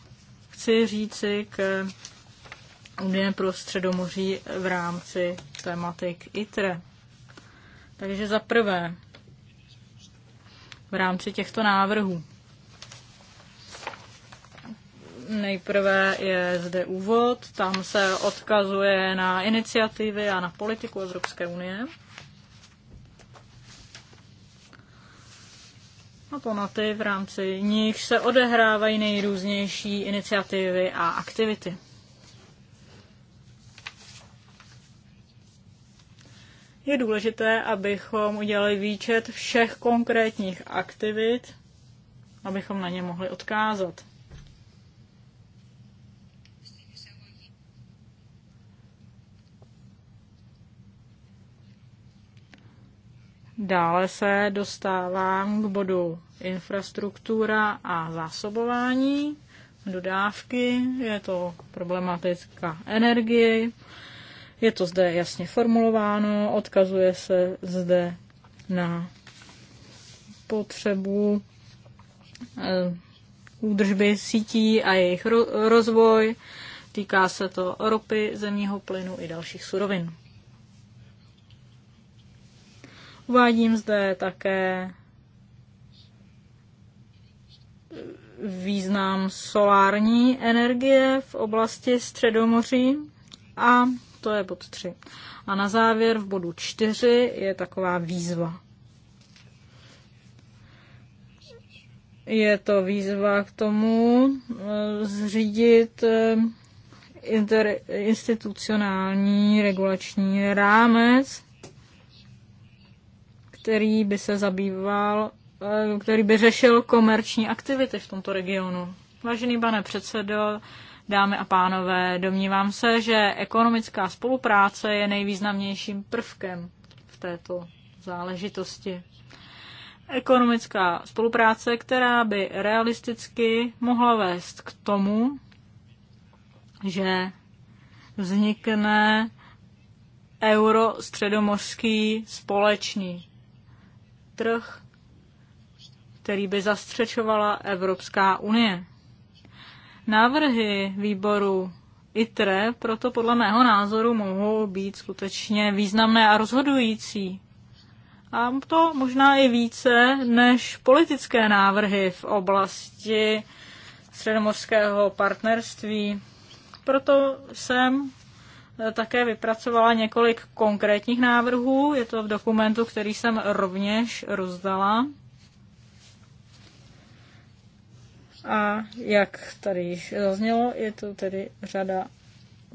chci říci k Unie pro středomoří v rámci tematik ITRE. Takže za prvé, v rámci těchto návrhů Nejprve je zde úvod, tam se odkazuje na iniciativy a na politiku Evropské unie. A to na ty, v rámci nich se odehrávají nejrůznější iniciativy a aktivity. Je důležité, abychom udělali výčet všech konkrétních aktivit, abychom na ně mohli odkázat. Dále se dostávám k bodu infrastruktura a zásobování, dodávky, je to problematika energie, je to zde jasně formulováno, odkazuje se zde na potřebu eh, údržby sítí a jejich rozvoj. Týká se to ropy, zemního plynu i dalších surovin. Uvádím zde také význam solární energie v oblasti Středomoří a to je bod 3. A na závěr v bodu 4 je taková výzva. Je to výzva k tomu eh, zřídit eh, interinstitucionální regulační rámec který by se zabýval, eh, který by řešil komerční aktivity v tomto regionu. Vážený pane předsedo, dámy a pánové, domnívám se, že ekonomická spolupráce je nejvýznamnějším prvkem v této záležitosti. Ekonomická spolupráce, která by realisticky mohla vést k tomu, že vznikne euro-středomořský společný trh, který by zastřečovala Evropská unie. Návrhy výboru ITRE proto podle mého názoru mohou být skutečně významné a rozhodující. A to možná i více než politické návrhy v oblasti středomorského partnerství. Proto jsem také vypracovala několik konkrétních návrhů. Je to v dokumentu, který jsem rovněž rozdala. A jak tady již zaznělo, je to tedy řada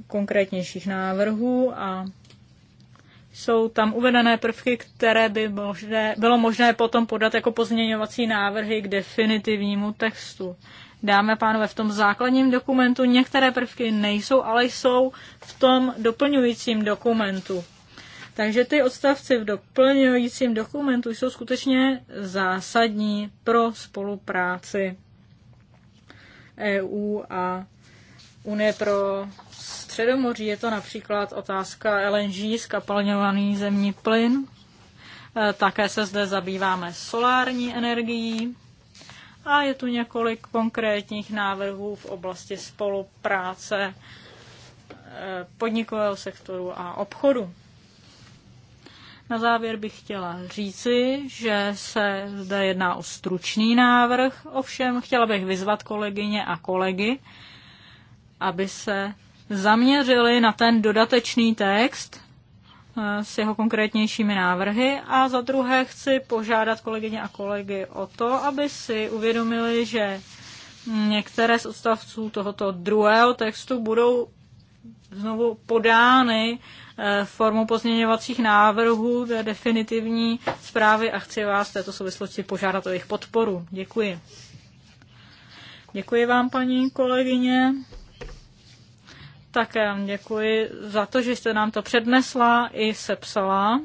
konkrétnějších návrhů a jsou tam uvedené prvky, které by možné, bylo možné potom podat jako pozměňovací návrhy k definitivnímu textu. Dámy a pánové, v tom základním dokumentu některé prvky nejsou, ale jsou v tom doplňujícím dokumentu. Takže ty odstavci v doplňujícím dokumentu jsou skutečně zásadní pro spolupráci EU a Unie pro Středomoří. Je to například otázka LNG, skapalňovaný zemní plyn. E, také se zde zabýváme solární energií, a je tu několik konkrétních návrhů v oblasti spolupráce eh, podnikového sektoru a obchodu. Na závěr bych chtěla říci, že se zde jedná o stručný návrh, ovšem chtěla bych vyzvat kolegyně a kolegy, aby se zaměřili na ten dodatečný text, s jeho konkrétnějšími návrhy a za druhé chci požádat kolegyně a kolegy o to, aby si uvědomili, že některé z odstavců tohoto druhého textu budou znovu podány eh, formou pozměňovacích návrhů ve definitivní zprávy a chci vás v této souvislosti požádat o jejich podporu. Děkuji. Děkuji vám, paní kolegyně. Také vám děkuji za to, že jste nám to přednesla i sepsala,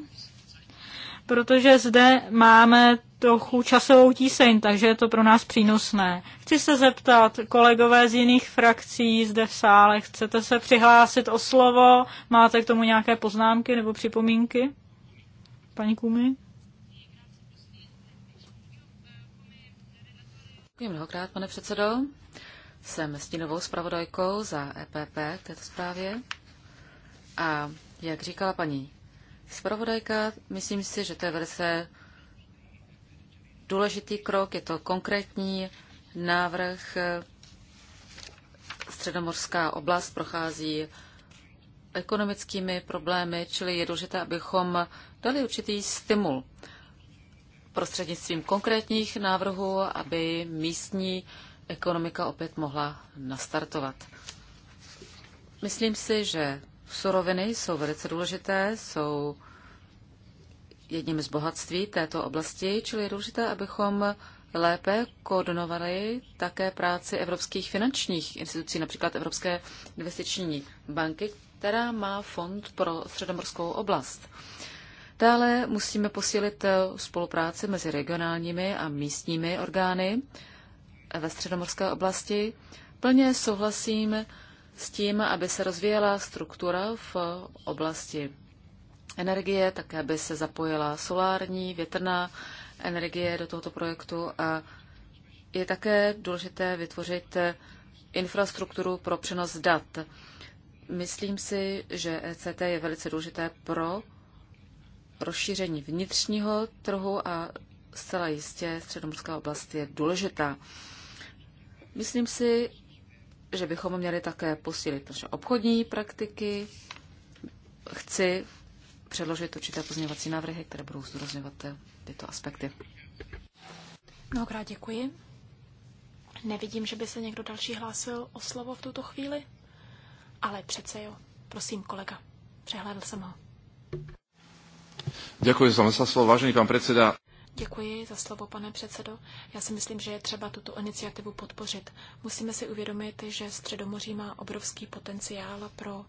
protože zde máme trochu časovou tíseň, takže je to pro nás přínosné. Chci se zeptat, kolegové z jiných frakcí zde v sále, chcete se přihlásit o slovo? Máte k tomu nějaké poznámky nebo připomínky? Paní Kumi? Děkuji mnohokrát, pane předsedo. Jsem stínovou zpravodajkou za EPP k této zprávě. A jak říkala paní zpravodajka, myslím si, že to je velice důležitý krok, je to konkrétní návrh. Středomorská oblast prochází ekonomickými problémy, čili je důležité, abychom dali určitý stimul prostřednictvím konkrétních návrhů, aby místní ekonomika opět mohla nastartovat. Myslím si, že suroviny jsou velice důležité, jsou jedním z bohatství této oblasti, čili je důležité, abychom lépe koordinovali také práci evropských finančních institucí, například Evropské investiční banky, která má fond pro středomorskou oblast. Dále musíme posílit spolupráci mezi regionálními a místními orgány, ve středomorské oblasti. Plně souhlasím s tím, aby se rozvíjela struktura v oblasti energie, také aby se zapojila solární, větrná energie do tohoto projektu a je také důležité vytvořit infrastrukturu pro přenos dat. Myslím si, že ECT je velice důležité pro rozšíření vnitřního trhu a zcela jistě středomorská oblast je důležitá. Myslím si, že bychom měli také posílit naše obchodní praktiky. Chci předložit určité pozměňovací návrhy, které budou zdůrazňovat tyto aspekty. Mnohokrát děkuji. Nevidím, že by se někdo další hlásil o slovo v tuto chvíli, ale přece jo. Prosím, kolega. Přehlédl jsem ho. Děkuji za slovo, vážený pan předseda. Děkuji za slovo, pane předsedo. Já si myslím, že je třeba tuto iniciativu podpořit. Musíme si uvědomit, že Středomoří má obrovský potenciál pro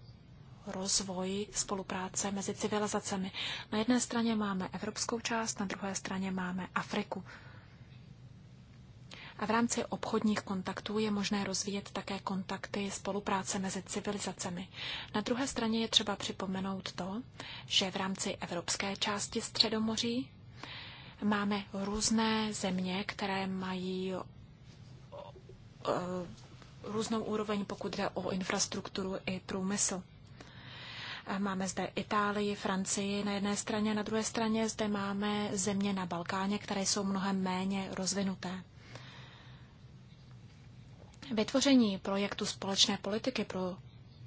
rozvoj spolupráce mezi civilizacemi. Na jedné straně máme evropskou část, na druhé straně máme Afriku. A v rámci obchodních kontaktů je možné rozvíjet také kontakty spolupráce mezi civilizacemi. Na druhé straně je třeba připomenout to, že v rámci evropské části Středomoří Máme různé země, které mají různou úroveň, pokud jde o infrastrukturu i průmysl. Máme zde Itálii, Francii na jedné straně, na druhé straně zde máme země na Balkáně, které jsou mnohem méně rozvinuté. Vytvoření projektu společné politiky pro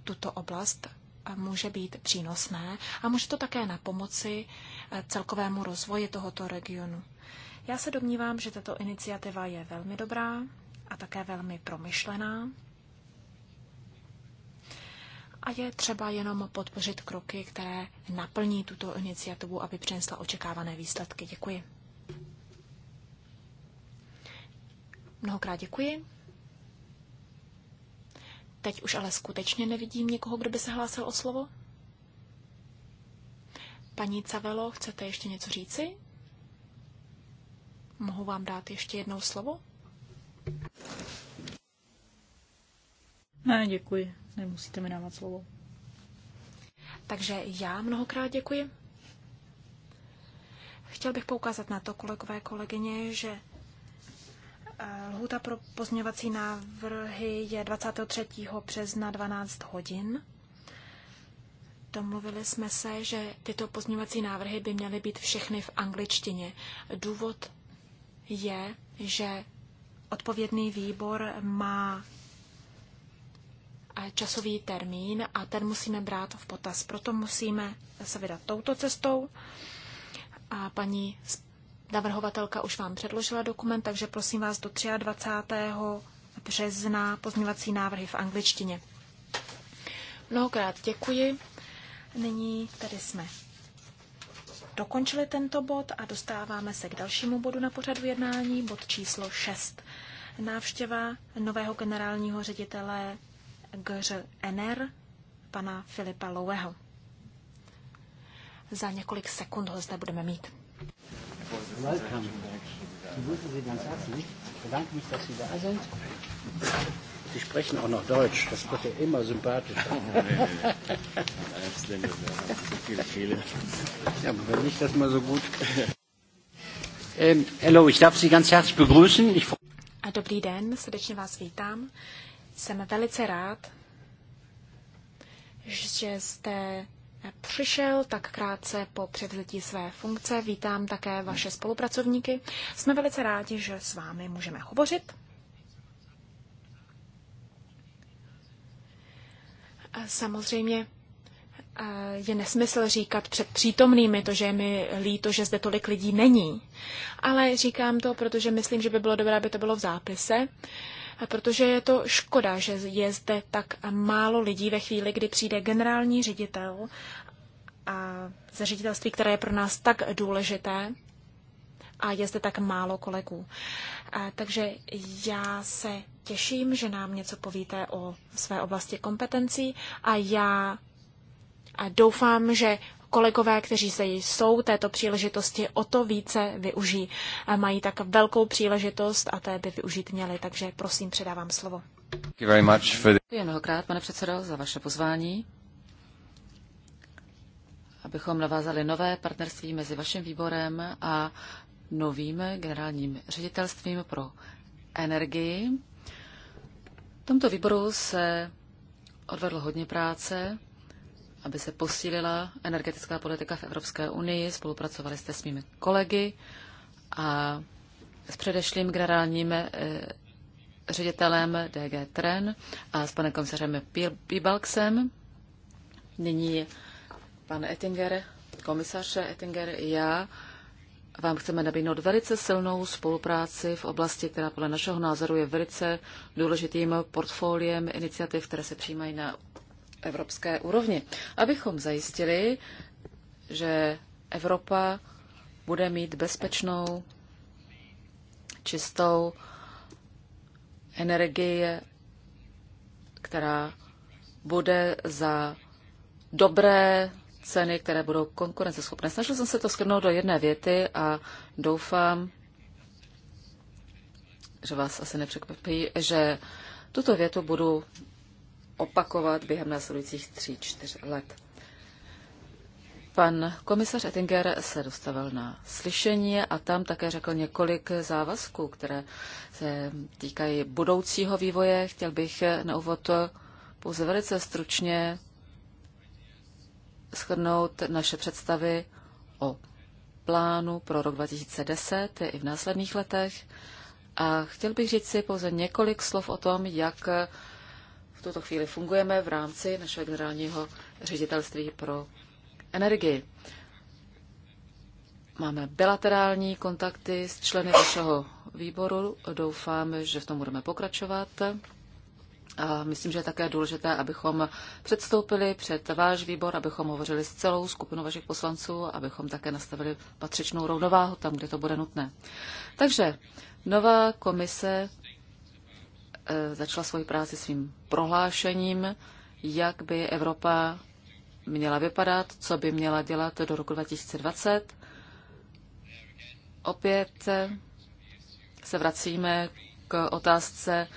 tuto oblast může být přínosné a může to také na pomoci eh, celkovému rozvoji tohoto regionu. Já se domnívám, že tato iniciativa je velmi dobrá a také velmi promyšlená. A je třeba jenom podpořit kroky, které naplní tuto iniciativu, aby přinesla očekávané výsledky. Děkuji. Mnohokrát děkuji. Teď už ale skutečně nevidím nikoho, kdo by se hlásil o slovo. Paní Cavelo, chcete ještě něco říci? Mohu vám dát ještě jednou slovo? Ne, děkuji. Nemusíte mi dávat slovo. Takže já mnohokrát děkuji. Chtěl bych poukázat na to, kolegové, kolegyně, že Lhůta pro pozměňovací návrhy je 23. března 12 hodin. Domluvili jsme se, že tyto pozměňovací návrhy by měly být všechny v angličtině. Důvod je, že odpovědný výbor má eh, časový termín a ten musíme brát v potaz. Proto musíme se vydat touto cestou. A paní Navrhovatelka už vám předložila dokument, takže prosím vás do 23. března pozměvací návrhy v angličtině. Mnohokrát děkuji. Nyní tady jsme dokončili tento bod a dostáváme se k dalšímu bodu na pořadu jednání, bod číslo 6. Návštěva nového generálního ředitele GŘNR, pana Filipa Loueho. Za několik sekund ho zde budeme mít. Welcome. Ich begrüße Sie ganz herzlich. Ich bedanke mich, dass Sie da sind. Sie sprechen auch noch Deutsch. Das wird ja immer sympathischer. ja, wenn nicht, das mal so gut. Ähm, hello, ich darf Sie ganz herzlich begrüßen. Ich A dobrý den, srdečně vás vítám. Jsem velice rád, že jste přišel tak krátce po převzetí své funkce. Vítám také vaše spolupracovníky. Jsme velice rádi, že s vámi můžeme hovořit. Samozřejmě je nesmysl říkat před přítomnými to, že je mi líto, že zde tolik lidí není. Ale říkám to, protože myslím, že by bylo dobré, aby to bylo v zápise protože je to škoda, že je zde tak málo lidí ve chvíli, kdy přijde generální ředitel a za ředitelství, které je pro nás tak důležité, a je zde tak málo kolegů. A, takže já se těším, že nám něco povíte o své oblasti kompetencí a já a doufám, že kolegové, kteří se jsou této příležitosti, o to více využijí. Mají tak velkou příležitost a té by využít měli, takže prosím, předávám slovo. Děkuji mnohokrát, pane předsedo, za vaše pozvání. Abychom navázali nové partnerství mezi vaším výborem a novým generálním ředitelstvím pro energii. V tomto výboru se odvedlo hodně práce aby se posílila energetická politika v Evropské unii. Spolupracovali jste s mými kolegy a s předešlým generálním eh, ředitelem DG Tren a s panem komisařem Pibalksem. Nyní pan Ettinger, komisař Ettinger já vám chceme nabídnout velice silnou spolupráci v oblasti, která podle našeho názoru je velice důležitým portfoliem iniciativ, které se přijímají na evropské úrovni, abychom zajistili, že Evropa bude mít bezpečnou, čistou energii, která bude za dobré ceny, které budou konkurenceschopné. Snažil jsem se to shrnout do jedné věty a doufám, že vás asi nepřekvapí, že tuto větu budu opakovat během následujících tří, čtyř let. Pan komisař Ettinger se dostavil na slyšení a tam také řekl několik závazků, které se týkají budoucího vývoje. Chtěl bych na úvod pouze velice stručně shrnout naše představy o plánu pro rok 2010 i v následných letech. A chtěl bych říct si pouze několik slov o tom, jak tuto chvíli fungujeme v rámci našeho generálního ředitelství pro energii. Máme bilaterální kontakty s členy vašeho výboru. Doufám, že v tom budeme pokračovat. A myslím, že je také důležité, abychom předstoupili před váš výbor, abychom hovořili s celou skupinou vašich poslanců, abychom také nastavili patřičnou rovnováhu tam, kde to bude nutné. Takže nová komise Eh, začala svoji práci svým prohlášením, jak by Evropa měla vypadat, co by měla dělat do roku 2020. Opět eh, se vracíme k otázce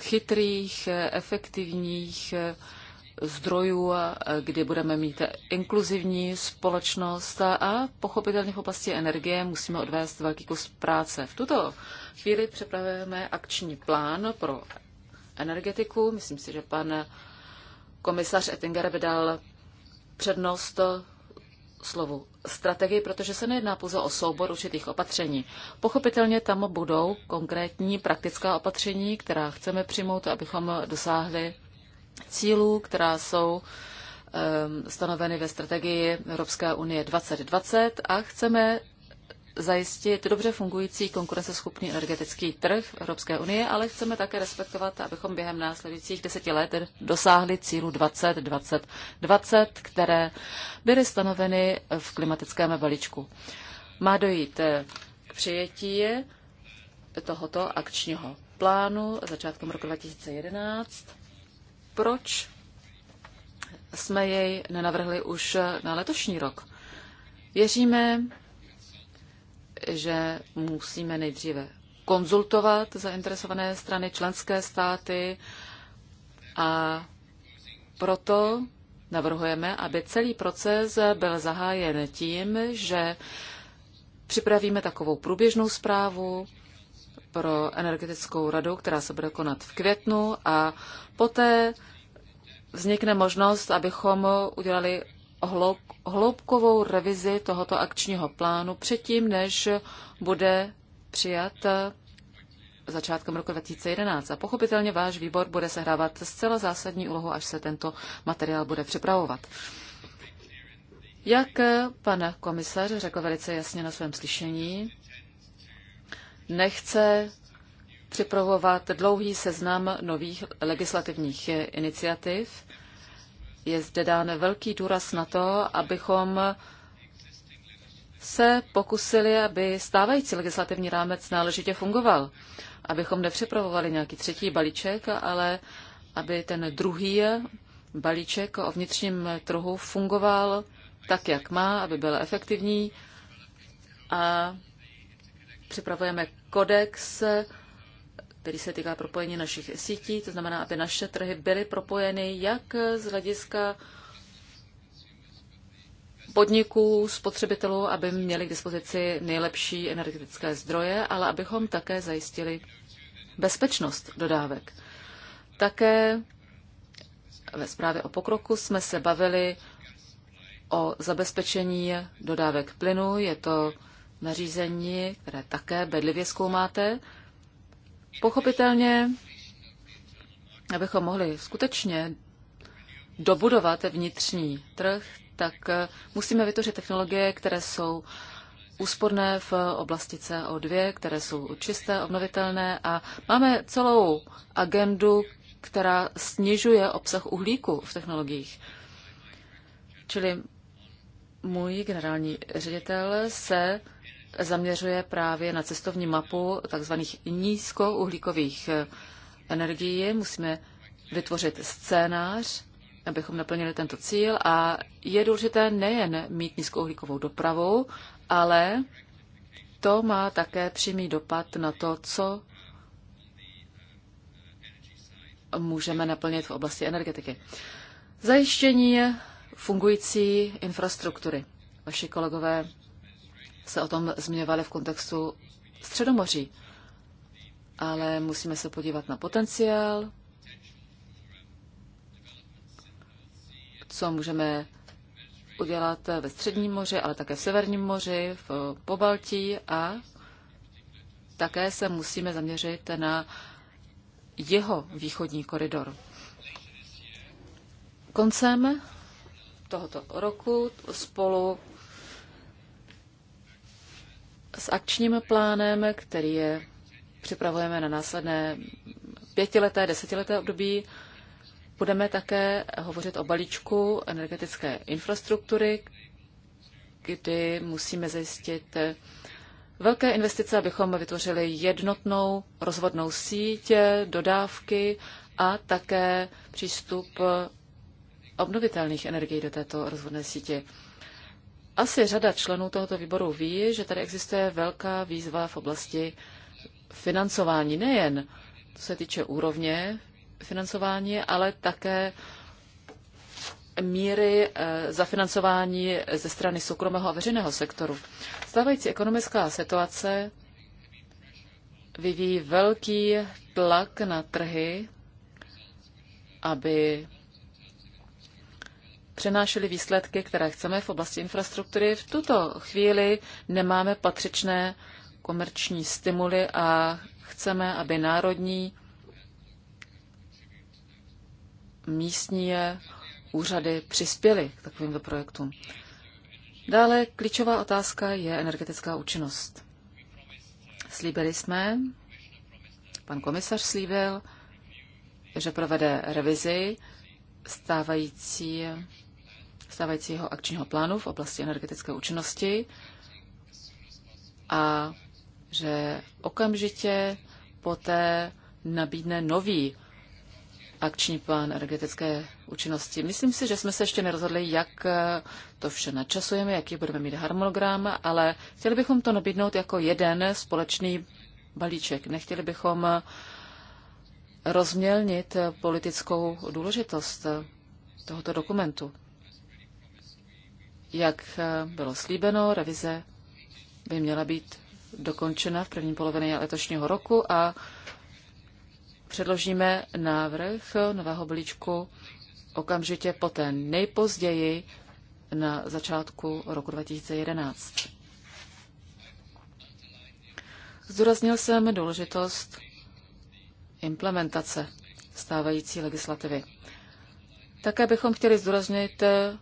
chytrých, eh, efektivních, zdrojů, kdy budeme mít inkluzivní společnost a pochopitelně v oblasti energie musíme odvést velký kus práce. V tuto chvíli připravujeme akční plán pro energetiku. Myslím si, že pan komisař Ettinger vydal přednost slovu strategii, protože se nejedná pouze o soubor určitých opatření. Pochopitelně tam budou konkrétní praktická opatření, která chceme přijmout, abychom dosáhli cílů, která jsou ehm, stanoveny ve strategii Evropské unie 2020 a chceme zajistit dobře fungující konkurenceschopný energetický trh v Evropské unie, ale chceme také respektovat, abychom během následujících deseti let dosáhli cílu 20, 20, 20, které byly stanoveny v klimatickém balíčku. Má dojít k přijetí tohoto akčního plánu začátkem roku 2011 proč jsme jej nenavrhli už na letošní rok. Věříme, že musíme nejdříve konzultovat zainteresované strany členské státy a proto navrhujeme, aby celý proces byl zahájen tím, že připravíme takovou průběžnou zprávu, pro energetickou radu, která se bude konat v květnu a poté vznikne možnost, abychom udělali hloubkovou revizi tohoto akčního plánu předtím, než bude přijat eh, začátkem roku 2011. A pochopitelně váš výbor bude sehrávat zcela zásadní úlohu, až se tento materiál bude připravovat. Jak eh, pan komisař řekl velice jasně na svém slyšení, nechce připravovat dlouhý seznam nových legislativních iniciativ. Je zde dán velký důraz na to, abychom se pokusili, aby stávající legislativní rámec náležitě fungoval. Abychom nepřipravovali nějaký třetí balíček, ale aby ten druhý balíček o vnitřním trhu fungoval tak, jak má, aby byl efektivní a připravujeme kodex, který se týká propojení našich sítí, to znamená, aby naše trhy byly propojeny jak z hlediska podniků, spotřebitelů, aby měli k dispozici nejlepší energetické zdroje, ale abychom také zajistili bezpečnost dodávek. Také ve zprávě o pokroku jsme se bavili o zabezpečení dodávek plynu. Je to nařízení, které také bedlivě zkoumáte. Pochopitelně, abychom mohli skutečně dobudovat vnitřní trh, tak eh, musíme vytvořit technologie, které jsou úsporné v oblasti CO2, které jsou čisté, obnovitelné a máme celou agendu, která snižuje obsah uhlíku v technologiích. Čili můj generální ředitel se zaměřuje právě na cestovní mapu tzv. nízkouhlíkových eh, energií. Musíme vytvořit scénář, abychom naplnili tento cíl a je důležité nejen mít nízkouhlíkovou dopravu, ale to má také přímý dopad na to, co můžeme naplnit v oblasti energetiky. Zajištění fungující infrastruktury. Vaši kolegové se o tom zmiňovali v kontextu Středomoří. Ale musíme se podívat na potenciál, co můžeme udělat ve Středním moři, ale také v Severním moři, v Pobaltí a také se musíme zaměřit na jeho východní koridor. Koncem tohoto roku spolu s akčním plánem, který je připravujeme na následné pětileté, desetileté období. Budeme také hovořit o balíčku energetické infrastruktury, kdy musíme zajistit velké investice, abychom vytvořili jednotnou rozvodnou síť, dodávky a také přístup obnovitelných energií do této rozvodné sítě. Asi řada členů tohoto výboru ví, že tady existuje velká výzva v oblasti financování, nejen co se týče úrovně financování, ale také míry eh, zafinancování ze strany soukromého a veřejného sektoru. Stávající ekonomická situace vyvíjí velký tlak na trhy, aby přenášeli výsledky, které chceme v oblasti infrastruktury. V tuto chvíli nemáme patřičné komerční stimuly a chceme, aby národní místní úřady přispěly k takovýmto projektům. Dále klíčová otázka je energetická účinnost. Slíbili jsme, pan komisař slíbil, že provede revizi stávající stávajícího akčního plánu v oblasti energetické účinnosti a že okamžitě poté nabídne nový akční plán energetické účinnosti. Myslím si, že jsme se ještě nerozhodli, jak eh, to vše načasujeme, jaký budeme mít harmonogram, ale chtěli bychom to nabídnout jako jeden společný balíček. Nechtěli bychom eh, rozmělnit politickou důležitost tohoto dokumentu. Jak eh, bylo slíbeno, revize by měla být dokončena v první polovině letošního roku a předložíme návrh nového balíčku okamžitě poté nejpozději na začátku roku 2011. Zdůraznil jsem důležitost implementace stávající legislativy. Také bychom chtěli zdůraznit eh,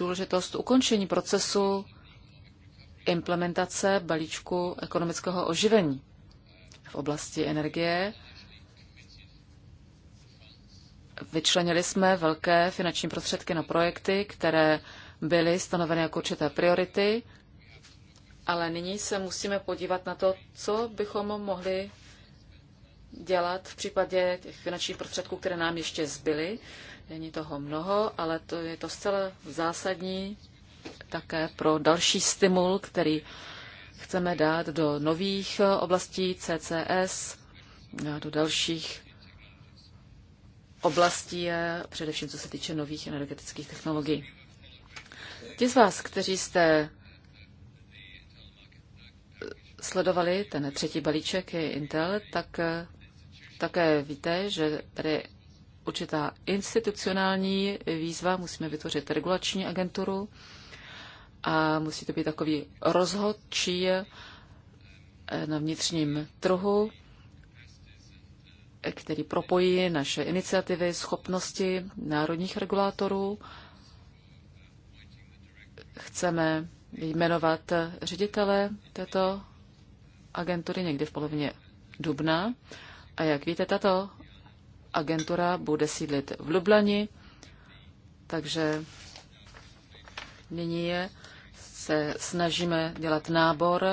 důležitost ukončení procesu implementace balíčku ekonomického oživení v oblasti energie. Vyčlenili jsme velké finanční prostředky na projekty, které byly stanoveny jako určité priority, ale nyní se musíme podívat na to, co bychom mohli dělat v případě těch finančních prostředků, které nám ještě zbyly. Není toho mnoho, ale to je to zcela zásadní také pro další stimul, který chceme dát do nových oblastí CCS, do dalších oblastí, především co se týče nových energetických technologií. Ti z vás, kteří jste sledovali ten třetí balíček je Intel, tak také víte, že tady určitá institucionální výzva, musíme vytvořit regulační agenturu a musí to být takový rozhodčí eh, na vnitřním trhu, který propojí naše iniciativy, schopnosti národních regulátorů. Chceme jmenovat ředitele této agentury někdy v polovině dubna. A jak víte, tato agentura bude sídlit v Lublani, takže nyní je, se snažíme dělat nábor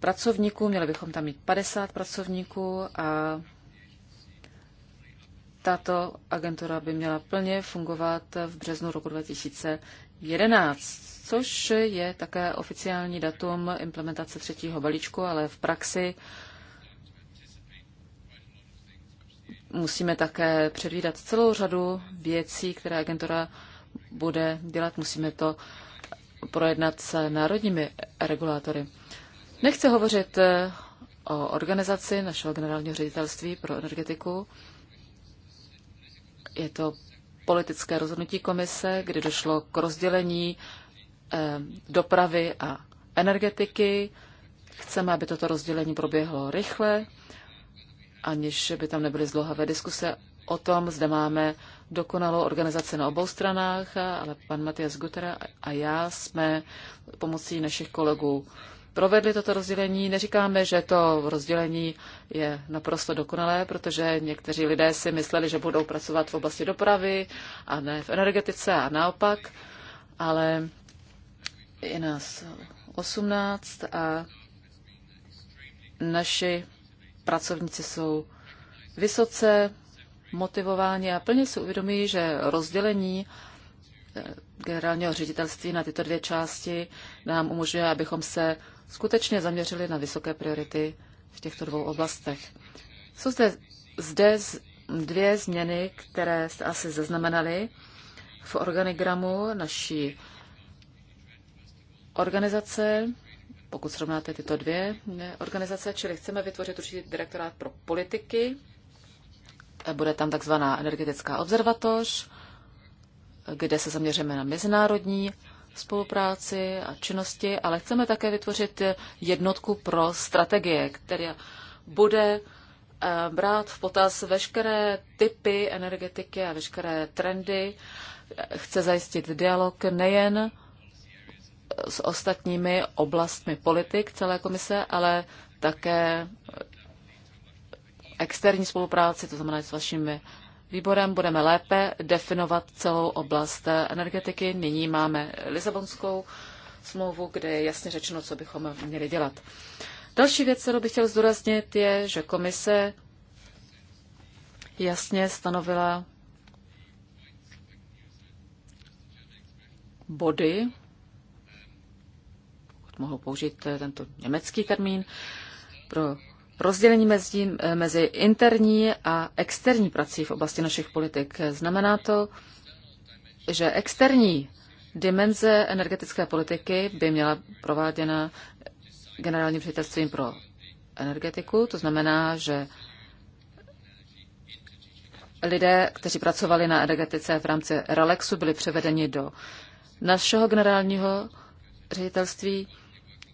pracovníků, měli bychom tam mít 50 pracovníků a tato agentura by měla plně fungovat v březnu roku 2011, což je také oficiální datum implementace třetího balíčku, ale v praxi musíme také předvídat celou řadu věcí, které agentura bude dělat. Musíme to projednat s národními regulátory. Nechci hovořit eh, o organizaci našeho generálního ředitelství pro energetiku. Je to politické rozhodnutí komise, kdy došlo k rozdělení eh, dopravy a energetiky. Chceme, aby toto rozdělení proběhlo rychle aniž by tam nebyly zdlouhavé diskuse o tom, zde máme dokonalou organizaci na obou stranách, ale pan Matias Gutera a já jsme pomocí našich kolegů provedli toto rozdělení. Neříkáme, že to rozdělení je naprosto dokonalé, protože někteří lidé si mysleli, že budou pracovat v oblasti dopravy a ne v energetice a naopak, ale je nás 18 a naši pracovníci jsou vysoce motivováni a plně si uvědomí, že rozdělení eh, generálního ředitelství na tyto dvě části nám umožňuje, abychom se skutečně zaměřili na vysoké priority v těchto dvou oblastech. Jsou zde, zde dvě změny, které jste asi zaznamenali v organigramu naší organizace pokud srovnáte tyto dvě organizace, čili chceme vytvořit určitý direktorát pro politiky, eh, bude tam takzvaná energetická observatoř, eh, kde se zaměříme na mezinárodní spolupráci a činnosti, ale chceme také vytvořit eh, jednotku pro strategie, která bude brát v potaz veškeré typy energetiky a veškeré trendy. Chce zajistit dialog nejen s ostatními oblastmi politik celé komise, ale také externí spolupráci, to znamená s vašimi výborem budeme lépe definovat celou oblast energetiky. Nyní máme Lisabonskou smlouvu, kde je jasně řečeno, co bychom měli dělat. Další věc, kterou bych chtěl zdůraznit, je, že komise jasně stanovila body, mohu použít eh, tento německý termín, pro rozdělení mezi, eh, mezi interní a externí prací v oblasti našich politik. Znamená to, že externí dimenze energetické politiky by měla prováděna generálním ředitelstvím pro energetiku. To znamená, že lidé, kteří pracovali na energetice v rámci Ralexu, byli převedeni do našeho generálního ředitelství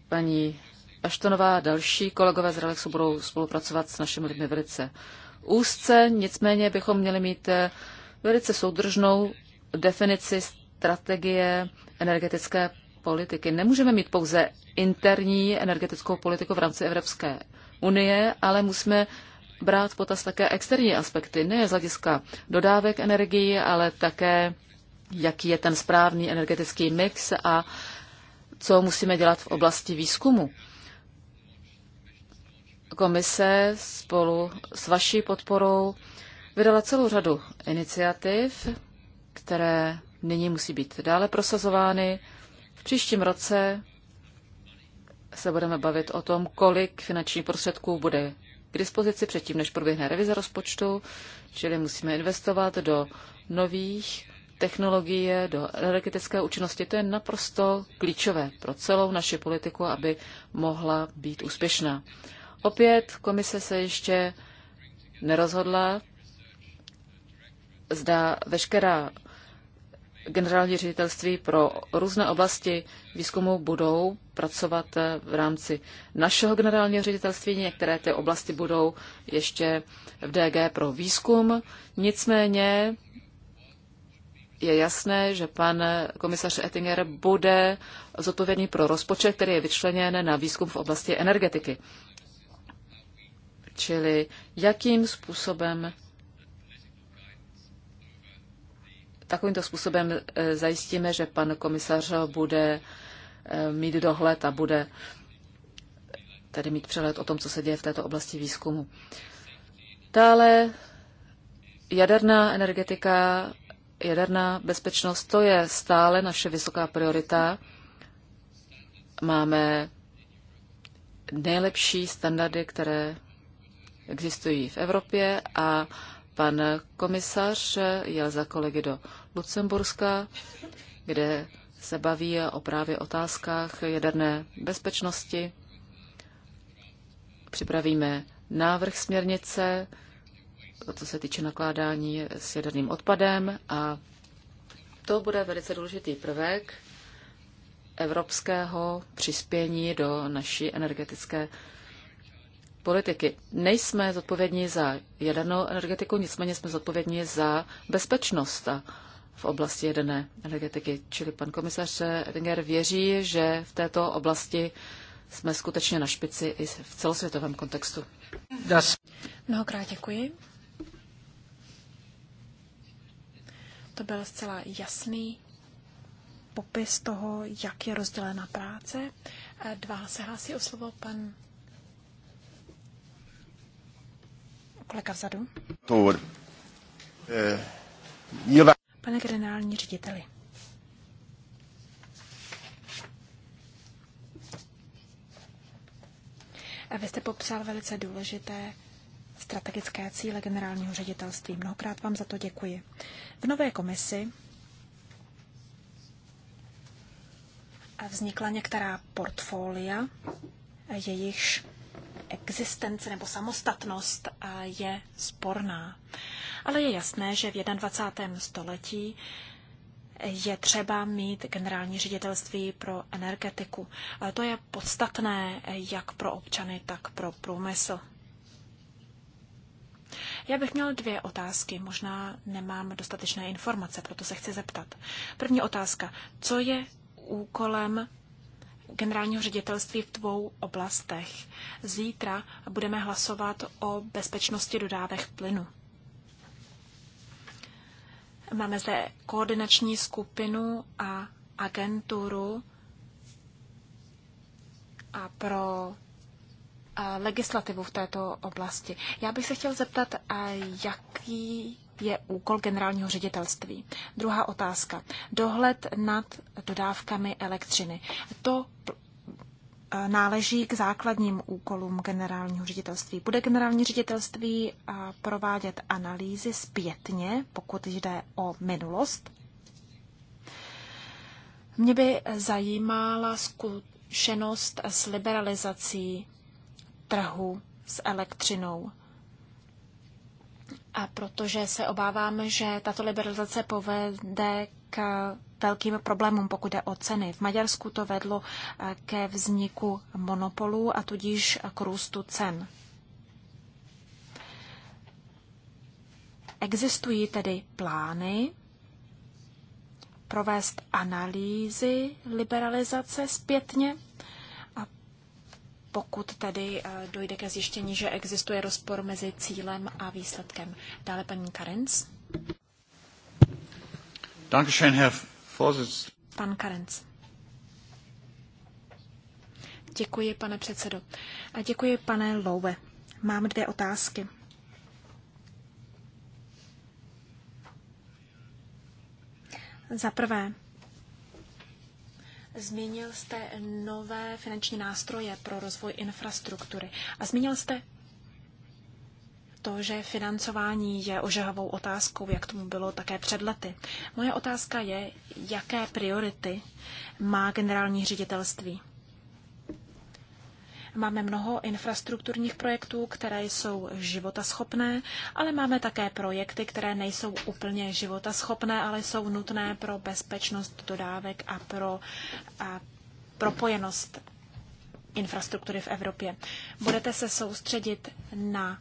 paní Paštonová a další kolegové z Relexu budou spolupracovat s našimi lidmi velice úzce, nicméně bychom měli mít eh, velice soudržnou definici strategie energetické politiky. Nemůžeme mít pouze interní energetickou politiku v rámci Evropské unie, ale musíme brát potaz také externí aspekty, ne z hlediska dodávek energii, ale také jaký je ten správný energetický mix a co musíme dělat v oblasti výzkumu. Komise spolu s vaší podporou vydala celou řadu iniciativ, které nyní musí být dále prosazovány. V příštím roce se budeme bavit o tom, kolik finančních prostředků bude k dispozici předtím, než proběhne revize rozpočtu, čili musíme investovat do nových technologie, do energetické účinnosti. To je naprosto klíčové pro celou naši politiku, aby mohla být úspěšná. Opět komise se ještě nerozhodla, zda veškerá generální ředitelství pro různé oblasti výzkumu budou pracovat eh, v rámci našeho generálního ředitelství. Některé ty oblasti budou ještě v DG pro výzkum. Nicméně je jasné, že pan komisař Ettinger bude zodpovědný pro rozpočet, který je vyčleněn na výzkum v oblasti energetiky. Čili jakým způsobem takovýmto způsobem eh, zajistíme, že pan komisař bude eh, mít dohled a bude eh, tedy mít přehled o tom, co se děje v této oblasti výzkumu. Dále jaderná energetika jaderná bezpečnost, to je stále naše vysoká priorita. Máme nejlepší standardy, které existují v Evropě a pan komisař jel za kolegy do Lucemburska, kde se baví o právě otázkách jaderné bezpečnosti. Připravíme návrh směrnice, co se týče nakládání s jaderným odpadem a to bude velice důležitý prvek evropského přispění do naší energetické politiky. Nejsme zodpovědní za jadernou energetiku, nicméně jsme zodpovědní za bezpečnost v oblasti jaderné energetiky. Čili pan komisař Edinger věří, že v této oblasti jsme skutečně na špici i v celosvětovém kontextu. Das. Mnohokrát děkuji. To byl zcela jasný popis toho, jak je rozdělena práce. Dva se hlásí o slovo pan kolega vzadu. Eh, Pane generální řediteli. Vy jste popsal velice důležité strategické cíle generálního ředitelství. Mnohokrát vám za to děkuji. V nové komisi vznikla některá portfolia, jejichž existence nebo samostatnost je sporná. Ale je jasné, že v 21. století je třeba mít generální ředitelství pro energetiku. To je podstatné jak pro občany, tak pro průmysl. Já bych měl dvě otázky, možná nemám dostatečné informace, proto se chci zeptat. První otázka, co je úkolem generálního ředitelství v dvou oblastech? Zítra budeme hlasovat o bezpečnosti dodávek plynu. Máme zde koordinační skupinu a agenturu a pro legislativu v této oblasti. Já bych se chtěl zeptat, jaký je úkol generálního ředitelství. Druhá otázka. Dohled nad dodávkami elektřiny. To náleží k základním úkolům generálního ředitelství. Bude generální ředitelství provádět analýzy zpětně, pokud jde o minulost? Mě by zajímala skutečnost s liberalizací trhu s elektřinou. A protože se obávám, že tato liberalizace povede k velkým problémům, pokud jde o ceny. V Maďarsku to vedlo eh, ke vzniku monopolů a tudíž k růstu cen. Existují tedy plány provést analýzy liberalizace zpětně pokud tedy eh, dojde ke zjištění, že existuje rozpor mezi cílem a výsledkem. Dále paní Karenc. Dankeschön, Herr Vorsitz. Pan Karenc. Děkuji, pane předsedo. A děkuji, pane Lowe. Mám dvě otázky. Za prvé, Zmínil jste nové finanční nástroje pro rozvoj infrastruktury a zmínil jste to, že financování je ožehavou otázkou, jak tomu bylo také před lety. Moje otázka je, jaké priority má generální ředitelství. Máme mnoho infrastrukturních projektů, které jsou životaschopné, ale máme také projekty, které nejsou úplně životaschopné, ale jsou nutné pro bezpečnost dodávek a pro a propojenost infrastruktury v Evropě. Budete se soustředit na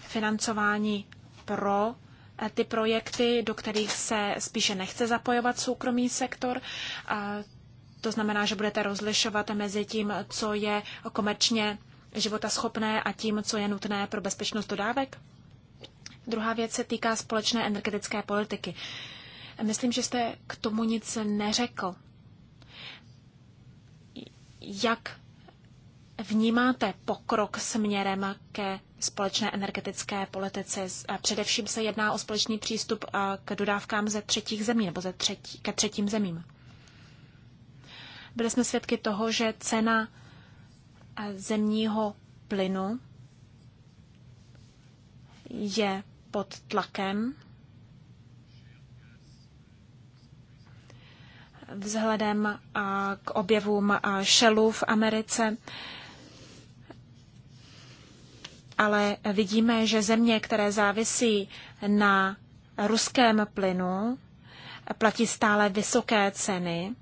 financování pro eh, ty projekty, do kterých se spíše nechce zapojovat soukromý sektor. A to znamená, že budete rozlišovat mezi tím, co je komerčně životaschopné a tím, co je nutné pro bezpečnost dodávek? Druhá věc se týká společné energetické politiky. Myslím, že jste k tomu nic neřekl. Jak vnímáte pokrok směrem ke společné energetické politice? Především se jedná o společný přístup k dodávkám ze třetích zemí nebo ze třetí, ke třetím zemím. Byli jsme svědky toho, že cena eh, zemního plynu je pod tlakem vzhledem eh, k objevům šelů eh, v Americe. Ale vidíme, že země, které závisí na ruském plynu, platí stále vysoké ceny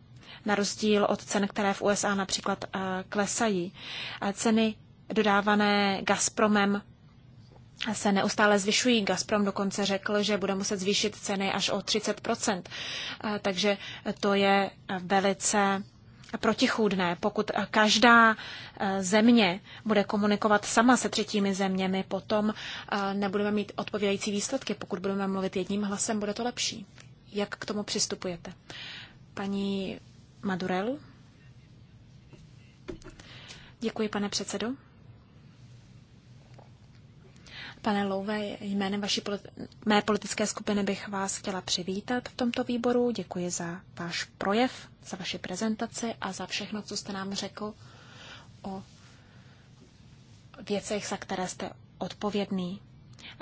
na rozdíl od cen, které v USA například eh, klesají. Ceny dodávané Gazpromem eh, se neustále zvyšují. Gazprom dokonce řekl, že bude muset zvýšit ceny až o 30 eh, Takže to je velice protichůdné. Pokud každá země bude komunikovat sama se třetími zeměmi, potom nebudeme mít odpovídající výsledky. Pokud budeme mluvit jedním hlasem, bude to lepší. Jak k tomu přistupujete? Paní Madurel. Děkuji, pane předsedo. Pane Louve, jménem vaší politi- mé politické skupiny bych vás chtěla přivítat v tomto výboru. Děkuji za váš projev, za vaši prezentaci a za všechno, co jste nám řekl o věcech, za které jste odpovědný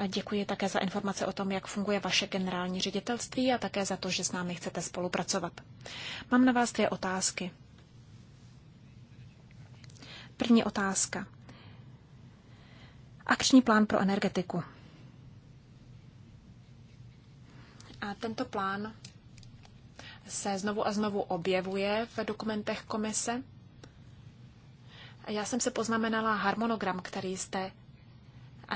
děkuji také za informace o tom, jak funguje vaše generální ředitelství a také za to, že s námi chcete spolupracovat. Mám na vás dvě otázky. První otázka. Akční plán pro energetiku. A tento plán se znovu a znovu objevuje v dokumentech komise. Já jsem se poznamenala harmonogram, který jste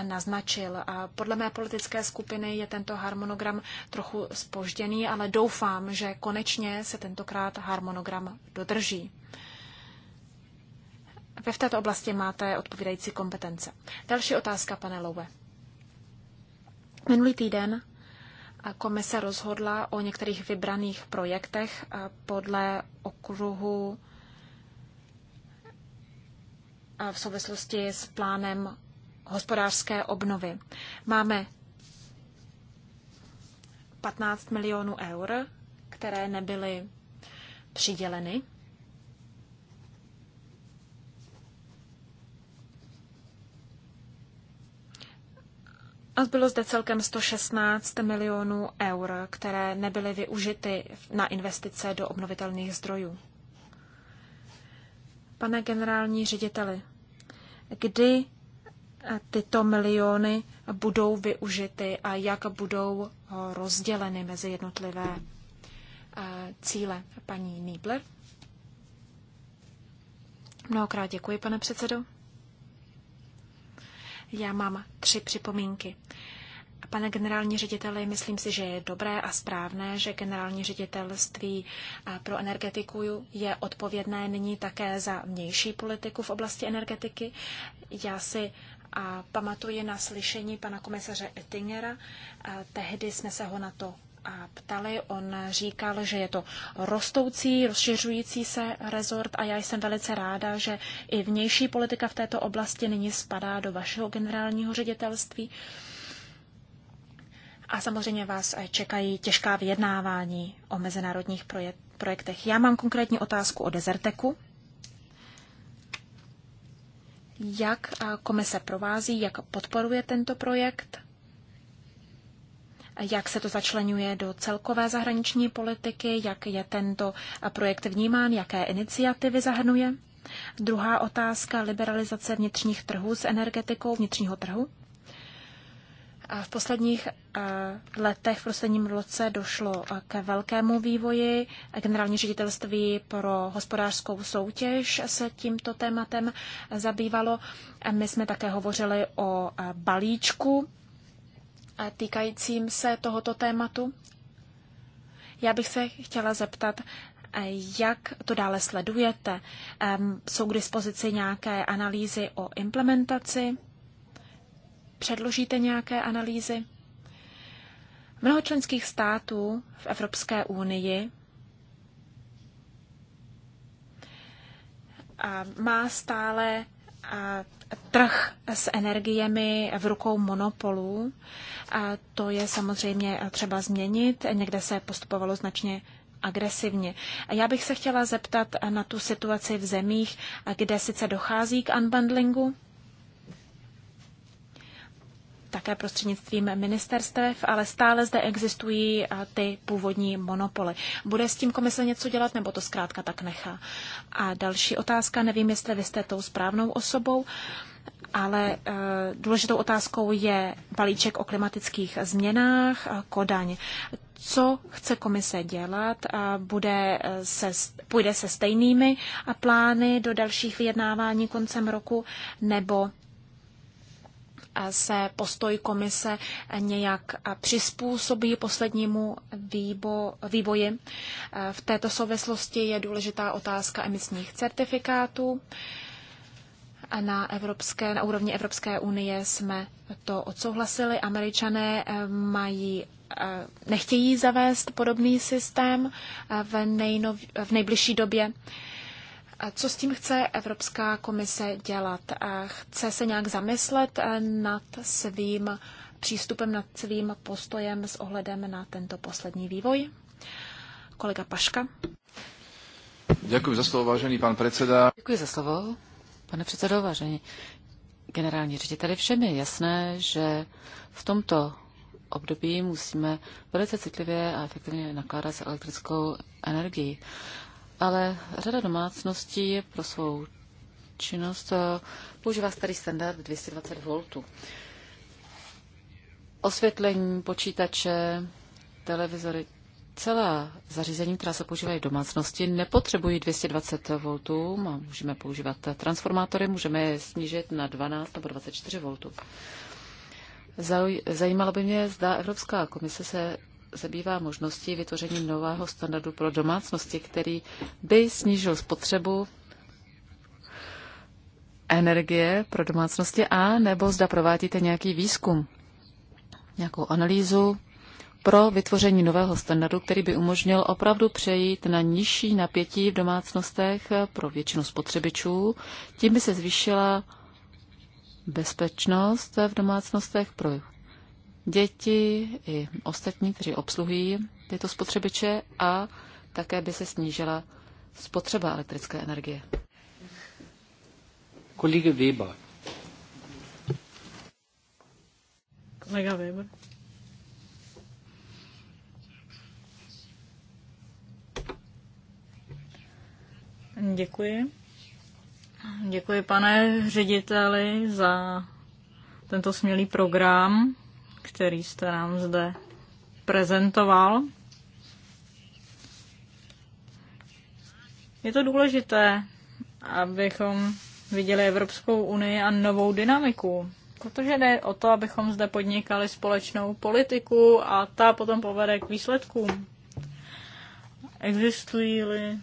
naznačil. Podle mé politické skupiny je tento harmonogram trochu spožděný, ale doufám, že konečně se tentokrát harmonogram dodrží. Ve v této oblasti máte odpovídající kompetence. Další otázka, pane Lowe. Minulý týden komise rozhodla o některých vybraných projektech podle okruhu v souvislosti s plánem hospodářské obnovy. Máme 15 milionů eur, které nebyly přiděleny. A bylo zde celkem 116 milionů eur, které nebyly využity na investice do obnovitelných zdrojů. Pane generální řediteli, kdy tyto miliony budou využity a jak budou rozděleny mezi jednotlivé eh, cíle. Paní Niebler. Mnohokrát děkuji, pane předsedo. Já mám tři připomínky. Pane generální řediteli, myslím si, že je dobré a správné, že generální ředitelství eh, pro energetiku je odpovědné nyní také za vnější politiku v oblasti energetiky. Já si a pamatuji na slyšení pana komisaře Ettingera. Tehdy jsme se ho na to a ptali, on říkal, že je to rostoucí, rozšiřující se rezort a já jsem velice ráda, že i vnější politika v této oblasti nyní spadá do vašeho generálního ředitelství. A samozřejmě vás čekají těžká vyjednávání o mezinárodních projektech. Já mám konkrétní otázku o dezerteku jak komise provází, jak podporuje tento projekt, jak se to začlenuje do celkové zahraniční politiky, jak je tento projekt vnímán, jaké iniciativy zahrnuje. Druhá otázka, liberalizace vnitřních trhů s energetikou, vnitřního trhu. V posledních eh, letech, v posledním roce došlo eh, k velkému vývoji. Generální ředitelství pro hospodářskou soutěž se tímto tématem eh, zabývalo. My jsme také hovořili o balíčku týkajícím se tohoto tématu. Já bych se chtěla zeptat, jak to dále sledujete? Jsou k dispozici nějaké analýzy o implementaci? Předložíte nějaké analýzy? Mnoho členských států v Evropské unii má stále trh s energiemi v rukou monopolů. A to je samozřejmě třeba změnit. Někde se postupovalo značně agresivně. Já bych se chtěla zeptat na tu situaci v zemích, kde sice dochází k unbundlingu, také prostřednictvím ministerstev, ale stále zde existují ty původní monopoly. Bude s tím komise něco dělat, nebo to zkrátka tak nechá? A další otázka, nevím, jestli vy jste tou správnou osobou, ale e, důležitou otázkou je balíček o klimatických změnách, Kodaň. Co chce komise dělat? Bude e, se, půjde se stejnými plány do dalších vyjednávání koncem roku, nebo se postoj komise nějak přizpůsobí poslednímu výbo, vývoji. V této souvislosti je důležitá otázka emisních certifikátů. Na, evropské, na úrovni Evropské unie jsme to odsouhlasili. Američané eh, mají eh, nechtějí zavést podobný systém eh, v, nejnov, v nejbližší době. Co s tím chce Evropská komise dělat? Chce se nějak zamyslet eh, nad svým přístupem, nad svým postojem s ohledem na tento poslední vývoj? Kolega Paška. Děkuji za slovo, vážený pan předseda. Děkuji za slovo, pane předsedo, vážený generální řediteli. Všem je jasné, že v tomto období musíme velice citlivě a efektivně nakládat s elektrickou energií ale řada domácností pro svou činnost eh, používá starý standard 220 V. Osvětlení, počítače, televizory, celá zařízení, která se používají v domácnosti, nepotřebují 220 V a můžeme používat transformátory, můžeme je snížit na 12 nebo 24 V. Zajímalo by mě, zda Evropská komise se zabývá možností vytvoření nového standardu pro domácnosti, který by snížil spotřebu energie pro domácnosti a nebo zda provádíte nějaký výzkum, nějakou analýzu pro vytvoření nového standardu, který by umožnil opravdu přejít na nižší napětí v domácnostech pro většinu spotřebičů. Tím by se zvýšila bezpečnost v domácnostech pro děti i ostatní, kteří obsluhují tyto spotřebiče a také by se snížila spotřeba elektrické energie. Kolega Weber. Kolega Weber. Děkuji. Děkuji, pane řediteli, za tento smělý program který jste nám zde prezentoval. Je to důležité, abychom viděli Evropskou unii a novou dynamiku, protože jde o to, abychom zde podnikali společnou politiku a ta potom povede k výsledkům. Existují-li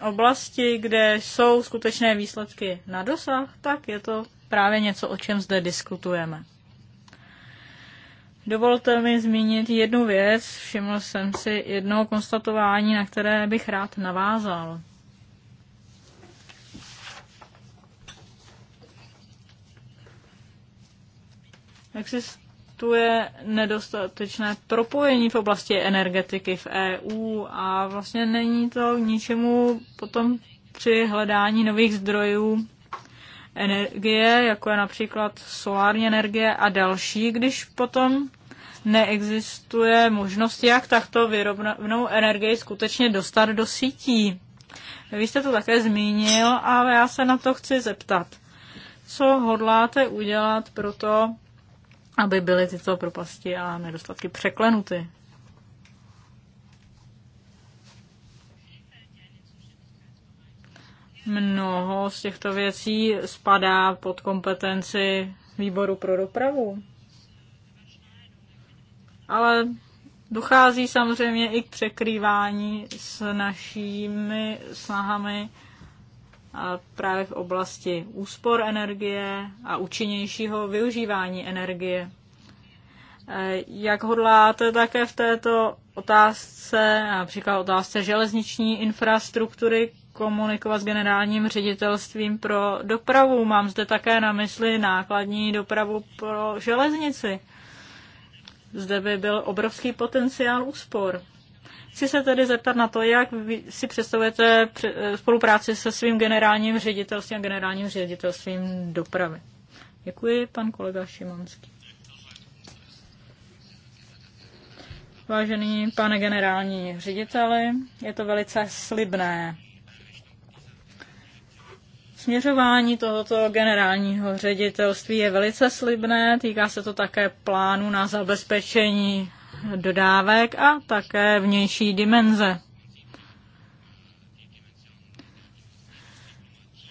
oblasti, kde jsou skutečné výsledky na dosah, tak je to právě něco, o čem zde diskutujeme. Dovolte mi zmínit jednu věc. Všiml jsem si jednoho konstatování, na které bych rád navázal. Existuje nedostatečné propojení v oblasti energetiky v EU a vlastně není to ničemu potom při hledání nových zdrojů energie, jako je například solární energie a další, když potom neexistuje možnost, jak takto vyrovnanou energii skutečně dostat do sítí. Vy jste to také zmínil a já se na to chci zeptat. Co hodláte udělat pro to, aby byly tyto propasti a nedostatky překlenuty? Mnoho z těchto věcí spadá pod kompetenci výboru pro dopravu. Ale dochází samozřejmě i k překrývání s našimi snahami právě v oblasti úspor energie a účinnějšího využívání energie. Eh, jak hodláte také v této otázce, například otázce železniční infrastruktury, komunikovat s generálním ředitelstvím pro dopravu. Mám zde také na mysli nákladní dopravu pro železnici. Zde by byl obrovský potenciál úspor. Chci se tedy zeptat na to, jak vy si představujete eh, spolupráci se svým generálním ředitelstvím a generálním ředitelstvím dopravy. Děkuji, pan kolega Šimanský. Vážený pane generální řediteli, je to velice slibné Směřování tohoto generálního ředitelství je velice slibné, týká se to také plánu na zabezpečení dodávek a také vnější dimenze.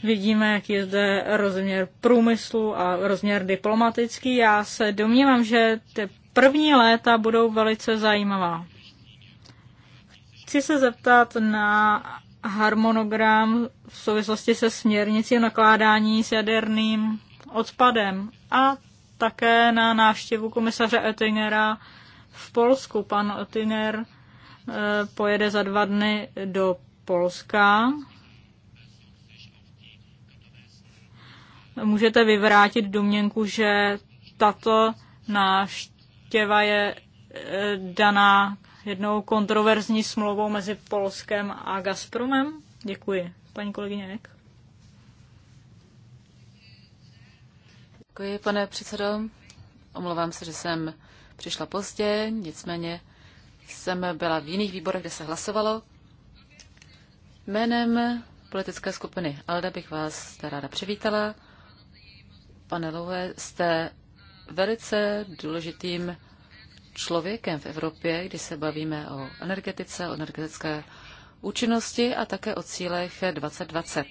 Vidíme, jak je zde rozměr průmyslu a rozměr diplomatický. Já se domnívám, že ty první léta budou velice zajímavá. Chci se zeptat na harmonogram v souvislosti se směrnicí o nakládání s jaderným odpadem a také na návštěvu komisaře Oettingera v Polsku. Pan Oettinger eh, pojede za dva dny do Polska. Můžete vyvrátit domněnku, že tato návštěva je eh, daná jednou kontroverzní smlouvou mezi Polskem a Gazpromem? Děkuji. Paní kolegyně Ek. Děkuji, pane předsedo. Omlouvám se, že jsem přišla pozdě, nicméně jsem byla v jiných výborech, kde se hlasovalo. Jménem politické skupiny ALDE bych vás ráda přivítala. Pane Louhe, jste velice důležitým člověkem v Evropě, kdy se bavíme o energetice, o energetické účinnosti a také o cílech 2020.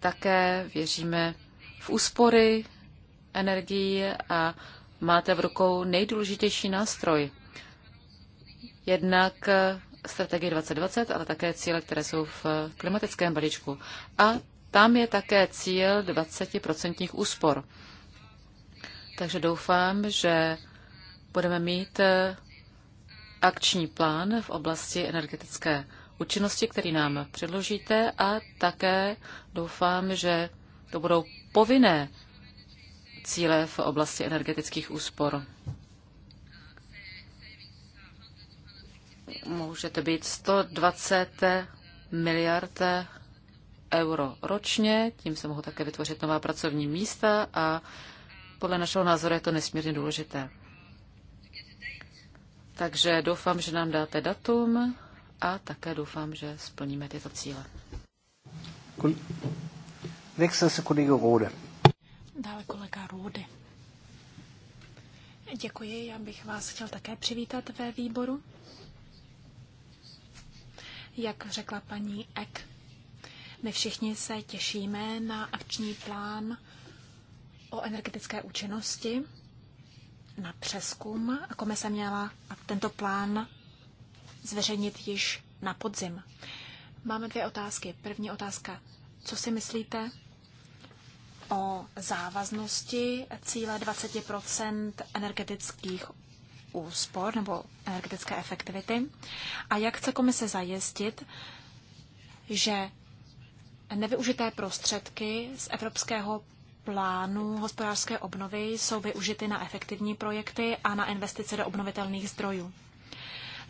Také věříme v úspory energií a máte v rukou nejdůležitější nástroj. Jednak strategie 2020, ale také cíle, které jsou v klimatickém balíčku. A tam je také cíl 20% úspor. Takže doufám, že budeme mít eh, akční plán v oblasti energetické účinnosti, který nám předložíte a také doufám, že to budou povinné cíle v oblasti energetických úspor. Může to být 120 miliard euro ročně, tím se mohou také vytvořit nová pracovní místa a podle našeho názoru je to nesmírně důležité. Takže doufám, že nám dáte datum a také doufám, že splníme tyto cíle. se Rode. Dále kolega Rode. Děkuji, já bych vás chtěl také přivítat ve výboru. Jak řekla paní Ek, my všichni se těšíme na akční plán o energetické účinnosti na přeskum. Komise měla tento plán zveřejnit již na podzim. Máme dvě otázky. První otázka. Co si myslíte o závaznosti cíle 20 energetických úspor nebo energetické efektivity? A jak chce komise zajistit, že nevyužité prostředky z evropského plánu hospodářské obnovy jsou využity na efektivní projekty a na investice do obnovitelných zdrojů.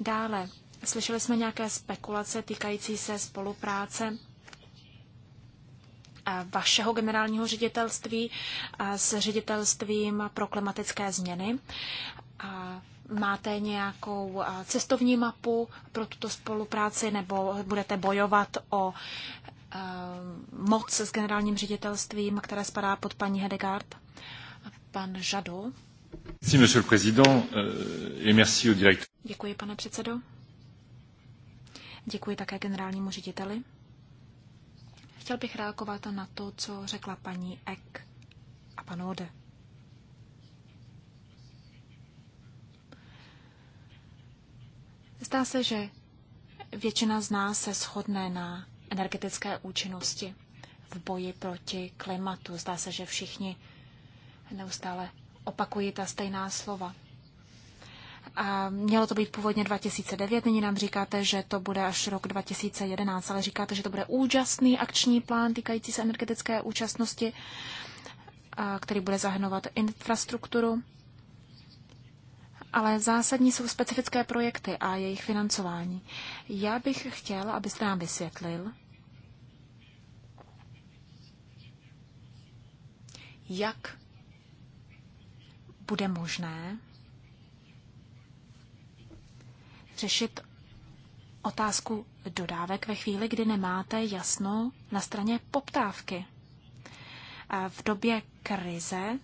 Dále, slyšeli jsme nějaké spekulace týkající se spolupráce eh, vašeho generálního ředitelství eh, s ředitelstvím pro klimatické změny. Máte nějakou eh, cestovní mapu pro tuto spolupráci nebo budete bojovat o Eh, moc s generálním ředitelstvím, které spadá pod paní Hedegaard. Pan Žado. Eh, Děkuji, pane předsedo. Děkuji také generálnímu řediteli. Chtěl bych reagovat na to, co řekla paní Ek a pan Ode. Zdá se, že většina z nás se shodne na energetické účinnosti v boji proti klimatu. Zdá se, že všichni neustále opakují ta stejná slova. A mělo to být původně 2009, nyní nám říkáte, že to bude až rok 2011, ale říkáte, že to bude úžasný akční plán týkající se energetické účastnosti, který bude zahrnovat infrastrukturu, ale zásadní jsou specifické projekty a jejich financování. Já bych chtěl, abyste nám vysvětlil, jak bude možné řešit otázku dodávek ve chvíli, kdy nemáte jasno na straně poptávky. V době krize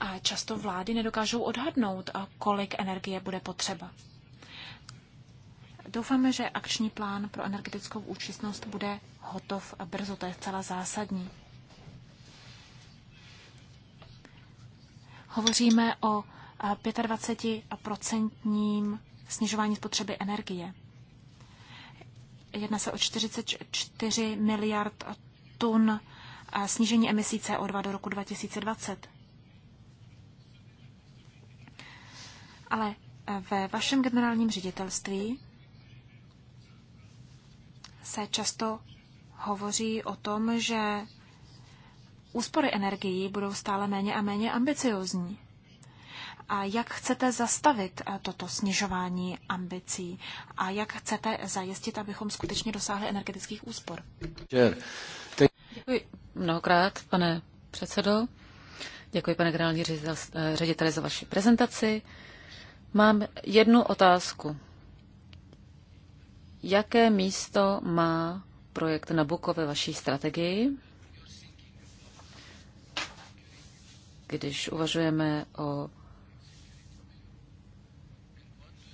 a často vlády nedokážou odhadnout, kolik energie bude potřeba. Doufáme, že akční plán pro energetickou účinnost bude hotov a brzo, to je celá zásadní. Hovoříme o 25% snižování spotřeby energie. Jedná se o 44 miliard tun snížení emisí CO2 do roku 2020. Ale eh, ve vašem generálním ředitelství se často hovoří o tom, že úspory energií budou stále méně a méně ambiciozní. A jak chcete zastavit eh, toto snižování ambicí a jak chcete zajistit, abychom skutečně dosáhli energetických úspor? Děkuji mnohokrát, pane předsedo. Děkuji, pane generální eh, řediteli, za vaši prezentaci. Mám jednu otázku. Jaké místo má projekt Nabucco ve vaší strategii? Když uvažujeme o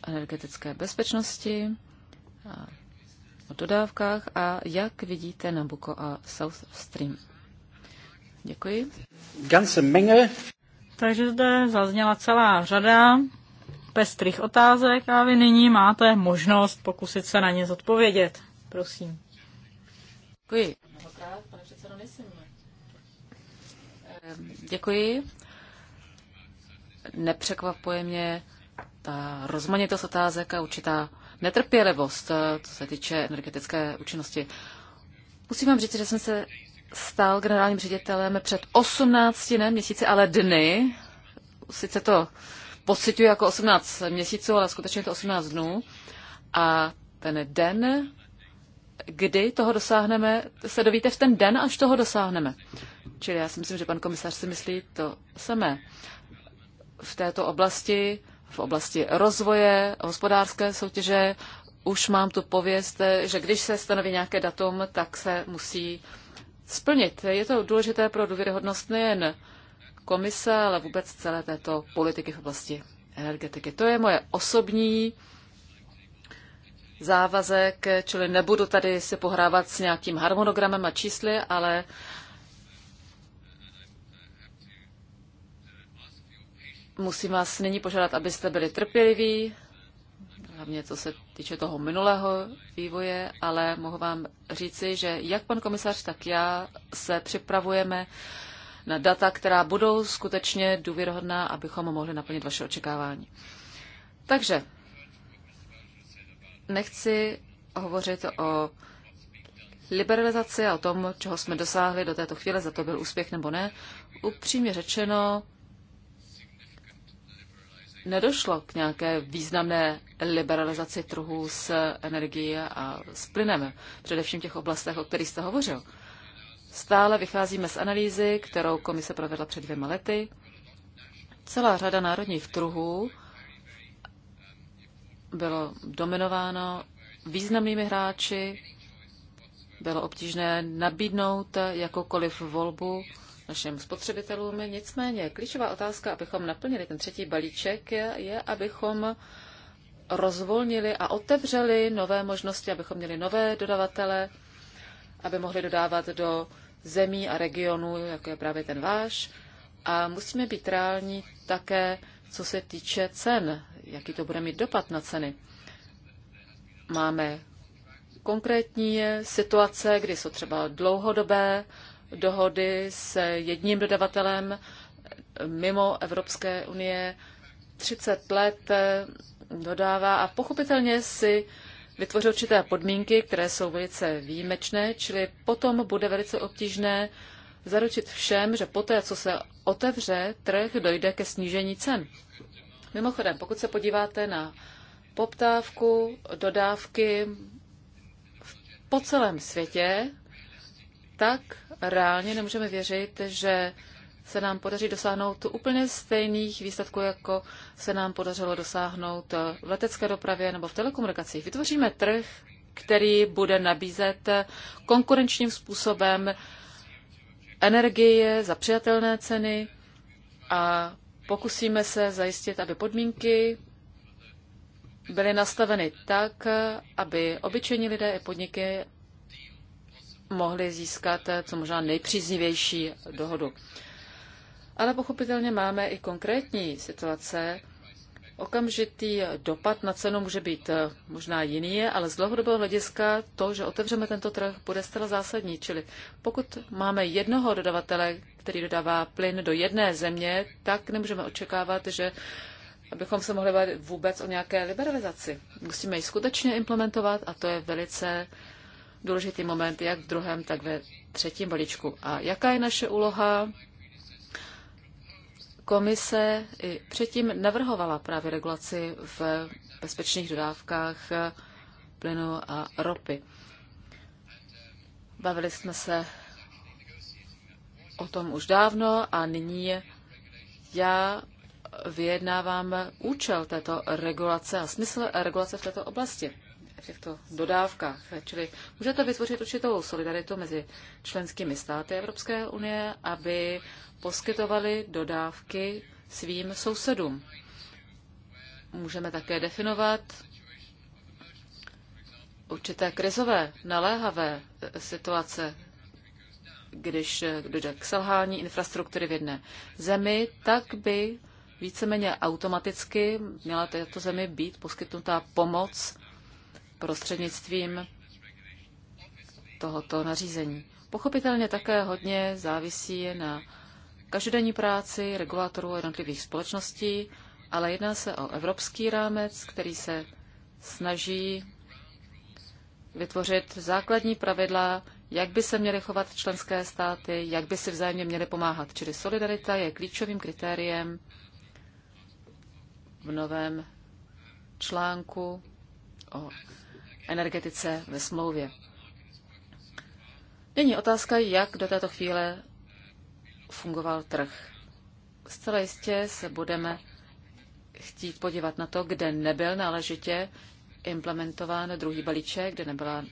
energetické bezpečnosti, a o dodávkách a jak vidíte Nabucco a South Stream. Děkuji. Ganze Menge. Takže zde zazněla celá řada pestrých otázek a vy nyní máte možnost pokusit se na ně zodpovědět. Prosím. Děkuji. Děkuji. Nepřekvapuje mě ta rozmanitost otázek a určitá netrpělivost, co se týče energetické účinnosti. Musím vám říct, že jsem se stal generálním ředitelem před 18 ne měsíci, ale dny. Sice to pocituji jako 18 měsíců, ale skutečně je to 18 dnů. A ten den, kdy toho dosáhneme, se dovíte v ten den, až toho dosáhneme. Čili já si myslím, že pan komisař si myslí to samé. V této oblasti, v oblasti rozvoje, hospodářské soutěže, už mám tu pověst, že když se stanoví nějaké datum, tak se musí splnit. Je to důležité pro důvěryhodnost nejen komise, ale vůbec celé této politiky v oblasti energetiky. To je moje osobní závazek, čili nebudu tady se pohrávat s nějakým harmonogramem a čísly, ale musím vás nyní požádat, abyste byli trpěliví, hlavně co se týče toho minulého vývoje, ale mohu vám říci, že jak pan komisař, tak já se připravujeme na data, která budou skutečně důvěrohodná, abychom mohli naplnit vaše očekávání. Takže nechci hovořit o liberalizaci a o tom, čeho jsme dosáhli do této chvíle, za to byl úspěch nebo ne. Upřímně řečeno, nedošlo k nějaké významné liberalizaci trhu s energií a s plynem, především v těch oblastech, o kterých jste hovořil. Stále vycházíme z analýzy, kterou komise provedla před dvěma lety. Celá řada národních trhů bylo dominováno významnými hráči, bylo obtížné nabídnout jakoukoliv volbu našim spotřebitelům. Nicméně klíčová otázka, abychom naplnili ten třetí balíček, je, je abychom rozvolnili a otevřeli nové možnosti, abychom měli nové dodavatele, aby mohli dodávat do zemí a regionů, jako je právě ten váš. A musíme být reální také, co se týče cen, jaký to bude mít dopad na ceny. Máme konkrétní situace, kdy jsou třeba dlouhodobé dohody s jedním dodavatelem mimo Evropské unie, 30 let dodává a pochopitelně si vytvořil určité podmínky, které jsou velice výjimečné, čili potom bude velice obtížné zaručit všem, že poté, co se otevře trh, dojde ke snížení cen. Mimochodem, pokud se podíváte na poptávku, dodávky po celém světě, tak reálně nemůžeme věřit, že se nám podaří dosáhnout úplně stejných výsledků, jako se nám podařilo dosáhnout v letecké dopravě nebo v telekomunikacích. Vytvoříme trh, který bude nabízet konkurenčním způsobem energie za přijatelné ceny a pokusíme se zajistit, aby podmínky byly nastaveny tak, aby obyčejní lidé i podniky mohli získat co možná nejpříznivější dohodu ale pochopitelně máme i konkrétní situace. Okamžitý dopad na cenu může být eh, možná jiný, ale z dlouhodobého hlediska to, že otevřeme tento trh, bude zcela zásadní. Čili pokud máme jednoho dodavatele, který dodává plyn do jedné země, tak nemůžeme očekávat, že abychom se mohli bavit vůbec o nějaké liberalizaci. Musíme ji skutečně implementovat a to je velice důležitý moment jak v druhém, tak ve třetím balíčku. A jaká je naše úloha? Komise i předtím navrhovala právě regulaci v bezpečných dodávkách eh, plynu a ropy. Bavili jsme se o tom už dávno a nyní já vyjednávám účel této regulace a smysl regulace v této oblasti v těchto dodávkách. Čili můžete vytvořit určitou solidaritu mezi členskými státy Evropské unie, aby poskytovali dodávky svým sousedům. Můžeme také definovat určité krizové, naléhavé eh, situace, když dojde k selhání infrastruktury v jedné zemi, tak by víceméně automaticky měla této zemi být poskytnutá pomoc prostřednictvím tohoto nařízení. Pochopitelně také hodně závisí na každodenní práci regulatorů jednotlivých společností, ale jedná se o evropský rámec, který se snaží vytvořit základní pravidla, jak by se měly chovat členské státy, jak by si vzájemně měly pomáhat. Čili solidarita je klíčovým kritériem v novém článku o energetice ve smlouvě. Nyní otázka, jak do této chvíle fungoval trh. Zcela jistě se budeme chtít podívat na to, kde nebyl náležitě implementován druhý balíček, kde nebyla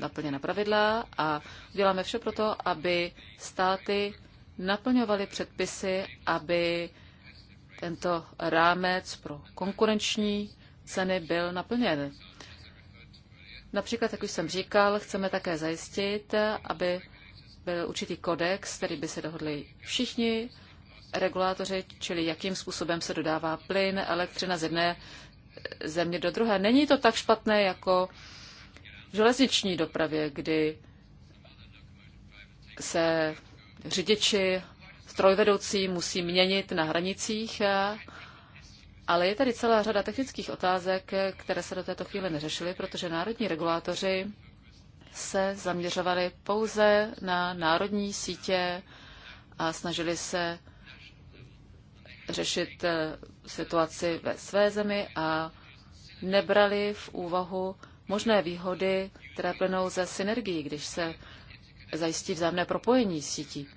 naplněna pravidla a uděláme vše proto, aby státy naplňovaly předpisy, aby tento rámec pro konkurenční ceny byl naplněn. Například, jak už jsem říkal, chceme také zajistit, aby byl určitý kodex, který by se dohodli všichni regulátoři, čili jakým způsobem se dodává plyn, elektřina z jedné země do druhé. Není to tak špatné jako v železniční dopravě, kdy se řidiči strojvedoucí musí měnit na hranicích ale je tady celá řada technických otázek, které se do této chvíle neřešily, protože národní regulátoři se zaměřovali pouze na národní sítě a snažili se řešit eh, situaci ve své zemi a nebrali v úvahu možné výhody, které plynou ze synergií, když se zajistí vzájemné propojení sítí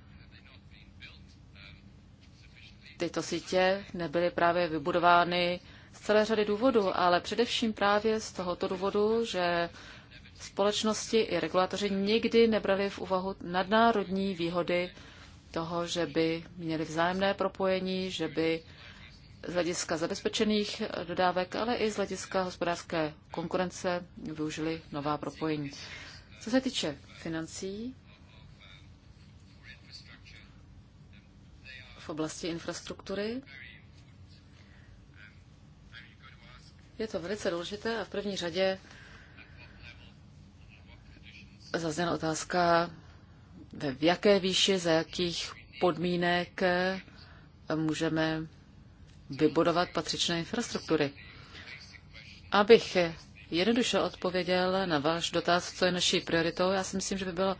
tyto sítě nebyly právě vybudovány z celé řady důvodů, ale především právě z tohoto důvodu, že společnosti i regulatoři nikdy nebrali v úvahu nadnárodní výhody toho, že by měli vzájemné propojení, že by z hlediska zabezpečených dodávek, ale i z hlediska hospodářské konkurence využili nová propojení. Co se týče financí, v oblasti infrastruktury. Je to velice důležité a v první řadě zazněla otázka, ve v jaké výši, za jakých podmínek můžeme vybudovat patřičné infrastruktury. Abych jednoduše odpověděl na váš dotaz, co je naší prioritou, já si myslím, že by, bylo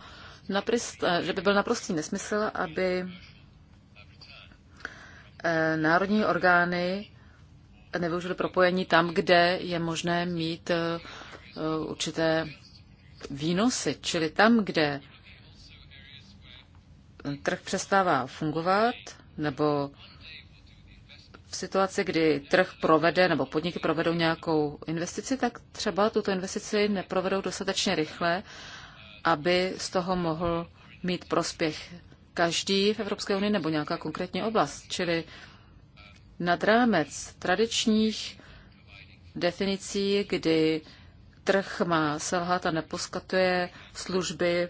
naprist, že by byl naprostý nesmysl, aby Eh, národní orgány nevyužili propojení tam, kde je možné mít eh, eh, určité výnosy, čili tam, kde trh přestává fungovat, nebo v situaci, kdy trh provede nebo podniky provedou nějakou investici, tak třeba tuto investici neprovedou dostatečně rychle, aby z toho mohl mít prospěch každý v Evropské unii nebo nějaká konkrétní oblast. Čili nad rámec tradičních definicí, kdy trh má selhat a neposkatuje služby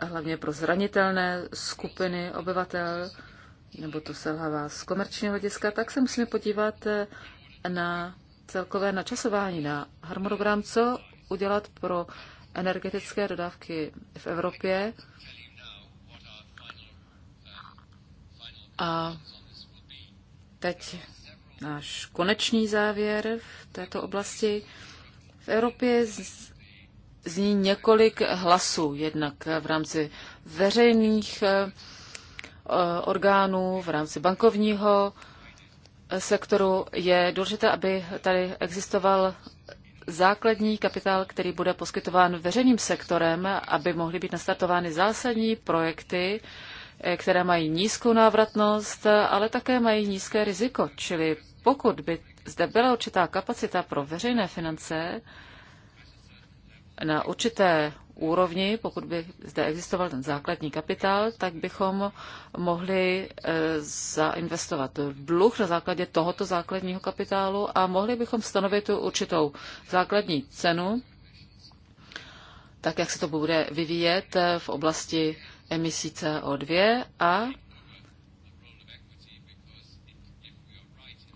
hlavně pro zranitelné skupiny obyvatel, nebo to selhává z komerčního hlediska, tak se musíme podívat eh, na celkové načasování, na harmonogram, co udělat pro energetické dodávky v Evropě A teď náš konečný závěr v této oblasti. V Evropě zní několik hlasů, jednak v rámci veřejných eh, eh, orgánů, v rámci bankovního eh, sektoru. Je důležité, aby tady existoval základní kapitál, který bude poskytován veřejným sektorem, aby mohly být nastartovány zásadní projekty, které mají nízkou návratnost, ale také mají nízké riziko. Čili pokud by zde byla určitá kapacita pro veřejné finance na určité úrovni, pokud by zde existoval ten základní kapitál, tak bychom mohli eh, zainvestovat dluh na základě tohoto základního kapitálu a mohli bychom stanovit tu určitou základní cenu, tak jak se to bude vyvíjet eh, v oblasti emisí CO2 a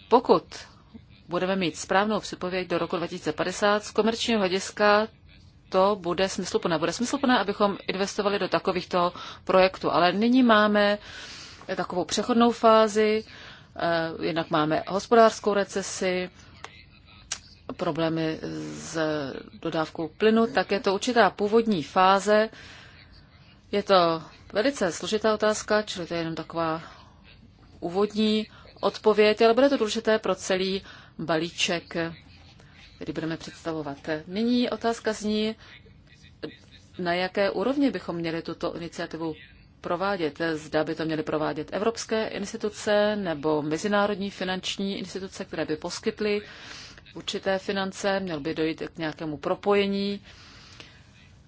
pokud budeme mít správnou předpověď do roku 2050, z komerčního hlediska to bude smysluplné. Bude smysluplné, abychom investovali do takovýchto projektů, ale nyní máme takovou přechodnou fázi, eh, jednak máme hospodářskou recesi, problémy s dodávkou plynu, tak je to určitá původní fáze, je to velice složitá otázka, čili to je jenom taková úvodní odpověď, ale bude to důležité pro celý balíček, který budeme představovat. Nyní otázka zní, na jaké úrovni bychom měli tuto iniciativu provádět. Zda by to měly provádět evropské instituce nebo mezinárodní finanční instituce, které by poskytly určité finance, měl by dojít k nějakému propojení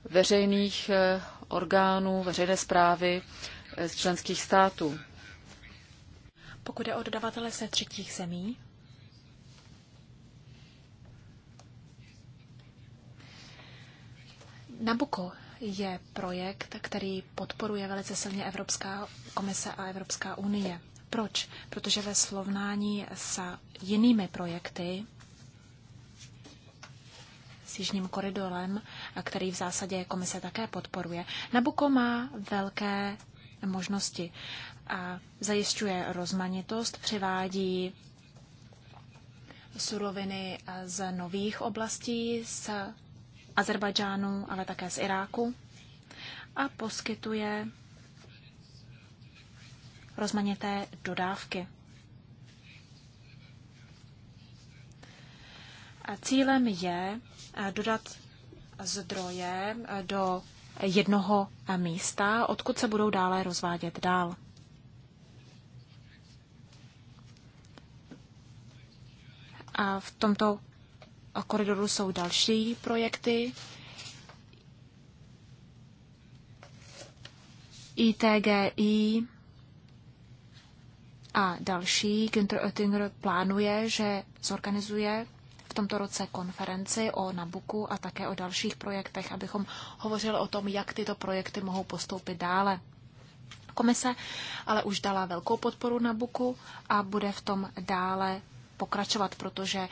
veřejných orgánů veřejné zprávy eh, z členských států. Pokud je o dodavatele ze třetích zemí, Nabuko je projekt, který podporuje velice silně Evropská komise a Evropská unie. Proč? Protože ve slovnání s jinými projekty s Jižním koridorem který v zásadě komise také podporuje. Nabuko má velké možnosti. A zajišťuje rozmanitost, přivádí suroviny z nových oblastí, z Azerbajdžánu, ale také z Iráku a poskytuje rozmanité dodávky. A cílem je dodat zdroje eh, do jednoho eh, místa, odkud se budou dále rozvádět dál. A v tomto koridoru jsou další projekty. ITGI a další. Günther Oettinger plánuje, že zorganizuje v tomto roce konferenci o Nabuku a také o dalších projektech, abychom hovořili o tom, jak tyto projekty mohou postoupit dále. Komise ale už dala velkou podporu Nabuku a bude v tom dále pokračovat, protože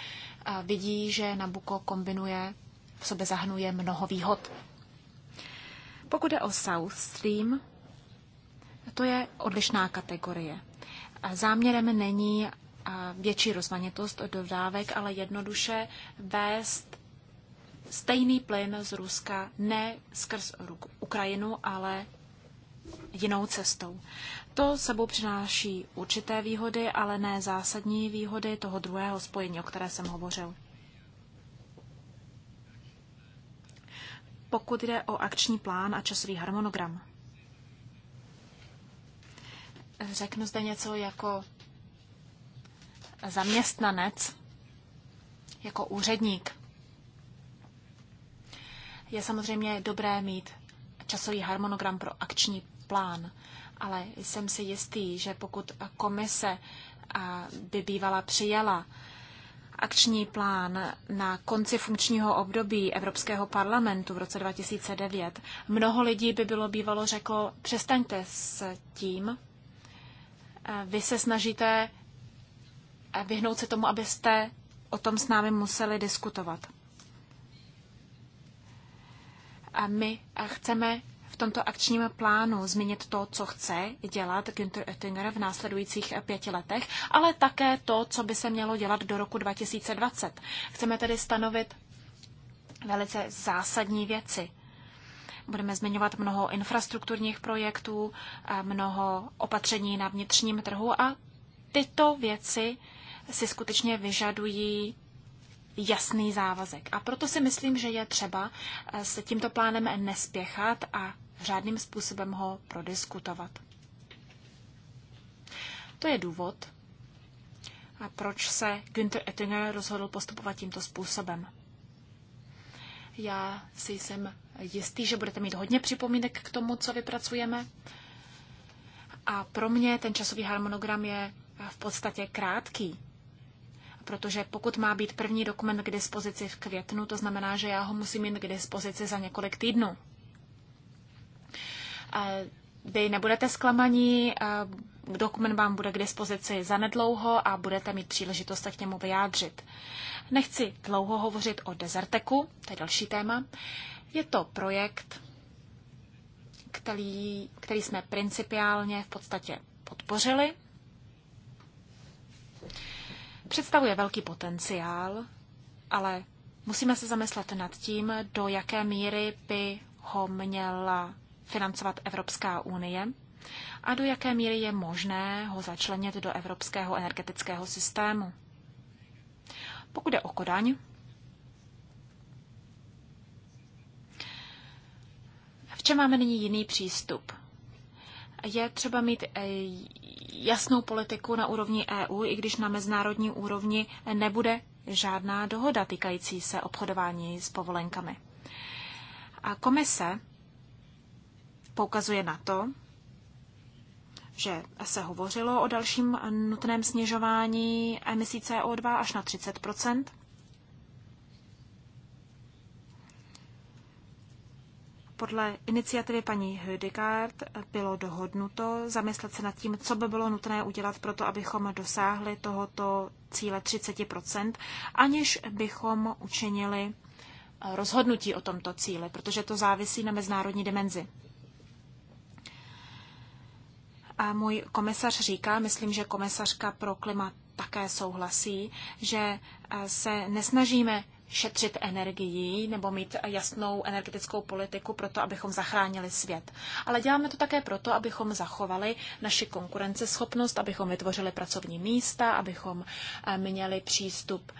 vidí, že Nabuko kombinuje, v sobě zahnuje mnoho výhod. Pokud je o South Stream, to je odlišná kategorie. Záměrem není větší rozmanitost dodávek, ale jednoduše vést stejný plyn z Ruska ne skrz Ukrajinu, ale jinou cestou. To sebou přináší určité výhody, ale ne zásadní výhody toho druhého spojení, o které jsem hovořil. Pokud jde o akční plán a časový harmonogram, řeknu zde něco jako zaměstnanec jako úředník. Je samozřejmě dobré mít časový harmonogram pro akční plán, ale jsem si jistý, že pokud komise by bývala přijala akční plán na konci funkčního období Evropského parlamentu v roce 2009, mnoho lidí by bylo bývalo řeklo, přestaňte s tím, vy se snažíte vyhnout se tomu, abyste o tom s námi museli diskutovat. A my chceme v tomto akčním plánu změnit to, co chce dělat Günther Oettinger v následujících pěti letech, ale také to, co by se mělo dělat do roku 2020. Chceme tedy stanovit velice zásadní věci. Budeme zmiňovat mnoho infrastrukturních projektů, mnoho opatření na vnitřním trhu a tyto věci si skutečně vyžadují jasný závazek. A proto si myslím, že je třeba eh, se tímto plánem nespěchat a řádným způsobem ho prodiskutovat. To je důvod, a proč se Günther Ettinger rozhodl postupovat tímto způsobem. Já si jsem jistý, že budete mít hodně připomínek k tomu, co vypracujeme. A pro mě ten časový harmonogram je v podstatě krátký protože pokud má být první dokument k dispozici v květnu, to znamená, že já ho musím mít k dispozici za několik týdnů. Eh, vy nebudete zklamaní, eh, dokument vám bude k dispozici zanedlouho a budete mít příležitost se k němu vyjádřit. Nechci dlouho hovořit o Deserteku, to je další téma. Je to projekt, který, který jsme principiálně v podstatě podpořili představuje velký potenciál, ale musíme se zamyslet nad tím, do jaké míry by ho měla financovat Evropská unie a do jaké míry je možné ho začlenit do evropského energetického systému. Pokud je o Kodaň, v čem máme nyní jiný přístup? Je třeba mít eh, jasnou politiku na úrovni EU, i když na mezinárodní úrovni nebude žádná dohoda týkající se obchodování s povolenkami. A komise poukazuje na to, že se hovořilo o dalším nutném snižování emisí CO2 až na 30 Podle iniciativy paní Hödegard bylo dohodnuto zamyslet se nad tím, co by bylo nutné udělat pro to, abychom dosáhli tohoto cíle 30%, aniž bychom učinili eh, rozhodnutí o tomto cíli, protože to závisí na mezinárodní dimenzi. A můj komisař říká, myslím, že komisařka pro klima také souhlasí, že eh, se nesnažíme šetřit energií nebo mít jasnou energetickou politiku pro to, abychom zachránili svět. Ale děláme to také proto, abychom zachovali naši konkurenceschopnost, abychom vytvořili pracovní místa, abychom eh, měli přístup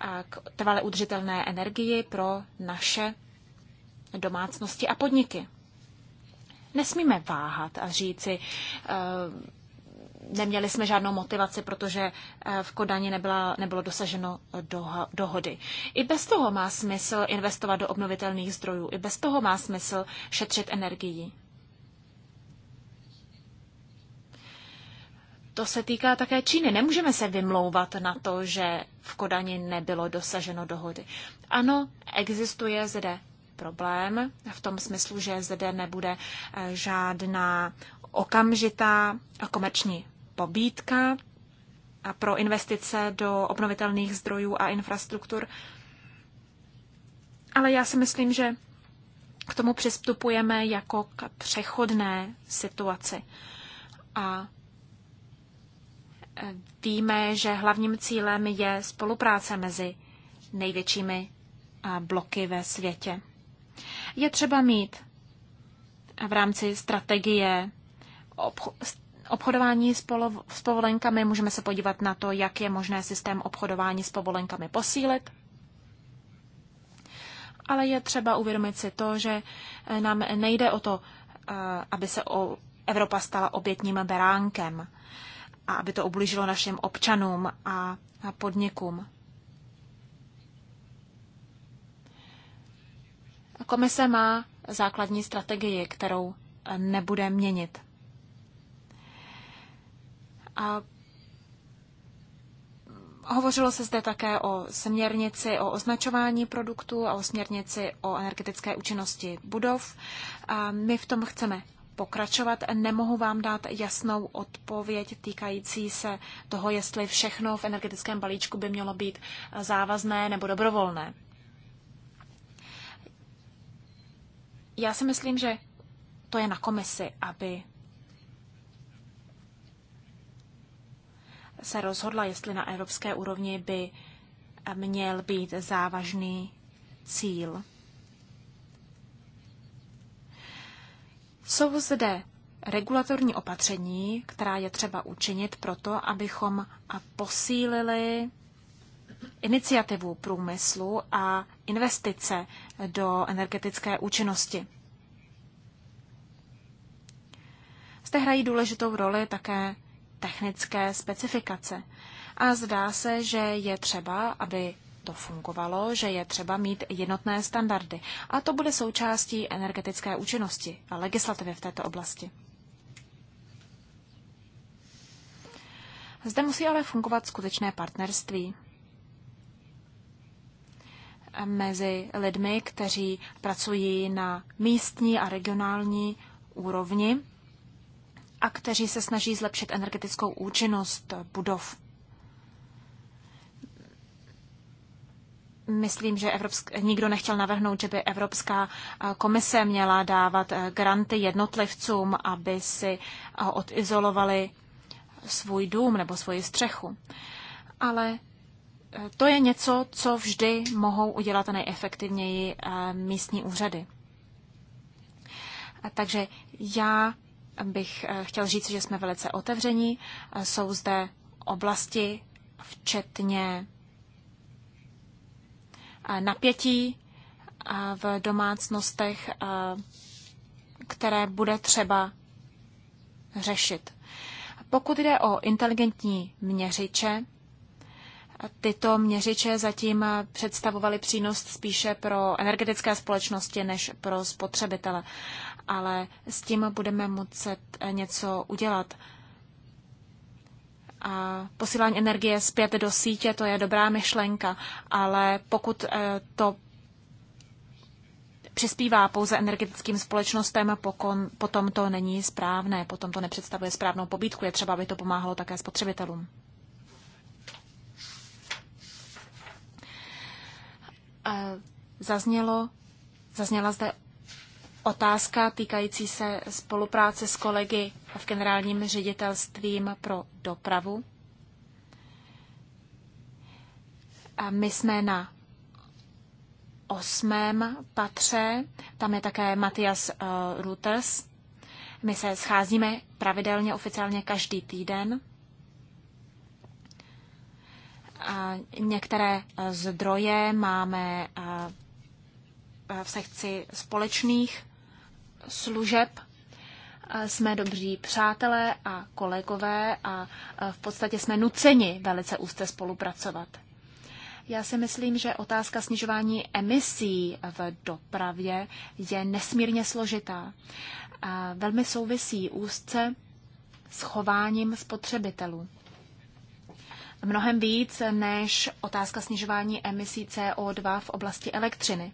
eh, k trvale udržitelné energii pro naše domácnosti a podniky. Nesmíme váhat a říci, eh, neměli jsme žádnou motivaci, protože eh, v Kodani nebyla, nebylo dosaženo eh, doho, dohody. I bez toho má smysl investovat do obnovitelných zdrojů, i bez toho má smysl šetřit energii. To se týká také Číny. Nemůžeme se vymlouvat na to, že v Kodani nebylo dosaženo dohody. Ano, existuje zde problém v tom smyslu, že zde nebude eh, žádná okamžitá komerční pobídka pro investice do obnovitelných zdrojů a infrastruktur. Ale já si myslím, že k tomu přistupujeme jako k přechodné situaci. A e, víme, že hlavním cílem je spolupráce mezi největšími bloky ve světě. Je třeba mít v rámci strategie obchodování s, polo- s povolenkami, můžeme se podívat na to, jak je možné systém obchodování s povolenkami posílit. Ale je třeba uvědomit si to, že eh, nám nejde o to, eh, aby se o Evropa stala obětním beránkem a aby to ublížilo našim občanům a podnikům. Komise má základní strategii, kterou eh, nebude měnit. A mm, Hovořilo se zde také o směrnici o označování produktů a o směrnici o energetické účinnosti budov. A my v tom chceme pokračovat. Nemohu vám dát jasnou odpověď týkající se toho, jestli všechno v energetickém balíčku by mělo být závazné nebo dobrovolné. Já si myslím, že to je na komisi, aby se rozhodla, jestli na evropské úrovni by měl být závažný cíl. Jsou zde regulatorní opatření, která je třeba učinit proto, abychom posílili iniciativu průmyslu a investice do energetické účinnosti. Zde hrají důležitou roli také technické specifikace. A zdá se, že je třeba, aby to fungovalo, že je třeba mít jednotné standardy. A to bude součástí energetické účinnosti a legislativy v této oblasti. Zde musí ale fungovat skutečné partnerství mezi lidmi, kteří pracují na místní a regionální úrovni a kteří se snaží zlepšit energetickou účinnost budov. Myslím, že Evropsk- nikdo nechtěl navrhnout, že by Evropská eh, komise měla dávat eh, granty jednotlivcům, aby si eh, odizolovali svůj dům nebo svoji střechu. Ale to je něco, co vždy mohou udělat nejefektivněji místní úřady. Takže já bych eh, chtěl říct, že jsme velice otevření. Eh, jsou zde oblasti, včetně eh, napětí v domácnostech, které bude třeba řešit. Pokud jde o inteligentní měřiče, tyto měřiče zatím představovaly přínos spíše pro energetické společnosti než pro spotřebitele ale s tím budeme muset eh, něco udělat. A posílání energie zpět do sítě, to je dobrá myšlenka, ale pokud eh, to přispívá pouze energetickým společnostem, pokon, potom to není správné, potom to nepředstavuje správnou pobídku, je třeba, aby to pomáhalo také spotřebitelům. Eh, zaznělo, zazněla zde otázka týkající se spolupráce s kolegy v generálním ředitelstvím pro dopravu. A my jsme na osmém patře, tam je také Matias eh, Ruters. My se scházíme pravidelně oficiálně každý týden. A některé eh, zdroje máme eh, v sekci společných služeb. Jsme dobří přátelé a kolegové a v podstatě jsme nuceni velice úzce spolupracovat. Já si myslím, že otázka snižování emisí v dopravě je nesmírně složitá. A velmi souvisí úzce s chováním spotřebitelů. Mnohem víc než otázka snižování emisí CO2 v oblasti elektřiny.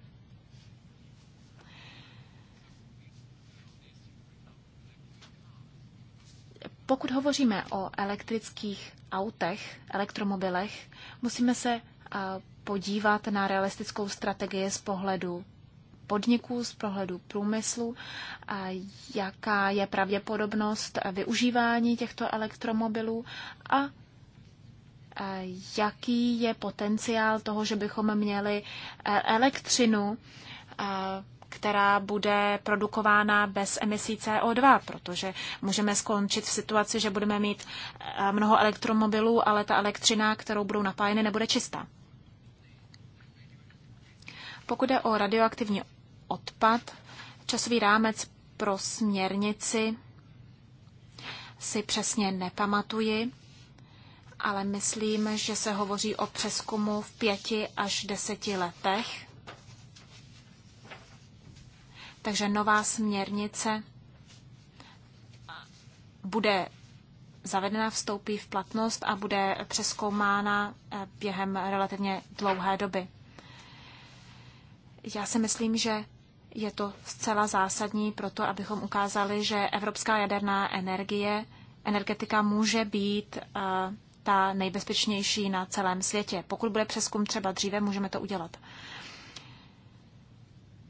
Pokud hovoříme o elektrických autech, elektromobilech, musíme se podívat na realistickou strategii z pohledu podniků, z pohledu průmyslu, jaká je pravděpodobnost využívání těchto elektromobilů a jaký je potenciál toho, že bychom měli e, elektřinu která bude produkována bez emisí CO2, protože můžeme skončit v situaci, že budeme mít eh, mnoho elektromobilů, ale ta elektřina, kterou budou napájeny, nebude čistá. Pokud je o radioaktivní odpad, časový rámec pro směrnici si přesně nepamatuji, ale myslím, že se hovoří o přeskumu v pěti až deseti letech takže nová směrnice bude zavedena, vstoupí v platnost a bude přeskoumána eh, během relativně dlouhé doby. Já si myslím, že je to zcela zásadní pro to, abychom ukázali, že evropská jaderná energie, energetika může být eh, ta nejbezpečnější na celém světě. Pokud bude přeskum třeba dříve, můžeme to udělat.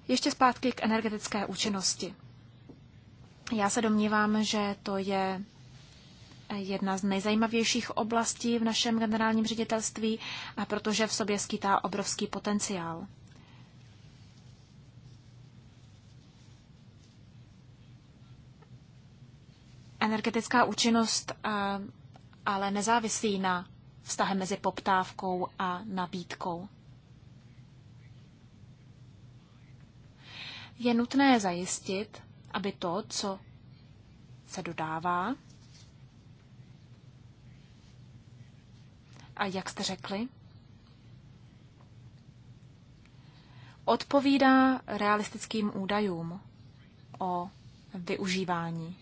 Ještě zpátky k energetické účinnosti. Já se domnívám, že to je jedna z nejzajímavějších oblastí v našem generálním ředitelství, protože v sobě skýtá obrovský potenciál. Energetická účinnost ale nezávisí na vztahem mezi poptávkou a nabídkou. je nutné zajistit, aby to, co se dodává, a jak jste řekli, odpovídá realistickým údajům o využívání.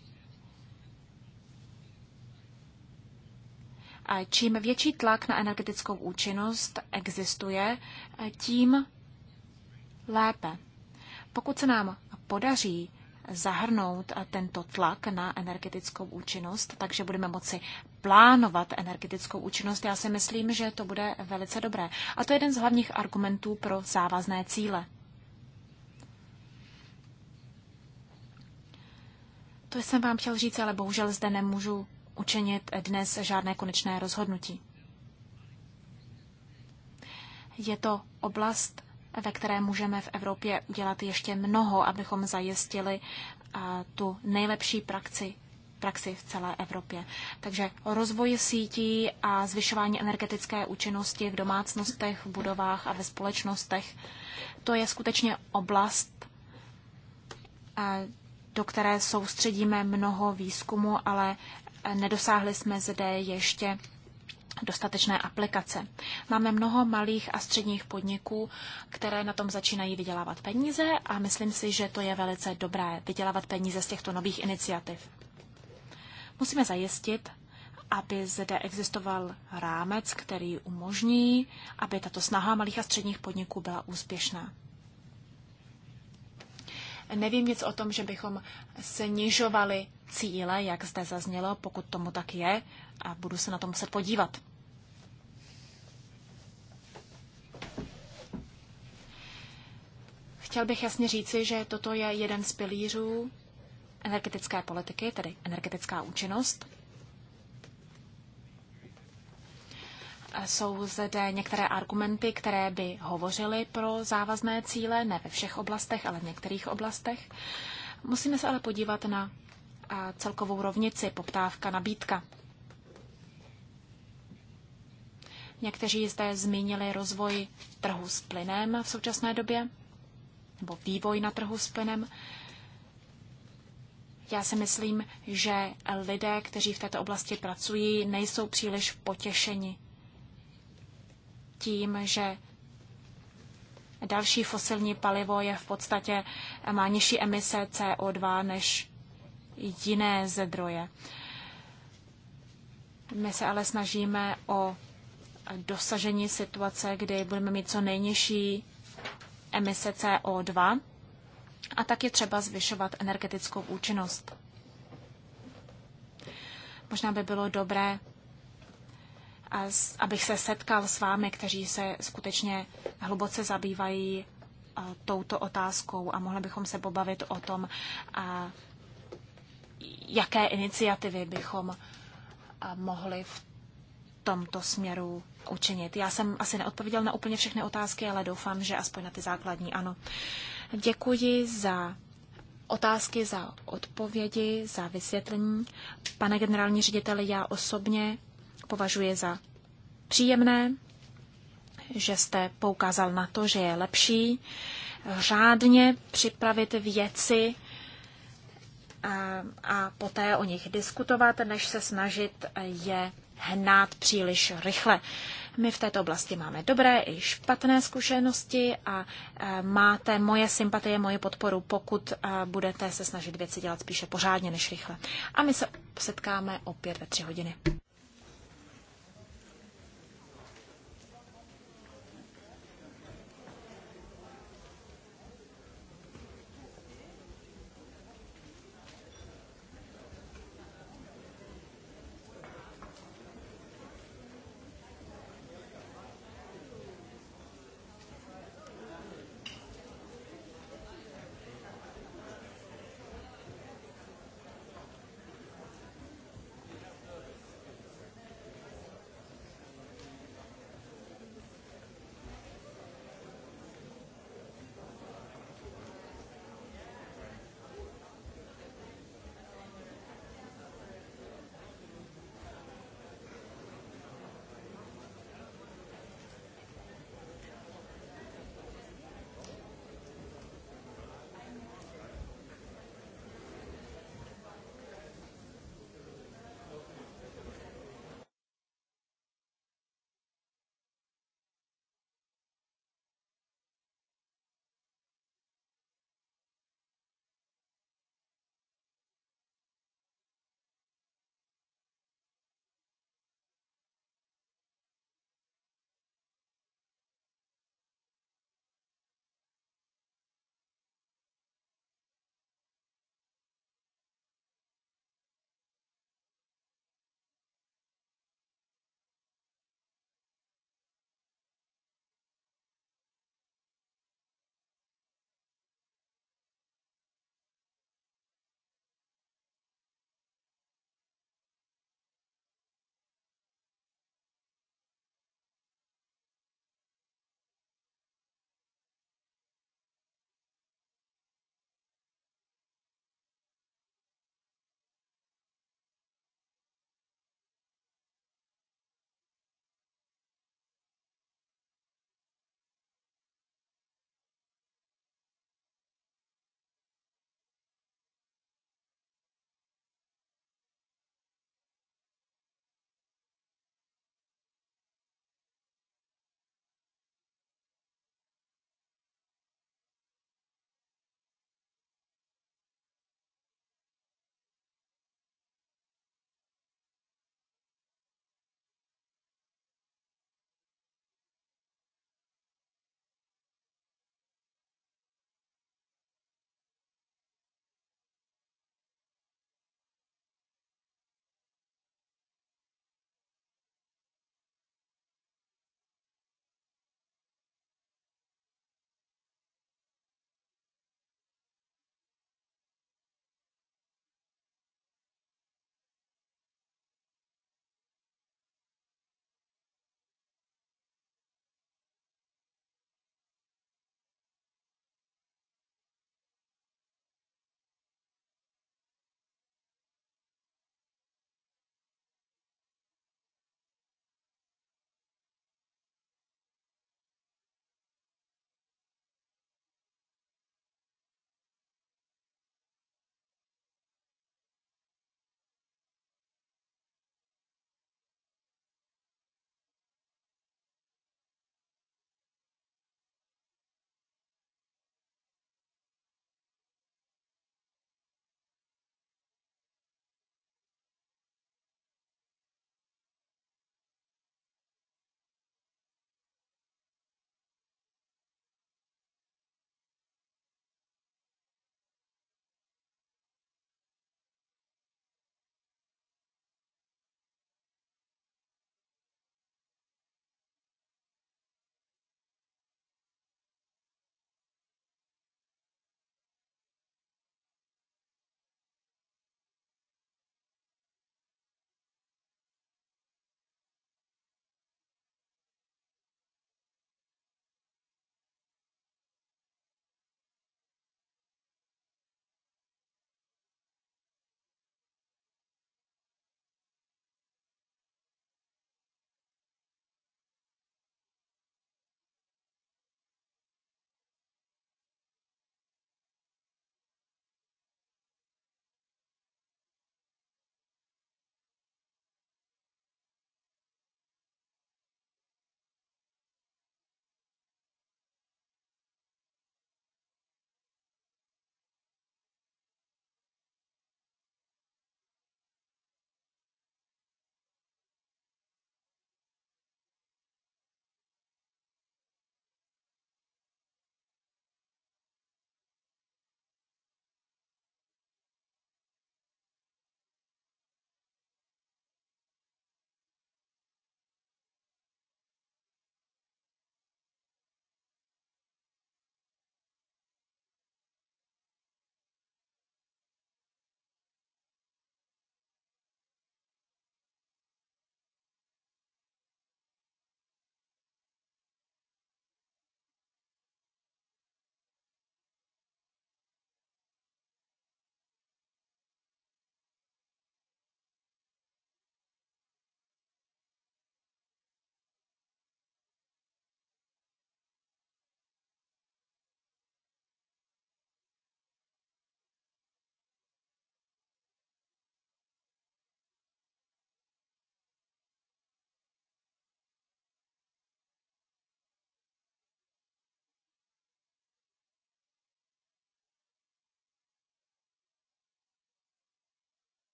A čím větší tlak na energetickou účinnost existuje, tím lépe. Pokud se nám podaří zahrnout tento tlak na energetickou účinnost, takže budeme moci plánovat energetickou účinnost. Já si myslím, že to bude velice dobré. A to je jeden z hlavních argumentů pro závazné cíle. To jsem vám chtěl říct, ale bohužel zde nemůžu učinit dnes žádné konečné rozhodnutí. Je to oblast, ve které můžeme v Evropě udělat ještě mnoho, abychom zajistili tu nejlepší praxi praxi v celé Evropě. Takže rozvoj sítí a zvyšování energetické účinnosti v domácnostech, v budovách a ve společnostech, to je skutečně oblast, do které soustředíme mnoho výzkumu, ale nedosáhli jsme zde ještě dostatečné aplikace. Máme mnoho malých a středních podniků, které na tom začínají vydělávat peníze a myslím si, že to je velice dobré vydělávat peníze z těchto nových iniciativ. Musíme zajistit, aby zde existoval rámec, který umožní, aby tato snaha malých a středních podniků byla úspěšná. Nevím nic o tom, že bychom snižovali cíle, jak zde zaznělo, pokud tomu tak je, a budu se na to muset podívat. Chtěl bych jasně říci, že toto je jeden z pilířů energetické politiky, tedy energetická účinnost. Jsou zde některé argumenty, které by hovořily pro závazné cíle, ne ve všech oblastech, ale v některých oblastech. Musíme se ale podívat na celkovou rovnici poptávka-nabídka. Někteří zde zmínili rozvoj trhu s plynem v současné době, nebo vývoj na trhu s plynem. Já si myslím, že lidé, kteří v této oblasti pracují, nejsou příliš potěšeni tím, že další fosilní palivo je v podstatě, má nižší emise CO2 než jiné zdroje. My se ale snažíme o dosažení situace, kdy budeme mít co nejnižší emise CO2 a tak je třeba zvyšovat energetickou účinnost. Možná by bylo dobré, abych se setkal s vámi, kteří se skutečně hluboce zabývají e, touto otázkou a mohli bychom se pobavit o tom, jaké iniciativy bychom e, mohli v tomto směru učinit. Já jsem asi neodpověděl na úplně všechny otázky, ale doufám, že aspoň na ty základní ano. Děkuji za otázky, za odpovědi, za vysvětlení. Pane generální řediteli, já osobně považuji za příjemné, že jste poukázal na to, že je lepší řádně připravit věci a, a poté o nich diskutovat, než se snažit je hnát příliš rychle. My v této oblasti máme dobré i špatné zkušenosti a e, máte moje sympatie, moje podporu, pokud e, budete se snažit věci dělat spíše pořádně než rychle. A my se setkáme opět ve tři hodiny.